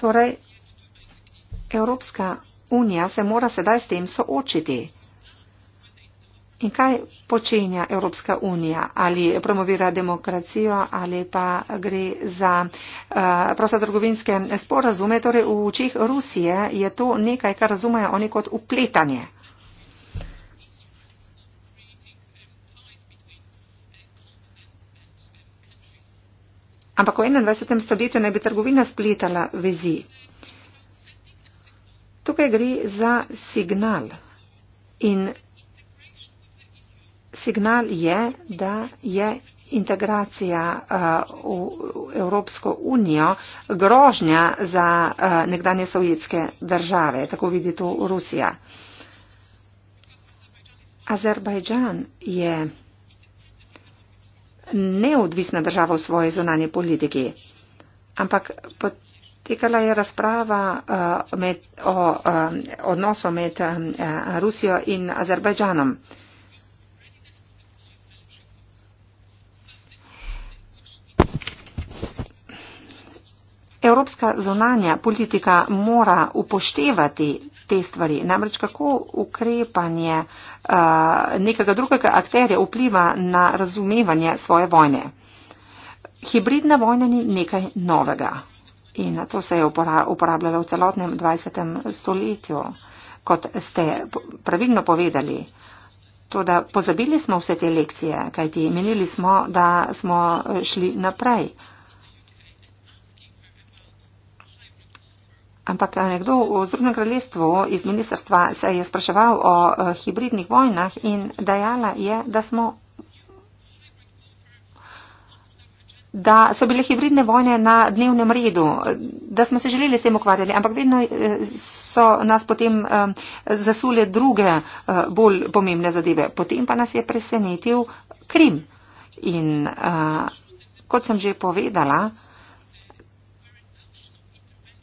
Torej, Evropska unija se mora sedaj s tem soočiti. In kaj počenja Evropska unija? Ali promovira demokracijo ali pa gre za uh, prostotrgovinske sporazume? Torej, v očih Rusije je to nekaj, kar razumejo oni kot upletanje. Ampak v 21. stoletju naj bi trgovina spletala vezi. Tukaj gre za signal. In signal je, da je integracija uh, v, v Evropsko unijo grožnja za uh, nekdanje sovjetske države, tako vidi to Rusija. Azerbajdžan je. Yeah neodvisna država v svoji zunanji politiki. Ampak potekala je razprava uh, med, o um, odnosu med um, Rusijo in Azerbajdžanom. Evropska zunanja politika mora upoštevati te stvari. Namreč kako ukrepanje uh, nekega drugega akterja vpliva na razumevanje svoje vojne. Hibridna vojna ni nekaj novega in to se je uporabljalo v celotnem 20. stoletju, kot ste pravilno povedali. Toda pozabili smo vse te lekcije, kajti menili smo, da smo šli naprej. Ampak eh, nekdo v Združenem kraljestvu iz ministrstva se je spraševal o eh, hibridnih vojnah in dejala je, da smo da so bile hibridne vojne na dnevnem redu, da smo se želeli s tem ukvarjali, ampak vedno eh, so nas potem zasule druge bolj pomembne zadeve. Potem pa nas je presenetil Krim. In kot sem že povedala,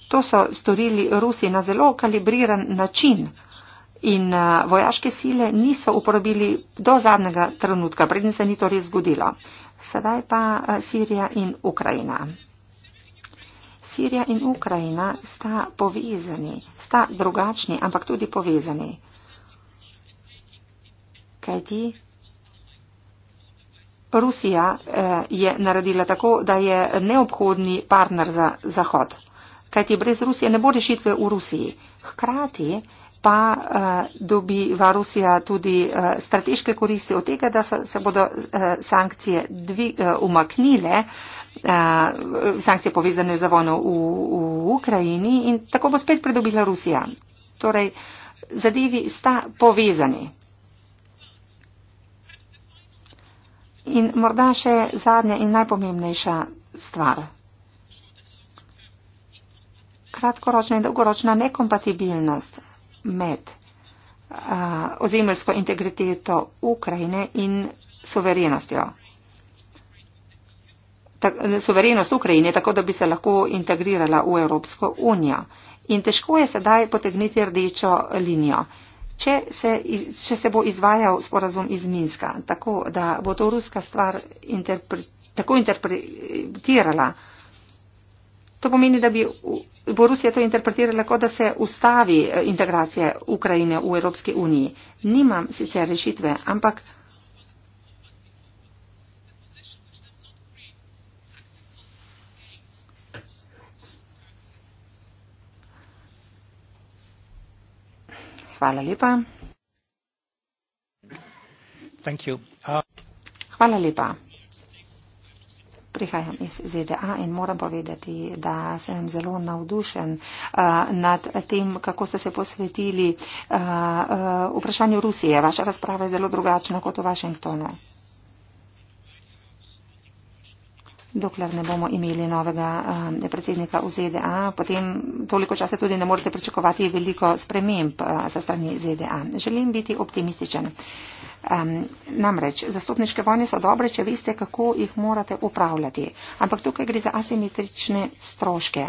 To so storili Rusi na zelo kalibriran način in eh, vojaške sile niso uporabili do zadnjega trenutka, predtem se ni to res zgodilo. Sedaj pa eh, Sirija in Ukrajina. Sirija in Ukrajina sta povezani, sta drugačni, ampak tudi povezani. Kaj ti? Rusija eh, je naredila tako, da je neobhodni partner za Zahod kajti brez Rusije ne bo rešitve v Rusiji. Hkrati pa uh, dobiva Rusija tudi uh, strateške koristi od tega, da so, se bodo uh, sankcije dvi, uh, umaknile, uh, sankcije povezane za vojno v, v Ukrajini in tako bo spet pridobila Rusija. Torej, zadevi sta povezani. In morda še zadnja in najpomembnejša stvar kratkoročna in dolgoročna nekompatibilnost med ozemeljsko integriteto Ukrajine in suverenostjo. Suverenost Ukrajine, tako da bi se lahko integrirala v Evropsko unijo. In težko je sedaj potegniti rdečo linijo. Če se, če se bo izvajal sporazum iz Minska, tako da bo to ruska stvar interpre, tako interpretirala, to pomeni, da bi bo Rusija to interpretirala, kot da se ustavi eh, integracija Ukrajine v Evropski uniji. Nimam sicer rešitve, ampak Hvala lepa. Thank you. Uh... Hvala lepa prihajam iz ZDA in moram povedati, da sem zelo navdušen uh, nad tem, kako ste se posvetili uh, uh, vprašanju Rusije. Vaša razprava je zelo drugačna kot v Vašingtonu. dokler ne bomo imeli novega uh, predsednika v ZDA, potem toliko časa tudi ne morete pričakovati veliko sprememb uh, eh, za strani ZDA. Želim biti optimističen. Um, namreč, zastopniške vojne so dobre, če veste, kako jih morate upravljati. Ampak tukaj gre za asimetrične stroške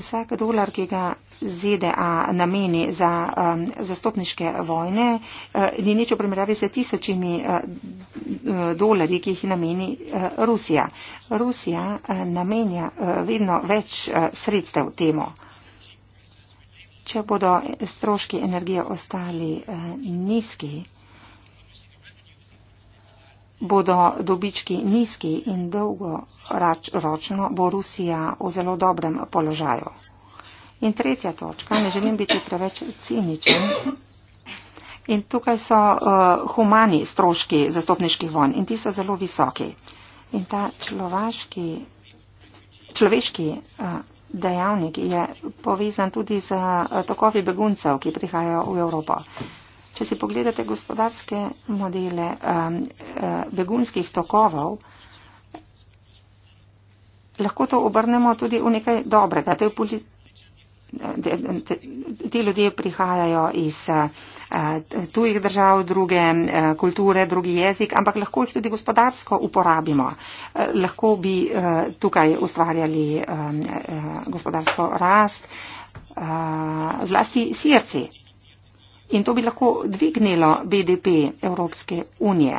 vsak dolar, ki ga ZDA nameni za um, zastopniške vojne, uh, ni nič v primerjavi s tisočimi uh, uh dolari, ki jih nameni uh, Rusija. Rusija uh, namenja uh, vedno več uh, sredstev temu. Če bodo stroški energije ostali uh, nizki, uh, bodo dobički nizki in dolgo ročno bo Rusija v zelo dobrem položaju. In tretja točka, ne želim biti preveč ciničen. In tukaj so uh, humani stroški zastopniških vojn in ti so zelo visoki. In ta človaški, človeški uh, dejavnik je povezan tudi z uh, tokovi beguncev, ki prihajajo v Evropo. Če si pogledate gospodarske modele um, uh, begunskih tokovov, lahko to obrnemo tudi v nekaj dobrega. Te, te, te ljudje prihajajo iz uh, uh, tujih držav, druge uh, kulture, drugi jezik, ampak lahko jih tudi gospodarsko uporabimo. Uh, lahko bi uh, tukaj ustvarjali uh, uh, gospodarsko rast, uh, zlasti sirci in to bi lahko dvignilo BDP Evropske unije.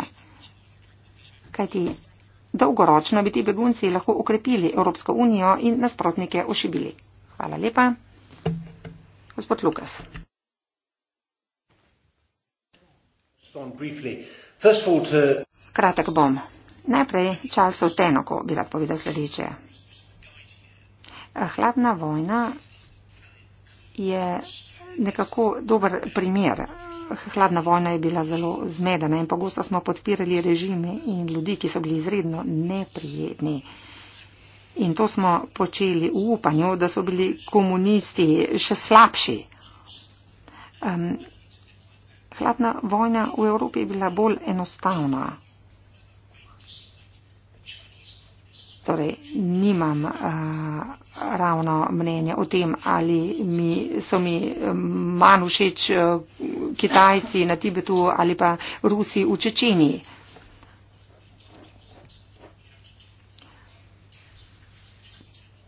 Kajti dolgoročno bi ti begunci lahko ukrepili Evropsko unijo in nasprotnike ošibili. Hvala lepa. Gospod Lukas. Kratek bom. Najprej Charles Otenoko bi rad povedal sledeče. Hladna vojna je nekako dober primer. Hladna vojna je bila zelo zmedena in pogosto smo podpirali režime in ljudi, ki so bili izredno neprijetni. In to smo počeli v upanju, da so bili komunisti še slabši. Um, hladna vojna v Evropi je bila bolj enostavna. Torej, nimam uh, ravno mnenja o tem, ali mi, so mi eh, manj všeč uh, Kitajci na Tibetu ali pa Rusi v Čečeniji.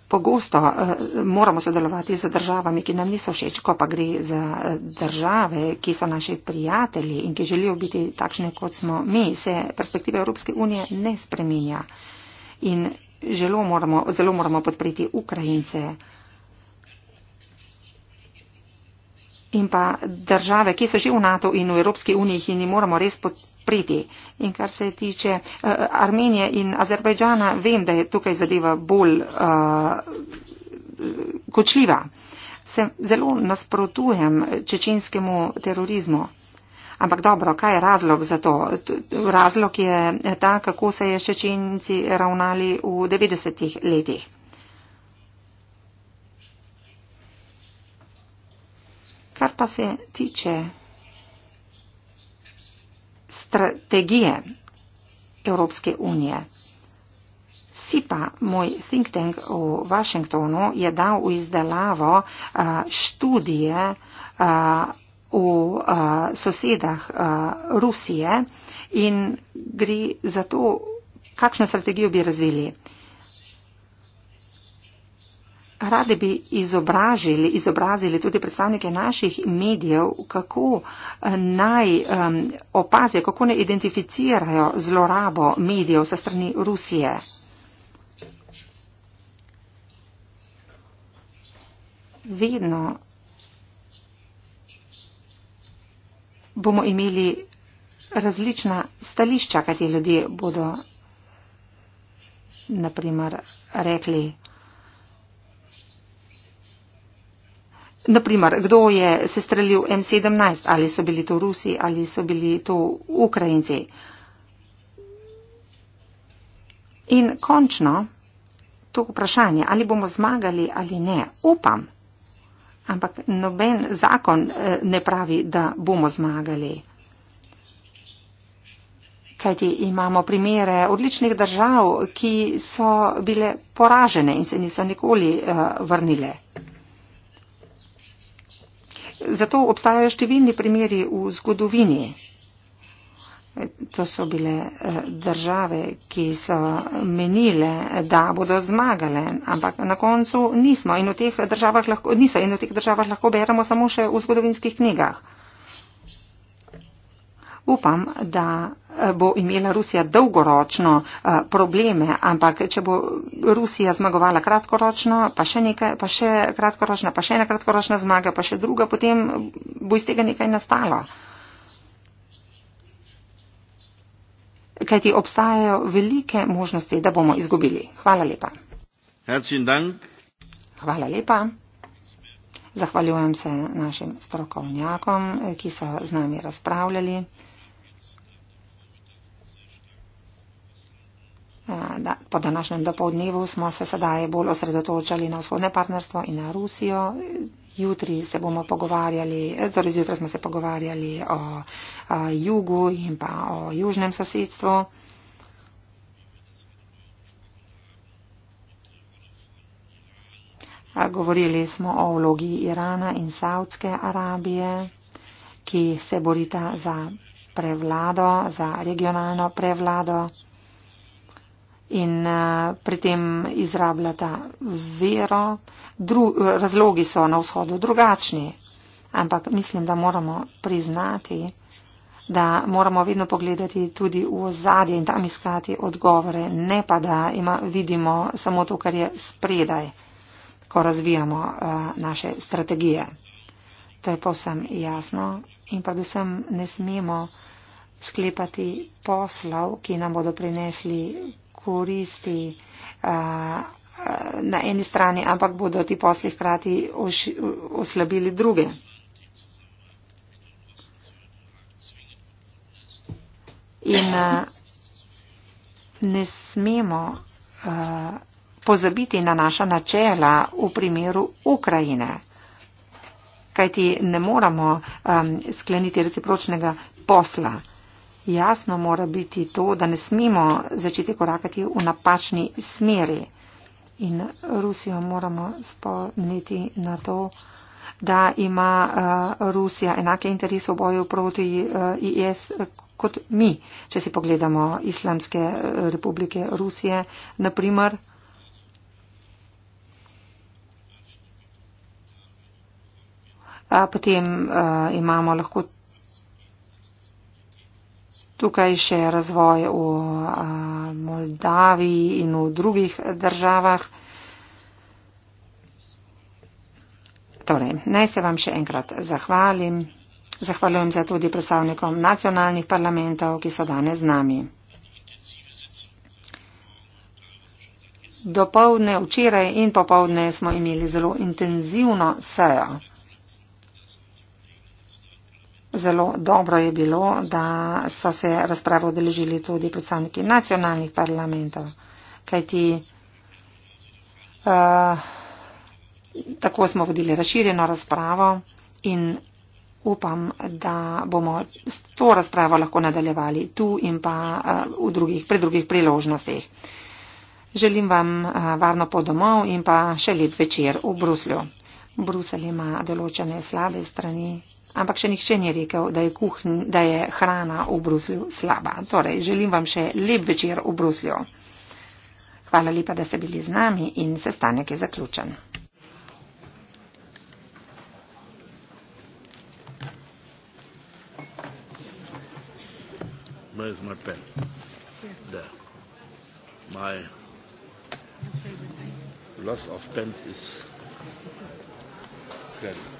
Pogosto uh, moramo sodelovati z državami, ki nam niso všeč, ko pa gre za države, ki so naši prijatelji in ki želijo biti takšne, kot smo mi, se perspektive Evropske unije ne spreminja. In želo moramo, zelo moramo podpreti Ukrajince in pa države, ki so že v NATO in v Evropski uniji in jih moramo res podpreti. In kar se tiče uh, Armenije in Azerbajdžana, vem, da je tukaj zadeva bolj uh, kočljiva. Se zelo nasprotujem čečinskemu terorizmu. Ampak dobro, kaj je razlog za to? Razlog je ta, kako se je ščečenci ravnali v 90-ih letih. Kar pa se tiče strategije Evropske unije. SIPA, moj think tank v Washingtonu, je dal v izdelavo študije v uh, sosedah uh, Rusije in gre za to, kakšno strategijo bi razvili. Rade bi izobražili, izobrazili tudi predstavnike naših medijev, kako naj um, opazijo, kako ne identificirajo zlorabo medijev sa strani Rusije. Vedno bomo imeli različna stališča, kaj ti ljudje bodo naprimer rekli. Naprimer, kdo je se streljil M17, ali so bili to Rusi, ali so bili to Ukrajinci. In končno, to vprašanje, ali bomo zmagali ali ne, upam, Ampak noben zakon eh, ne pravi, da bomo zmagali. Kajti imamo primere odličnih držav, ki so bile poražene in se niso nikoli eh, vrnile. Zato obstajajo številni primeri v zgodovini. To so bile eh, države, ki so menile, da bodo zmagale, ampak na koncu nismo in v teh državah lahko, niso in v teh državah lahko beremo samo še v zgodovinskih knjigah. Upam, da eh, bo imela Rusija dolgoročno eh, probleme, ampak če bo Rusija zmagovala kratkoročno, pa še nekaj, pa še kratkoročna, pa še ena kratkoročna zmaga, pa še druga, potem bo iz tega nekaj nastalo. kajti obstajajo velike možnosti, da bomo izgubili. Hvala lepa. Hvala lepa. Zahvaljujem se našim strokovnjakom, ki so z nami razpravljali. Eh, po današnjem dopolednevu smo se sedaj bolj osredotočali na vzhodne partnerstvo in na Rusijo. Jutri se bomo pogovarjali, eh, torej zjutraj smo se pogovarjali o eh, jugu in pa o južnem sosedstvu. Govorili smo o vlogi Irana in Saudske Arabije, ki se borita za prevlado, za regionalno prevlado in uh, pri tem izrabljata vero. Dru razlogi so na vzhodu drugačni, ampak mislim, da moramo priznati, da moramo vedno pogledati tudi v ozadje in tam iskati odgovore, ne pa da ima, vidimo samo to, kar je spredaj, ko razvijamo uh, naše strategije. To je povsem jasno in predvsem ne smemo sklepati poslov, ki nam bodo prinesli koristi na eni strani, ampak bodo ti posli hkrati oslabili druge. In ne smemo pozabiti na naša načela v primeru Ukrajine, kajti ne moramo skleniti recipročnega posla jasno mora biti to, da ne smemo začeti korakati v napačni smeri. In Rusijo moramo spomniti na to, da ima eh, Rusija enake interese v boju proti eh, IS kot mi. Če si pogledamo Islamske eh, republike Rusije, naprimer. Potem uh, imamo lahko Tukaj še razvoj v Moldaviji in v drugih državah. Torej, naj se vam še enkrat zahvalim. Zahvaljujem se tudi predstavnikom nacionalnih parlamentov, ki so danes z nami. Dopovdne včeraj in popovdne smo imeli zelo intenzivno sejo. Zelo dobro je bilo, da so se razprave odeležili tudi predstavniki nacionalnih parlamentov, kajti uh, tako smo vodili razširjeno razpravo in upam, da bomo s to razpravo lahko nadaljevali tu in pa uh, v drugih, pri drugih priložnostih. Želim vam uh, varno pot domov in pa še lep večer v Bruslju. Bruselj ima določene slabe strani. Ampak še nihče ni rekel, da je, kuhn, da je hrana v Bruslju slaba. Torej, želim vam še lep večer v Bruslju. Hvala lepa, da ste bili z nami in sestanek je zaključen. Loss of pens is credit.